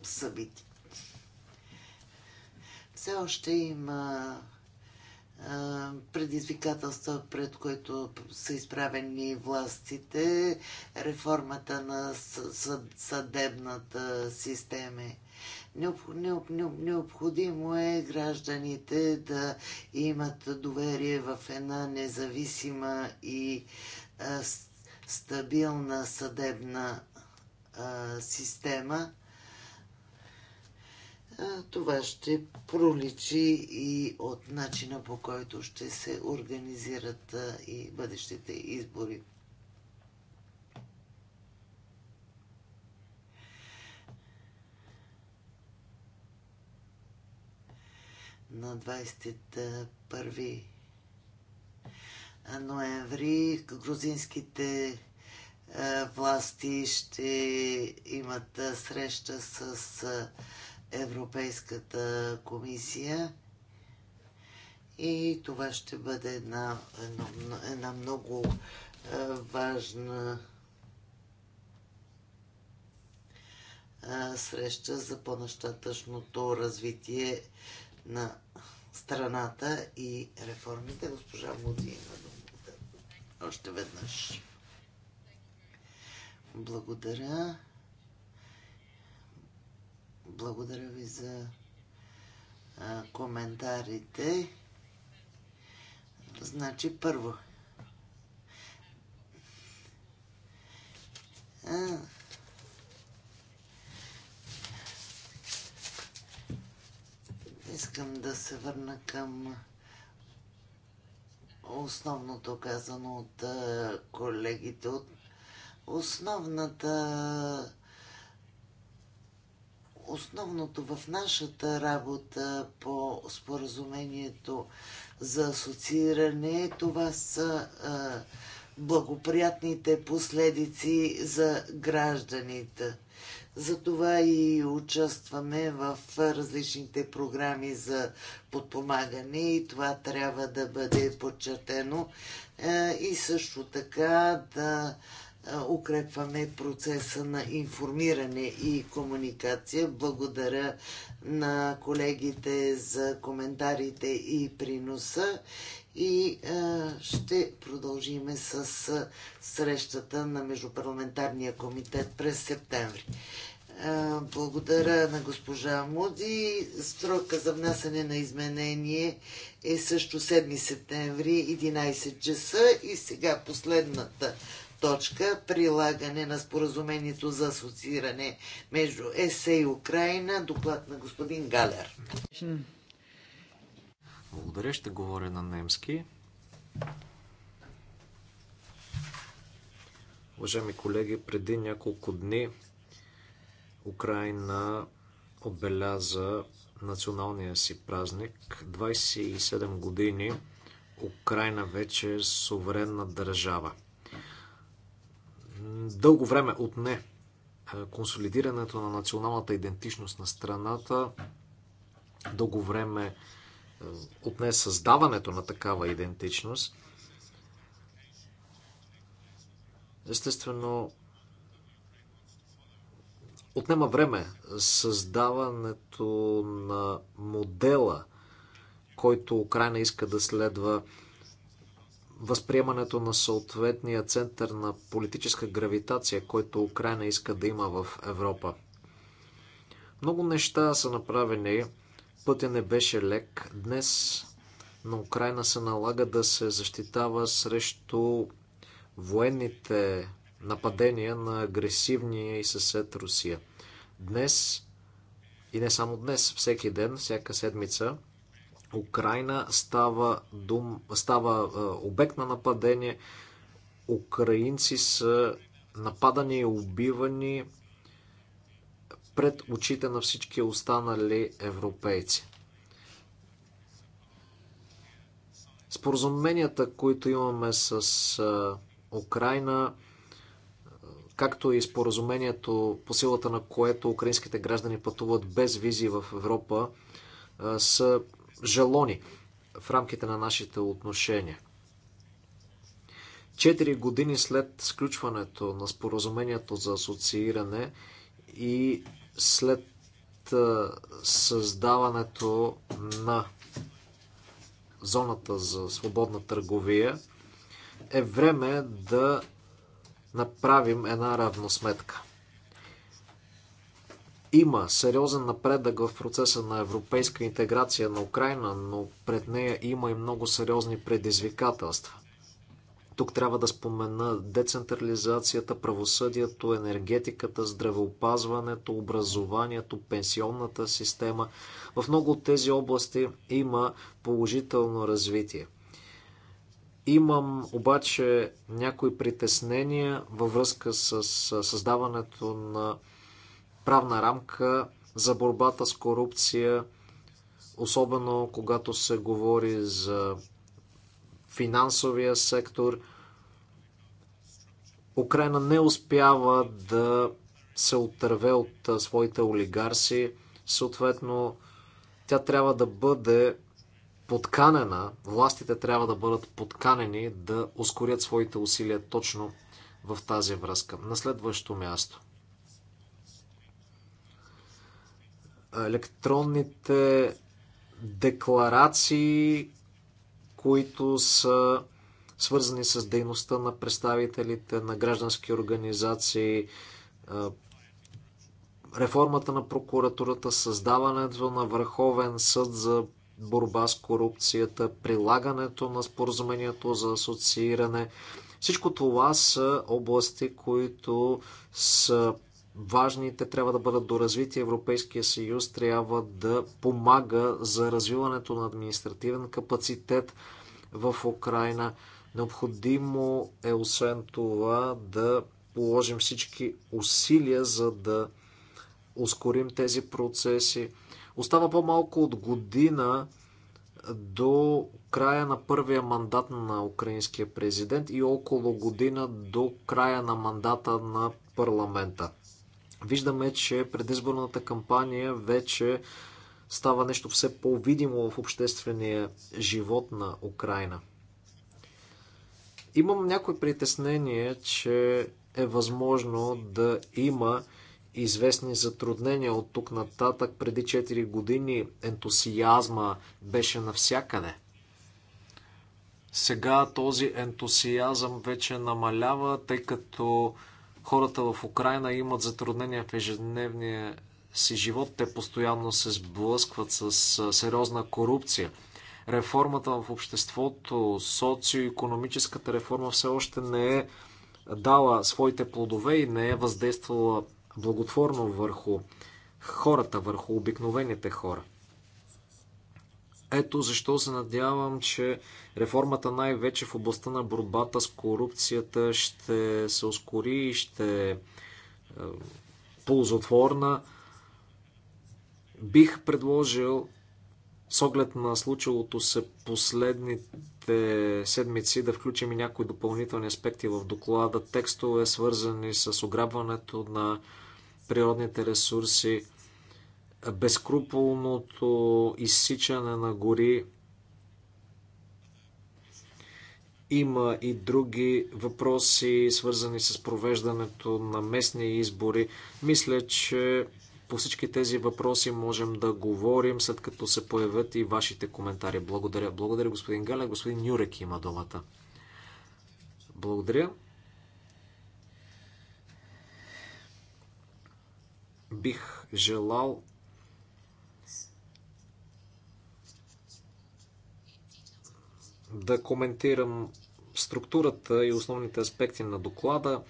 Speaker 3: събитие. Все още има предизвикателства, пред които са изправени властите, реформата на съдебната система. Необходимо е гражданите да имат доверие в една независима и стабилна съдебна система – това ще проличи и от начина по който ще се организират и бъдещите избори. На 21 ноември грузинските власти ще имат среща с Европейската комисия и това ще бъде една, една, една много е, важна е, среща за по-нащатъчното развитие на страната и реформите. Госпожа Муди думата още веднъж. Благодаря. Благодаря ви за а, коментарите. Значи първо. А, искам да се върна към основното казано от колегите. От основната основното в нашата работа по споразумението за асоцииране, това са благоприятните последици за гражданите. Затова и участваме в различните програми за подпомагане и това трябва да бъде подчертено. Е, и също така да укрепваме процеса на информиране и комуникация. Благодаря на колегите за коментарите и приноса и ще продължиме с срещата на Междупарламентарния комитет през септември. благодаря на госпожа Муди. Строка за внасяне на изменение е също 7 септември, 11 часа. И сега последната точка прилагане на споразумението за асоцииране между ЕСЕ и Украина. Доклад на господин Галер.
Speaker 1: Благодаря, ще говоря на немски. Уважаеми колеги, преди няколко дни Украина отбеляза националния си празник. 27 години Украина вече е суверенна държава. Дълго време отне е, консолидирането на националната идентичност на страната. Дълго време е, отне е създаването на такава идентичност. Естествено, отнема време създаването на модела, който Украина иска да следва възприемането на съответния център на политическа гравитация, който Украина иска да има в Европа. Много неща са направени. Пътя не беше лек. Днес на Украина се налага да се защитава срещу военните нападения на агресивния и съсед Русия. Днес, и не само днес, всеки ден, всяка седмица, Украина става, дум, става е, обект на нападение. Украинци са нападани и убивани пред очите на всички останали европейци. Споразуменията, които имаме с е, Украина, е, както и споразумението, по силата на което украинските граждани пътуват без визи в Европа, са жалони в рамките на нашите отношения. Четири години след сключването на споразумението за асоцииране и след създаването на зоната за свободна търговия, е време да направим една равносметка има сериозен напредък в процеса на европейска интеграция на Украина, но пред нея има и много сериозни предизвикателства. Тук трябва да спомена децентрализацията, правосъдието, енергетиката, здравеопазването, образованието, пенсионната система. В много от тези области има положително развитие. Имам обаче някои притеснения във връзка с създаването на правна рамка за борбата с корупция, особено когато се говори за финансовия сектор. Украина не успява да се отърве от своите олигарси. Съответно, тя трябва да бъде подканена, властите трябва да бъдат подканени да ускорят своите усилия точно в тази връзка. На следващо място. електронните декларации, които са свързани с дейността на представителите на граждански организации, е, реформата на прокуратурата, създаването на Върховен съд за борба с корупцията, прилагането на споразумението за асоцииране. Всичко това са области, които са важни, те трябва да бъдат доразвити. Европейския съюз трябва да помага за развиването на административен капацитет в Украина. Необходимо е освен това да положим всички усилия, за да ускорим тези процеси. Остава по-малко от година до края на първия мандат на украинския президент и около година до края на мандата на парламента. Виждаме, че предизборната кампания вече става нещо все по-видимо в обществения живот на Украина. Имам някои притеснения, че е възможно да има известни затруднения от тук нататък. Преди 4 години ентусиазма беше навсякъде. Сега този ентусиазъм вече намалява, тъй като Хората в Украина имат затруднения в ежедневния си живот. Те постоянно се сблъскват с сериозна корупция. Реформата в обществото, социо-економическата реформа все още не е дала своите плодове и не е въздействала благотворно върху хората, върху обикновените хора. Ето защо се надявам, че реформата най-вече в областта на борбата с корупцията ще се ускори и ще е ползотворна. Бих предложил с оглед на случилото се последните седмици да включим и някои допълнителни аспекти в доклада, текстове свързани с ограбването на природните ресурси, безкруполното изсичане на гори. Има и други въпроси, свързани с провеждането на местни избори. Мисля, че по всички тези въпроси можем да говорим, след като се появят и вашите коментари. Благодаря. Благодаря, господин Галя. Господин Нюрек, има думата. Благодаря. Бих желал да коментирам структурата и основните аспекти на доклада.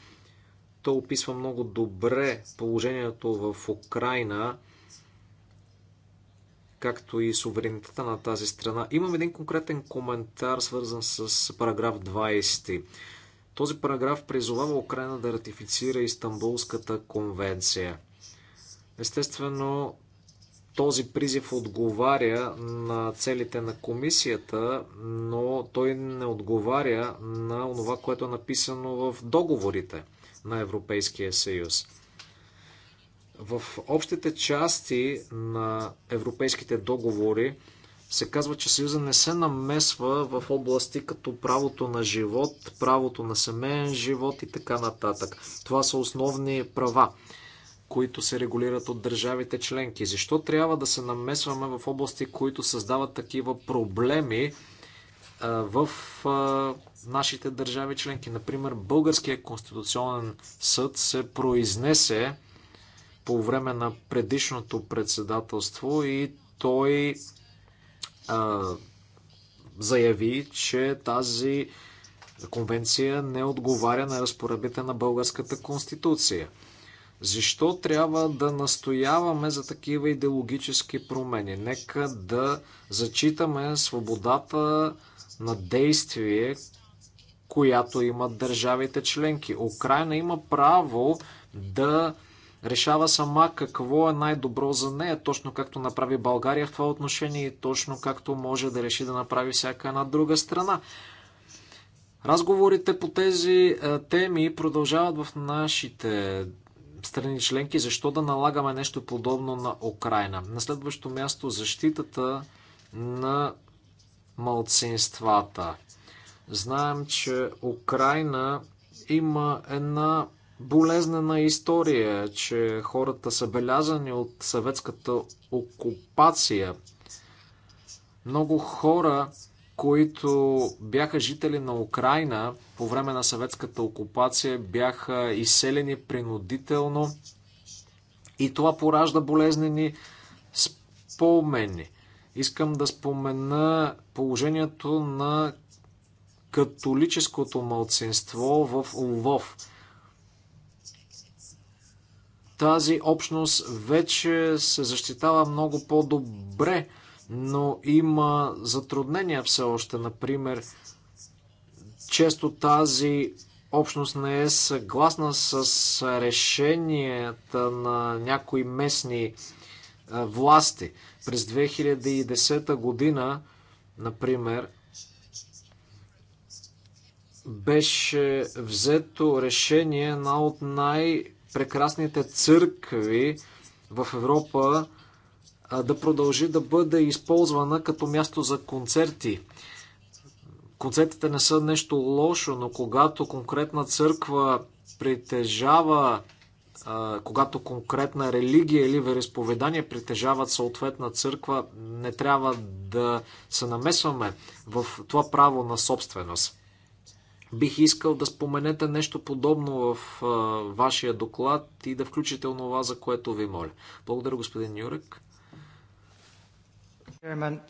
Speaker 1: То описва много добре положението в Украина, както и суверенитета на тази страна. Имам един конкретен коментар, свързан с параграф 20. Този параграф призовава Украина да ратифицира Истанбулската конвенция. Естествено, този призив отговаря на целите на комисията, но той не отговаря на това, което е написано в договорите на Европейския съюз. В общите части на европейските договори се казва, че Съюза не се намесва в области като правото на живот, правото на семейен живот и така нататък. Това са основни права които се регулират от държавите членки? Защо трябва да се намесваме в области, които създават такива проблеми в нашите държави членки? Например, Българския конституционен съд се произнесе по време на предишното председателство и той а, заяви, че тази конвенция не отговаря на разпоредбите на българската конституция. Защо трябва да настояваме за такива идеологически промени? Нека да зачитаме свободата на действие, която имат държавите членки. Украина има право да решава сама какво е най-добро за нея, точно както направи България в това отношение и точно както може да реши да направи всяка една друга страна. Разговорите по тези е, теми продължават в нашите страни членки, защо да налагаме нещо подобно на Украина? На следващо място защитата на малцинствата. Знаем, че Украина има една болезнена история, че хората са белязани от съветската окупация. Много хора които бяха жители на Украина по време на съветската окупация, бяха изселени принудително и това поражда болезнени спомени. Искам да спомена положението на католическото мълцинство в Лвов. Тази общност вече се защитава много по-добре но има затруднения все още. Например, често тази общност не е съгласна с решенията на някои местни е, власти. През 2010 година, например, беше взето решение на от най-прекрасните църкви в Европа да продължи да бъде използвана като място за концерти. Концертите не са нещо лошо, но когато конкретна църква притежава, когато конкретна религия или вероисповедание притежават съответна църква, не трябва да се намесваме в това право на собственост. Бих искал да споменете нещо подобно в вашия доклад и да включите онова, за което ви моля. Благодаря, господин Нюрек.
Speaker 2: Uh,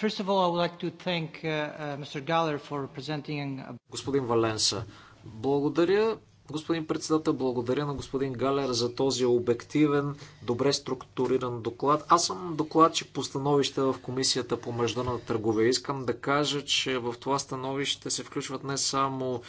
Speaker 2: uh,
Speaker 1: господин Валенса, благодаря. Господин председател, благодаря на господин Галер за този обективен, добре структуриран доклад. Аз съм докладчик по становище в Комисията по международна търговия. Искам да кажа, че в това становище се включват не само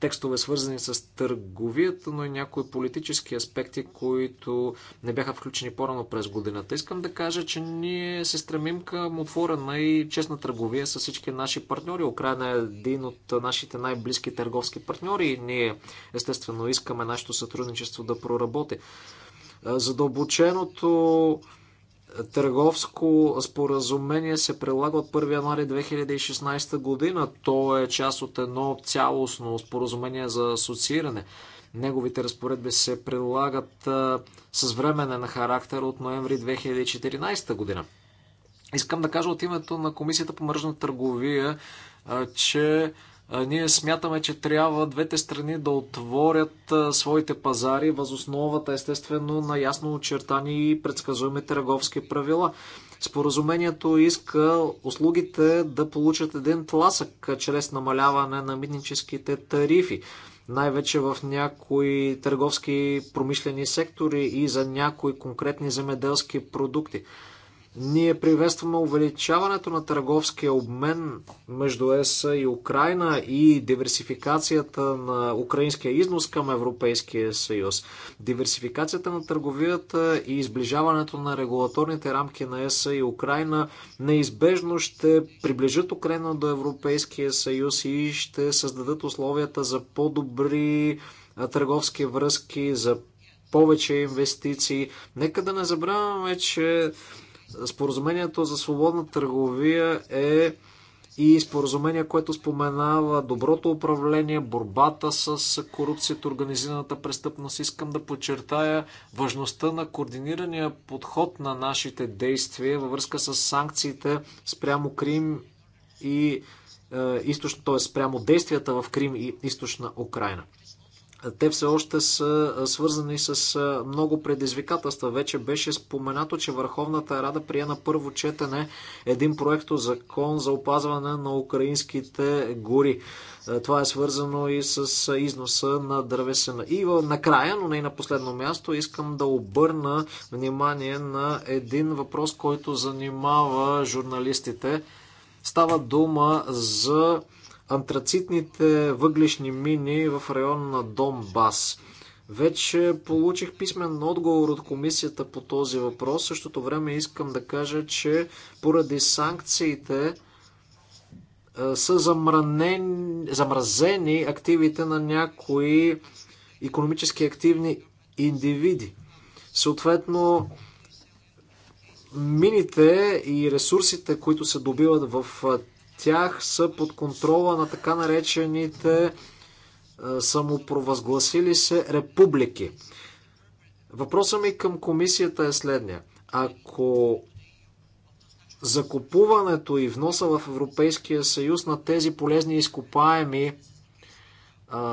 Speaker 1: текстове свързани с търговията, но и някои политически аспекти, които не бяха включени по-рано през годината. Искам да кажа, че ние се стремим към отворена и честна търговия с всички наши партньори. Украина е един от нашите най-близки търговски партньори и ние естествено искаме нашето сътрудничество да проработи. Задълбоченото търговско споразумение се прилага от 1 януари 2016 година. То е част от едно цялостно споразумение за асоцииране. Неговите разпоредби се прилагат а, с временен характер от ноември 2014 година. Искам да кажа от името на Комисията по мръжна търговия, а, че ние смятаме, че трябва двете страни да отворят своите пазари възосновата естествено на ясно очертани и предсказуеми търговски правила. Споразумението иска услугите да получат един тласък чрез намаляване на митническите тарифи, най-вече в някои търговски промишлени сектори и за някои конкретни земеделски продукти. Ние приветстваме увеличаването на търговския обмен между ЕС и Украина и диверсификацията на украинския износ към Европейския съюз. Диверсификацията на търговията и изближаването на регулаторните рамки на ЕС и Украина неизбежно ще приближат Украина до Европейския съюз и ще създадат условията за по-добри търговски връзки, за повече инвестиции. Нека да не забравяме, че Споразумението за свободна търговия е и споразумение, което споменава доброто управление, борбата с корупцията, организираната престъпност. Искам да подчертая важността на координирания подход на нашите действия във връзка с санкциите спрямо Крим и е, източно, т.е. спрямо действията в Крим и източна Украина те все още са свързани с много предизвикателства. Вече беше споменато, че Върховната Рада прие на първо четене един от закон за опазване на украинските гори. Това е свързано и с износа на дървесина. И накрая, но не и на последно място, искам да обърна внимание на един въпрос, който занимава журналистите. Става дума за антрацитните въглишни мини в района на Донбас. Вече получих писмен отговор от комисията по този въпрос. същото време искам да кажа, че поради санкциите е, са замранени, замразени активите на някои економически активни индивиди. Съответно, мините и ресурсите, които се добиват в е, тях са под контрола на така наречените е, самопровъзгласили се републики. Въпросът ми към комисията е следния. Ако закупуването и вноса в Европейския съюз на тези полезни изкопаеми е,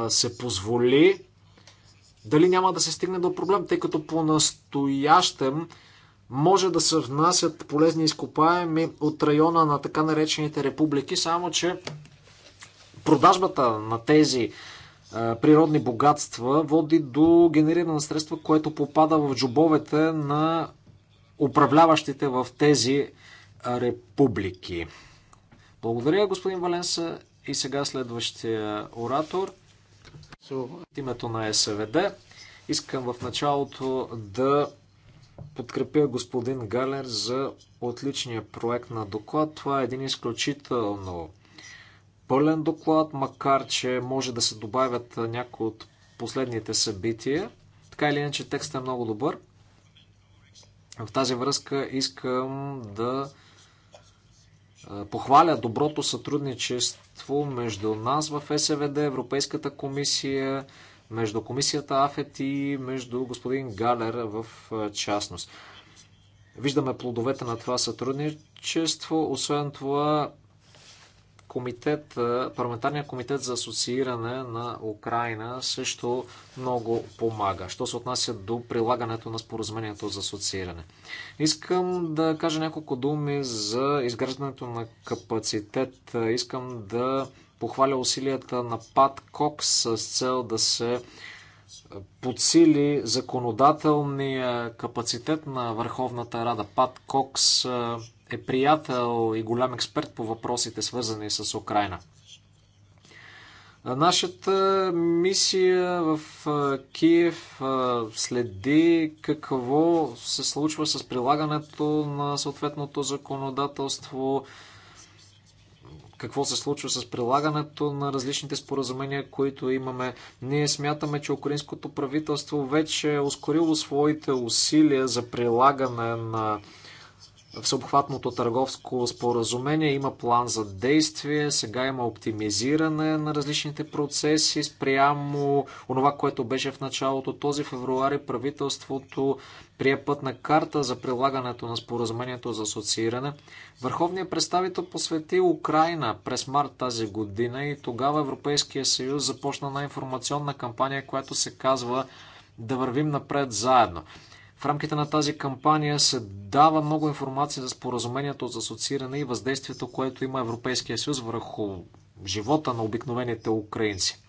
Speaker 1: се позволи, дали няма да се стигне до проблем, тъй като по-настоящем може да се внасят полезни изкопаеми от района на така наречените републики, само че продажбата на тези е, природни богатства води до генериране на средства, което попада в джобовете на управляващите в тези е, републики. Благодаря, господин Валенса. И сега следващия оратор от името на СВД. Искам в началото да подкрепя господин Галер за отличния проект на доклад. Това е един изключително пълен доклад, макар че може да се добавят някои от последните събития. Така или иначе текстът е много добър. В тази връзка искам да похваля доброто сътрудничество между нас в СВД, Европейската комисия, между комисията АФЕТ и между господин Галер в частност. Виждаме плодовете на това сътрудничество. Освен това, комитет, парламентарният комитет за асоцииране на Украина също много помага, що се отнася до прилагането на споразумението за асоцииране. Искам да кажа няколко думи за изграждането на капацитет. Искам да похваля усилията на Пат Кокс с цел да се подсили законодателния капацитет на Върховната Рада. Пат Кокс е, е приятел и голям експерт по въпросите, свързани с Украина. Нашата мисия в е, Киев е, следи какво се случва с прилагането на съответното законодателство, какво се случва с прилагането на различните споразумения, които имаме. Ние смятаме, че украинското правителство вече е ускорило своите усилия за прилагане на всеобхватното търговско споразумение, има план за действие, сега има оптимизиране на различните процеси спрямо онова, което беше в началото. Този февруари правителството прие пътна карта за прилагането на споразумението за асоцииране. Върховният представител посвети Украина през март тази година и тогава Европейския съюз започна на информационна кампания, която се казва да вървим напред заедно. В рамките на тази кампания се дава много информация за споразумението за асоцииране и въздействието, което има Европейския съюз върху живота на обикновените украинци.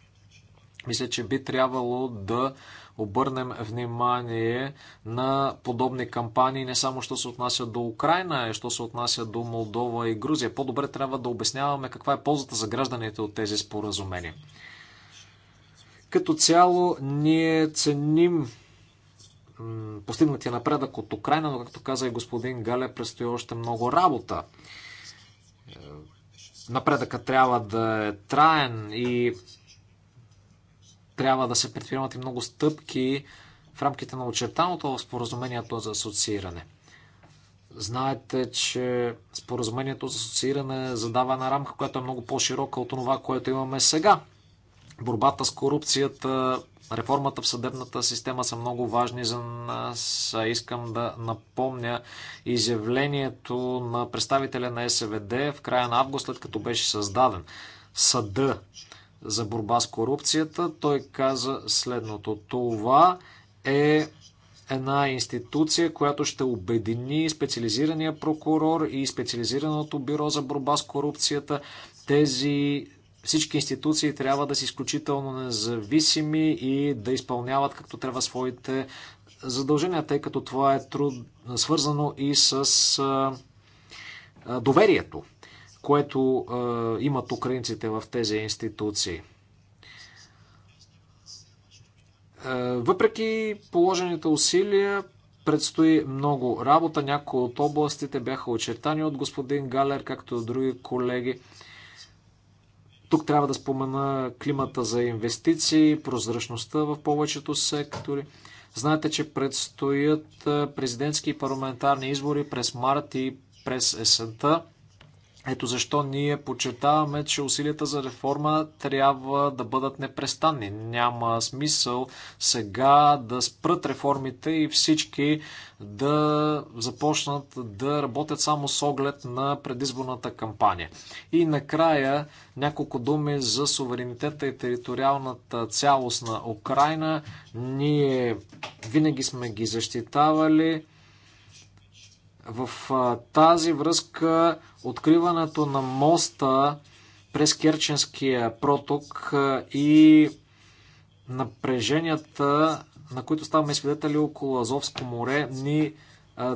Speaker 1: Мисля, че би трябвало да обърнем внимание на подобни кампании, не само що се отнася до Украина, а що се отнася до Молдова и Грузия. По-добре трябва да обясняваме каква е ползата за гражданите от тези споразумения. Като цяло ние ценим постигнатия напредък от Украина, но както каза и господин Галя, предстои още много работа. Е, Напредъка трябва да е траен и трябва да се предприемат и много стъпки в рамките на очертаното в споразумението за асоцииране. Знаете, че споразумението за асоцииране задава една рамка, която е много по-широка от това, което имаме сега. Борбата с корупцията, реформата в съдебната система са много важни за нас. Искам да напомня изявлението на представителя на СВД в края на август, след като беше създаден съда за борба с корупцията. Той каза следното. Това е една институция, която ще обедини специализирания прокурор и специализираното бюро за борба с корупцията. Тези всички институции трябва да са изключително независими и да изпълняват както трябва своите задължения, тъй като това е труд, свързано и с доверието, което имат украинците в тези институции. Въпреки положените усилия, предстои много работа. Някои от областите бяха очертани от господин Галер, както и от други колеги. Тук трябва да спомена климата за инвестиции, прозрачността в повечето сектори. Знаете, че предстоят президентски и парламентарни избори през март и през есента. Ето защо ние подчертаваме, че усилията за реформа трябва да бъдат непрестанни. Няма смисъл сега да спрат реформите и всички да започнат да работят само с оглед на предизборната кампания. И накрая няколко думи за суверенитета и териториалната цялост на Украина. Ние винаги сме ги защитавали в тази връзка откриването на моста през Керченския проток и напреженията, на които ставаме свидетели около Азовско море, ни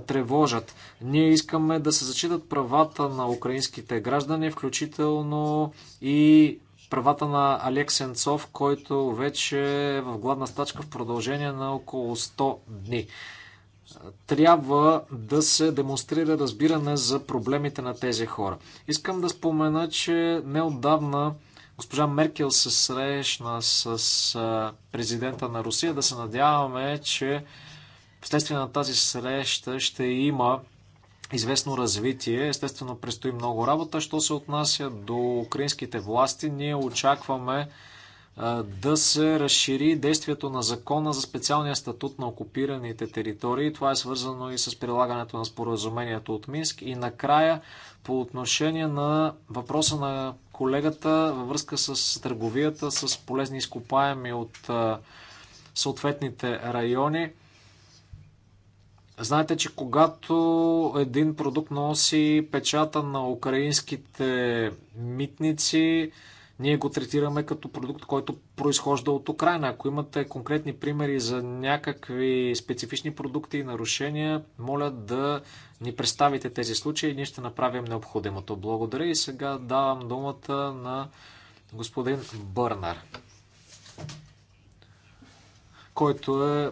Speaker 1: тревожат. Ние искаме да се зачитат правата на украинските граждани, включително и правата на Алек Сенцов, който вече е в гладна стачка в продължение на около 100 дни трябва да се демонстрира разбиране за проблемите на тези хора. Искам да спомена, че неодавна госпожа Меркел се срещна с президента на Русия. Да се надяваме, че вследствие на тази среща ще има известно развитие. Естествено, предстои много работа. Що се отнася до украинските власти, ние очакваме да се разшири действието на закона за специалния статут на окупираните територии. Това е свързано и с прилагането на споразумението от Минск. И накрая, по отношение на въпроса на колегата във връзка с търговията с полезни изкопаеми от съответните райони. Знаете, че когато един продукт носи печата на украинските митници, ние го третираме като продукт, който произхожда от Украина. Ако имате конкретни примери за някакви специфични продукти и нарушения, моля да ни представите тези случаи и ние ще направим необходимото. Благодаря и сега давам думата на господин Бърнар, който е, е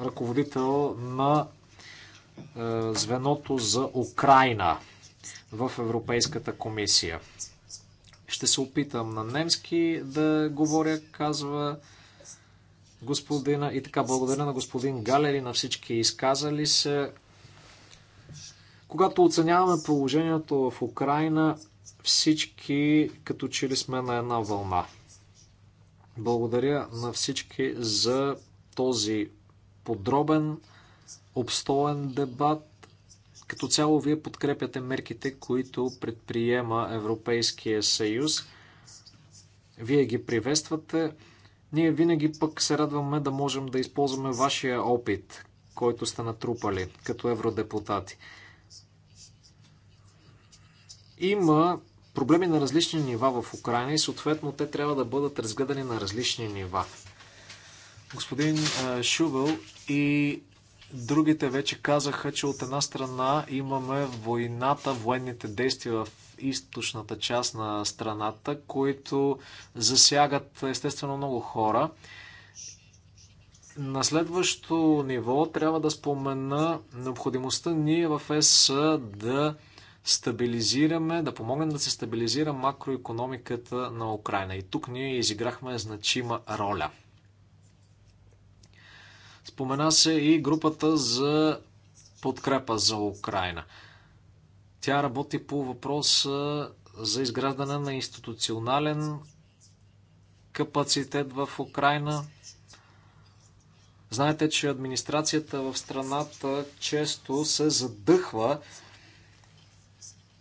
Speaker 1: ръководител на е, звеното за Украина в Европейската комисия. Ще се опитам на немски да говоря, казва господина. И така, благодаря на господин Галери, на всички изказали се. Когато оценяваме положението в Украина, всички като че ли сме на една вълна. Благодаря на всички за този подробен, обстоен дебат. Като цяло вие подкрепяте мерките, които предприема Европейския съюз. Вие ги приветствате. Ние винаги пък се радваме да можем да използваме вашия опит, който сте натрупали като евродепутати. Има проблеми на различни нива в Украина и съответно те трябва да бъдат разгледани на различни нива. Господин Шувел и Другите вече казаха, че от една страна имаме войната, военните действия в източната част на страната, които засягат естествено много хора. На следващо ниво трябва да спомена необходимостта ние в ЕС да стабилизираме, да помогнем да се стабилизира макроекономиката на Украина. И тук ние изиграхме значима роля – Спомена се и групата за подкрепа за Украина. Тя работи по въпроса за изграждане на институционален капацитет в Украина. Знаете, че администрацията в страната често се задъхва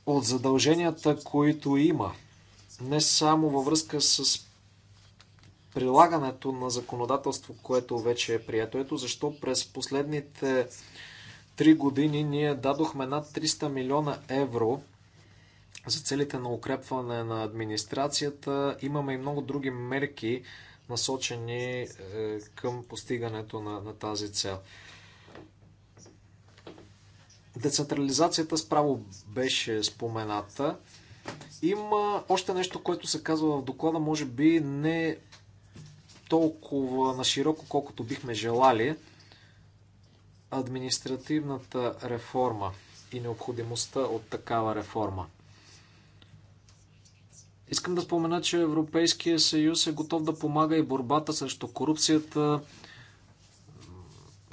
Speaker 1: от задълженията, които има. Не само във връзка с прилагането на законодателство, което вече е прието. Ето защо през последните три години ние дадохме над 300 милиона евро за целите на укрепване на администрацията. Имаме и много други мерки, насочени е, към постигането на, на тази цел. Децентрализацията справо беше спомената. Има още нещо, което се казва в доклада, може би не толкова на широко, колкото бихме желали. Административната реформа и необходимостта от такава реформа. Искам да спомена, че Европейския съюз е готов да помага и борбата срещу корупцията.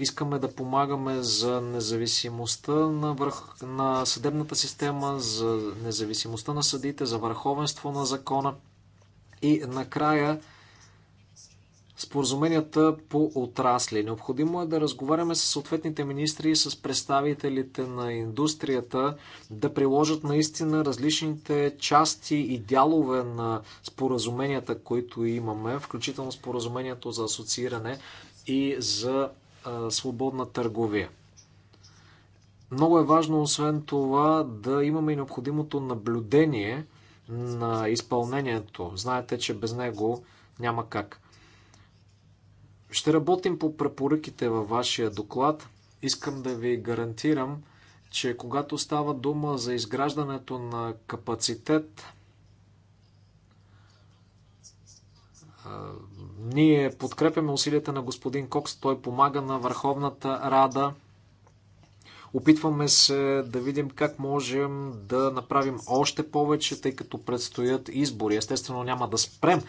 Speaker 1: Искаме да помагаме за независимостта на, върх... на съдебната система, за независимостта на съдите, за върховенство на закона. И накрая споразуменията по отрасли. Необходимо е да разговаряме с съответните министри и с представителите на индустрията, да приложат наистина различните части и дялове на споразуменията, които имаме, включително споразумението за асоцииране и за а, свободна търговия. Много е важно, освен това, да имаме и необходимото наблюдение на изпълнението. Знаете, че без него няма как. Ще работим по препоръките във вашия доклад. Искам да ви гарантирам, че когато става дума за изграждането на капацитет, ние подкрепяме усилията на господин Кокс, той помага на Върховната Рада. Опитваме се да видим как можем да направим още повече, тъй като предстоят избори. Естествено няма да спрем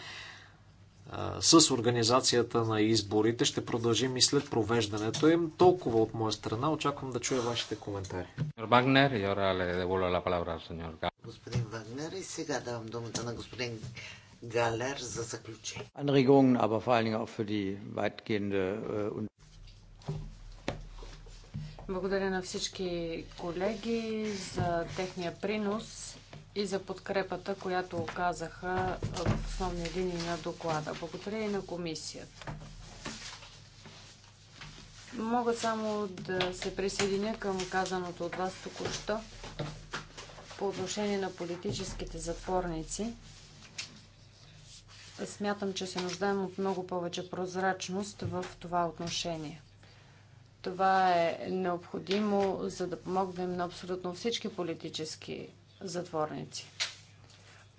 Speaker 1: с организацията на изборите. Ще продължим и след провеждането им. Толкова от моя страна. Очаквам да чуя вашите коментари.
Speaker 3: Господин Вагнер, и сега давам думата на господин Галер за заключение. Äh,
Speaker 2: благодаря на всички колеги за техния принос и за подкрепата, която оказаха в основни линии на доклада. Благодаря и на комисията. Мога само да се присъединя към казаното от вас току-що по отношение на политическите затворници. Смятам, че се нуждаем от много повече прозрачност в това отношение. Това е необходимо, за да помогнем на абсолютно всички политически затворници.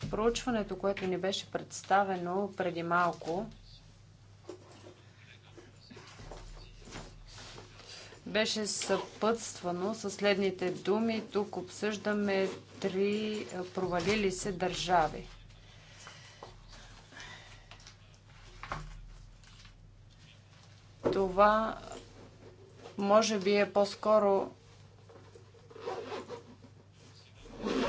Speaker 2: Проучването, което ни беше представено преди малко, беше съпътствано със следните думи. Тук обсъждаме три провалили се държави. Това може би е по-скоро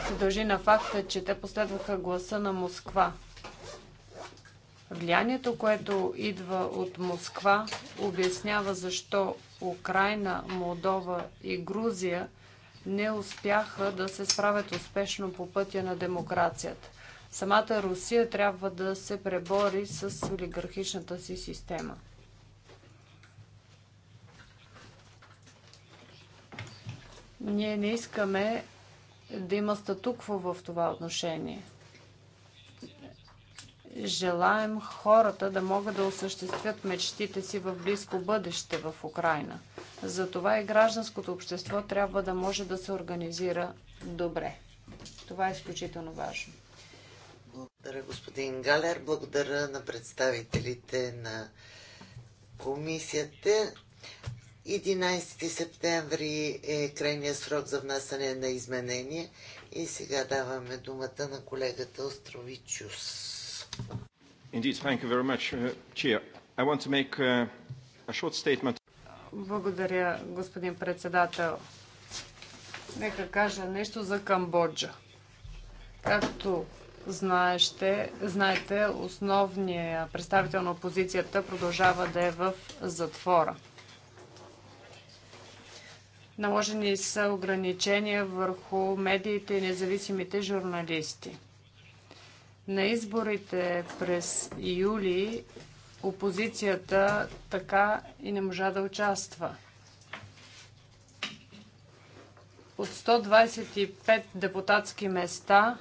Speaker 2: се дължи на факта, че те последваха гласа на Москва. Влиянието, което идва от Москва, обяснява защо Украина, Молдова и Грузия не успяха да се справят успешно по пътя на демокрацията. Самата Русия трябва да се пребори с олигархичната си система. Ние не искаме да има статукво в това отношение. Желаем хората да могат да осъществят мечтите си в близко бъдеще в Украина. Затова и гражданското общество трябва да може да се организира добре. Това е изключително важно.
Speaker 3: Благодаря, господин Галер. Благодаря на представителите на комисията. 11 септември е крайният срок за внасяне на изменения. И сега даваме думата на колегата Островичус.
Speaker 1: Indeed, thank you very much, uh, Chair. I want to make uh, a short statement.
Speaker 2: Благодаря, господин председател. Нека кажа нещо за Камбоджа. Както знаете, знаете основният представител на опозицията продължава да е в затвора. Наложени са ограничения върху медиите и независимите журналисти. На изборите през юли опозицията така и не можа да участва. От 125 депутатски места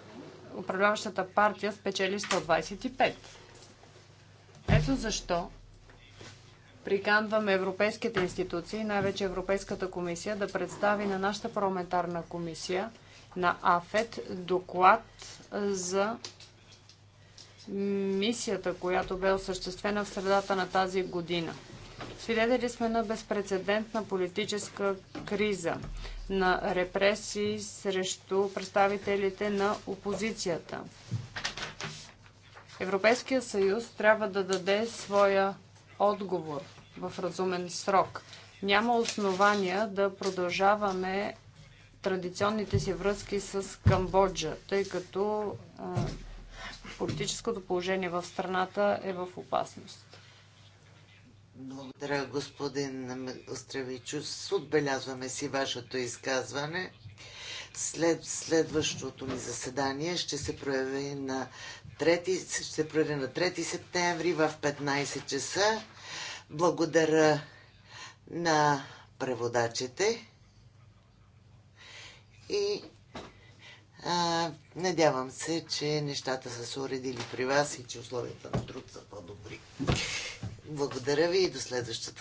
Speaker 2: управляващата партия спечели 125. Ето защо Приканваме европейските институции, най-вече Европейската комисия, да представи на нашата парламентарна комисия, на АФЕТ, доклад за мисията, която бе осъществена в средата на тази година. Свидетели сме на безпредседентна политическа криза, на репресии срещу представителите на опозицията. Европейския съюз трябва да даде своя отговор в разумен срок. Няма основания да продължаваме традиционните си връзки с Камбоджа, тъй като а, политическото положение в страната е в опасност.
Speaker 3: Благодаря, господин Остравичус. Отбелязваме си вашето изказване. След следващото ни заседание ще се прояви на 3, ще се прояви на 3 септември в 15 часа благодаря на преводачите и а, надявам се, че нещата са се уредили при вас и че условията на труд са по-добри. Благодаря ви и до следващата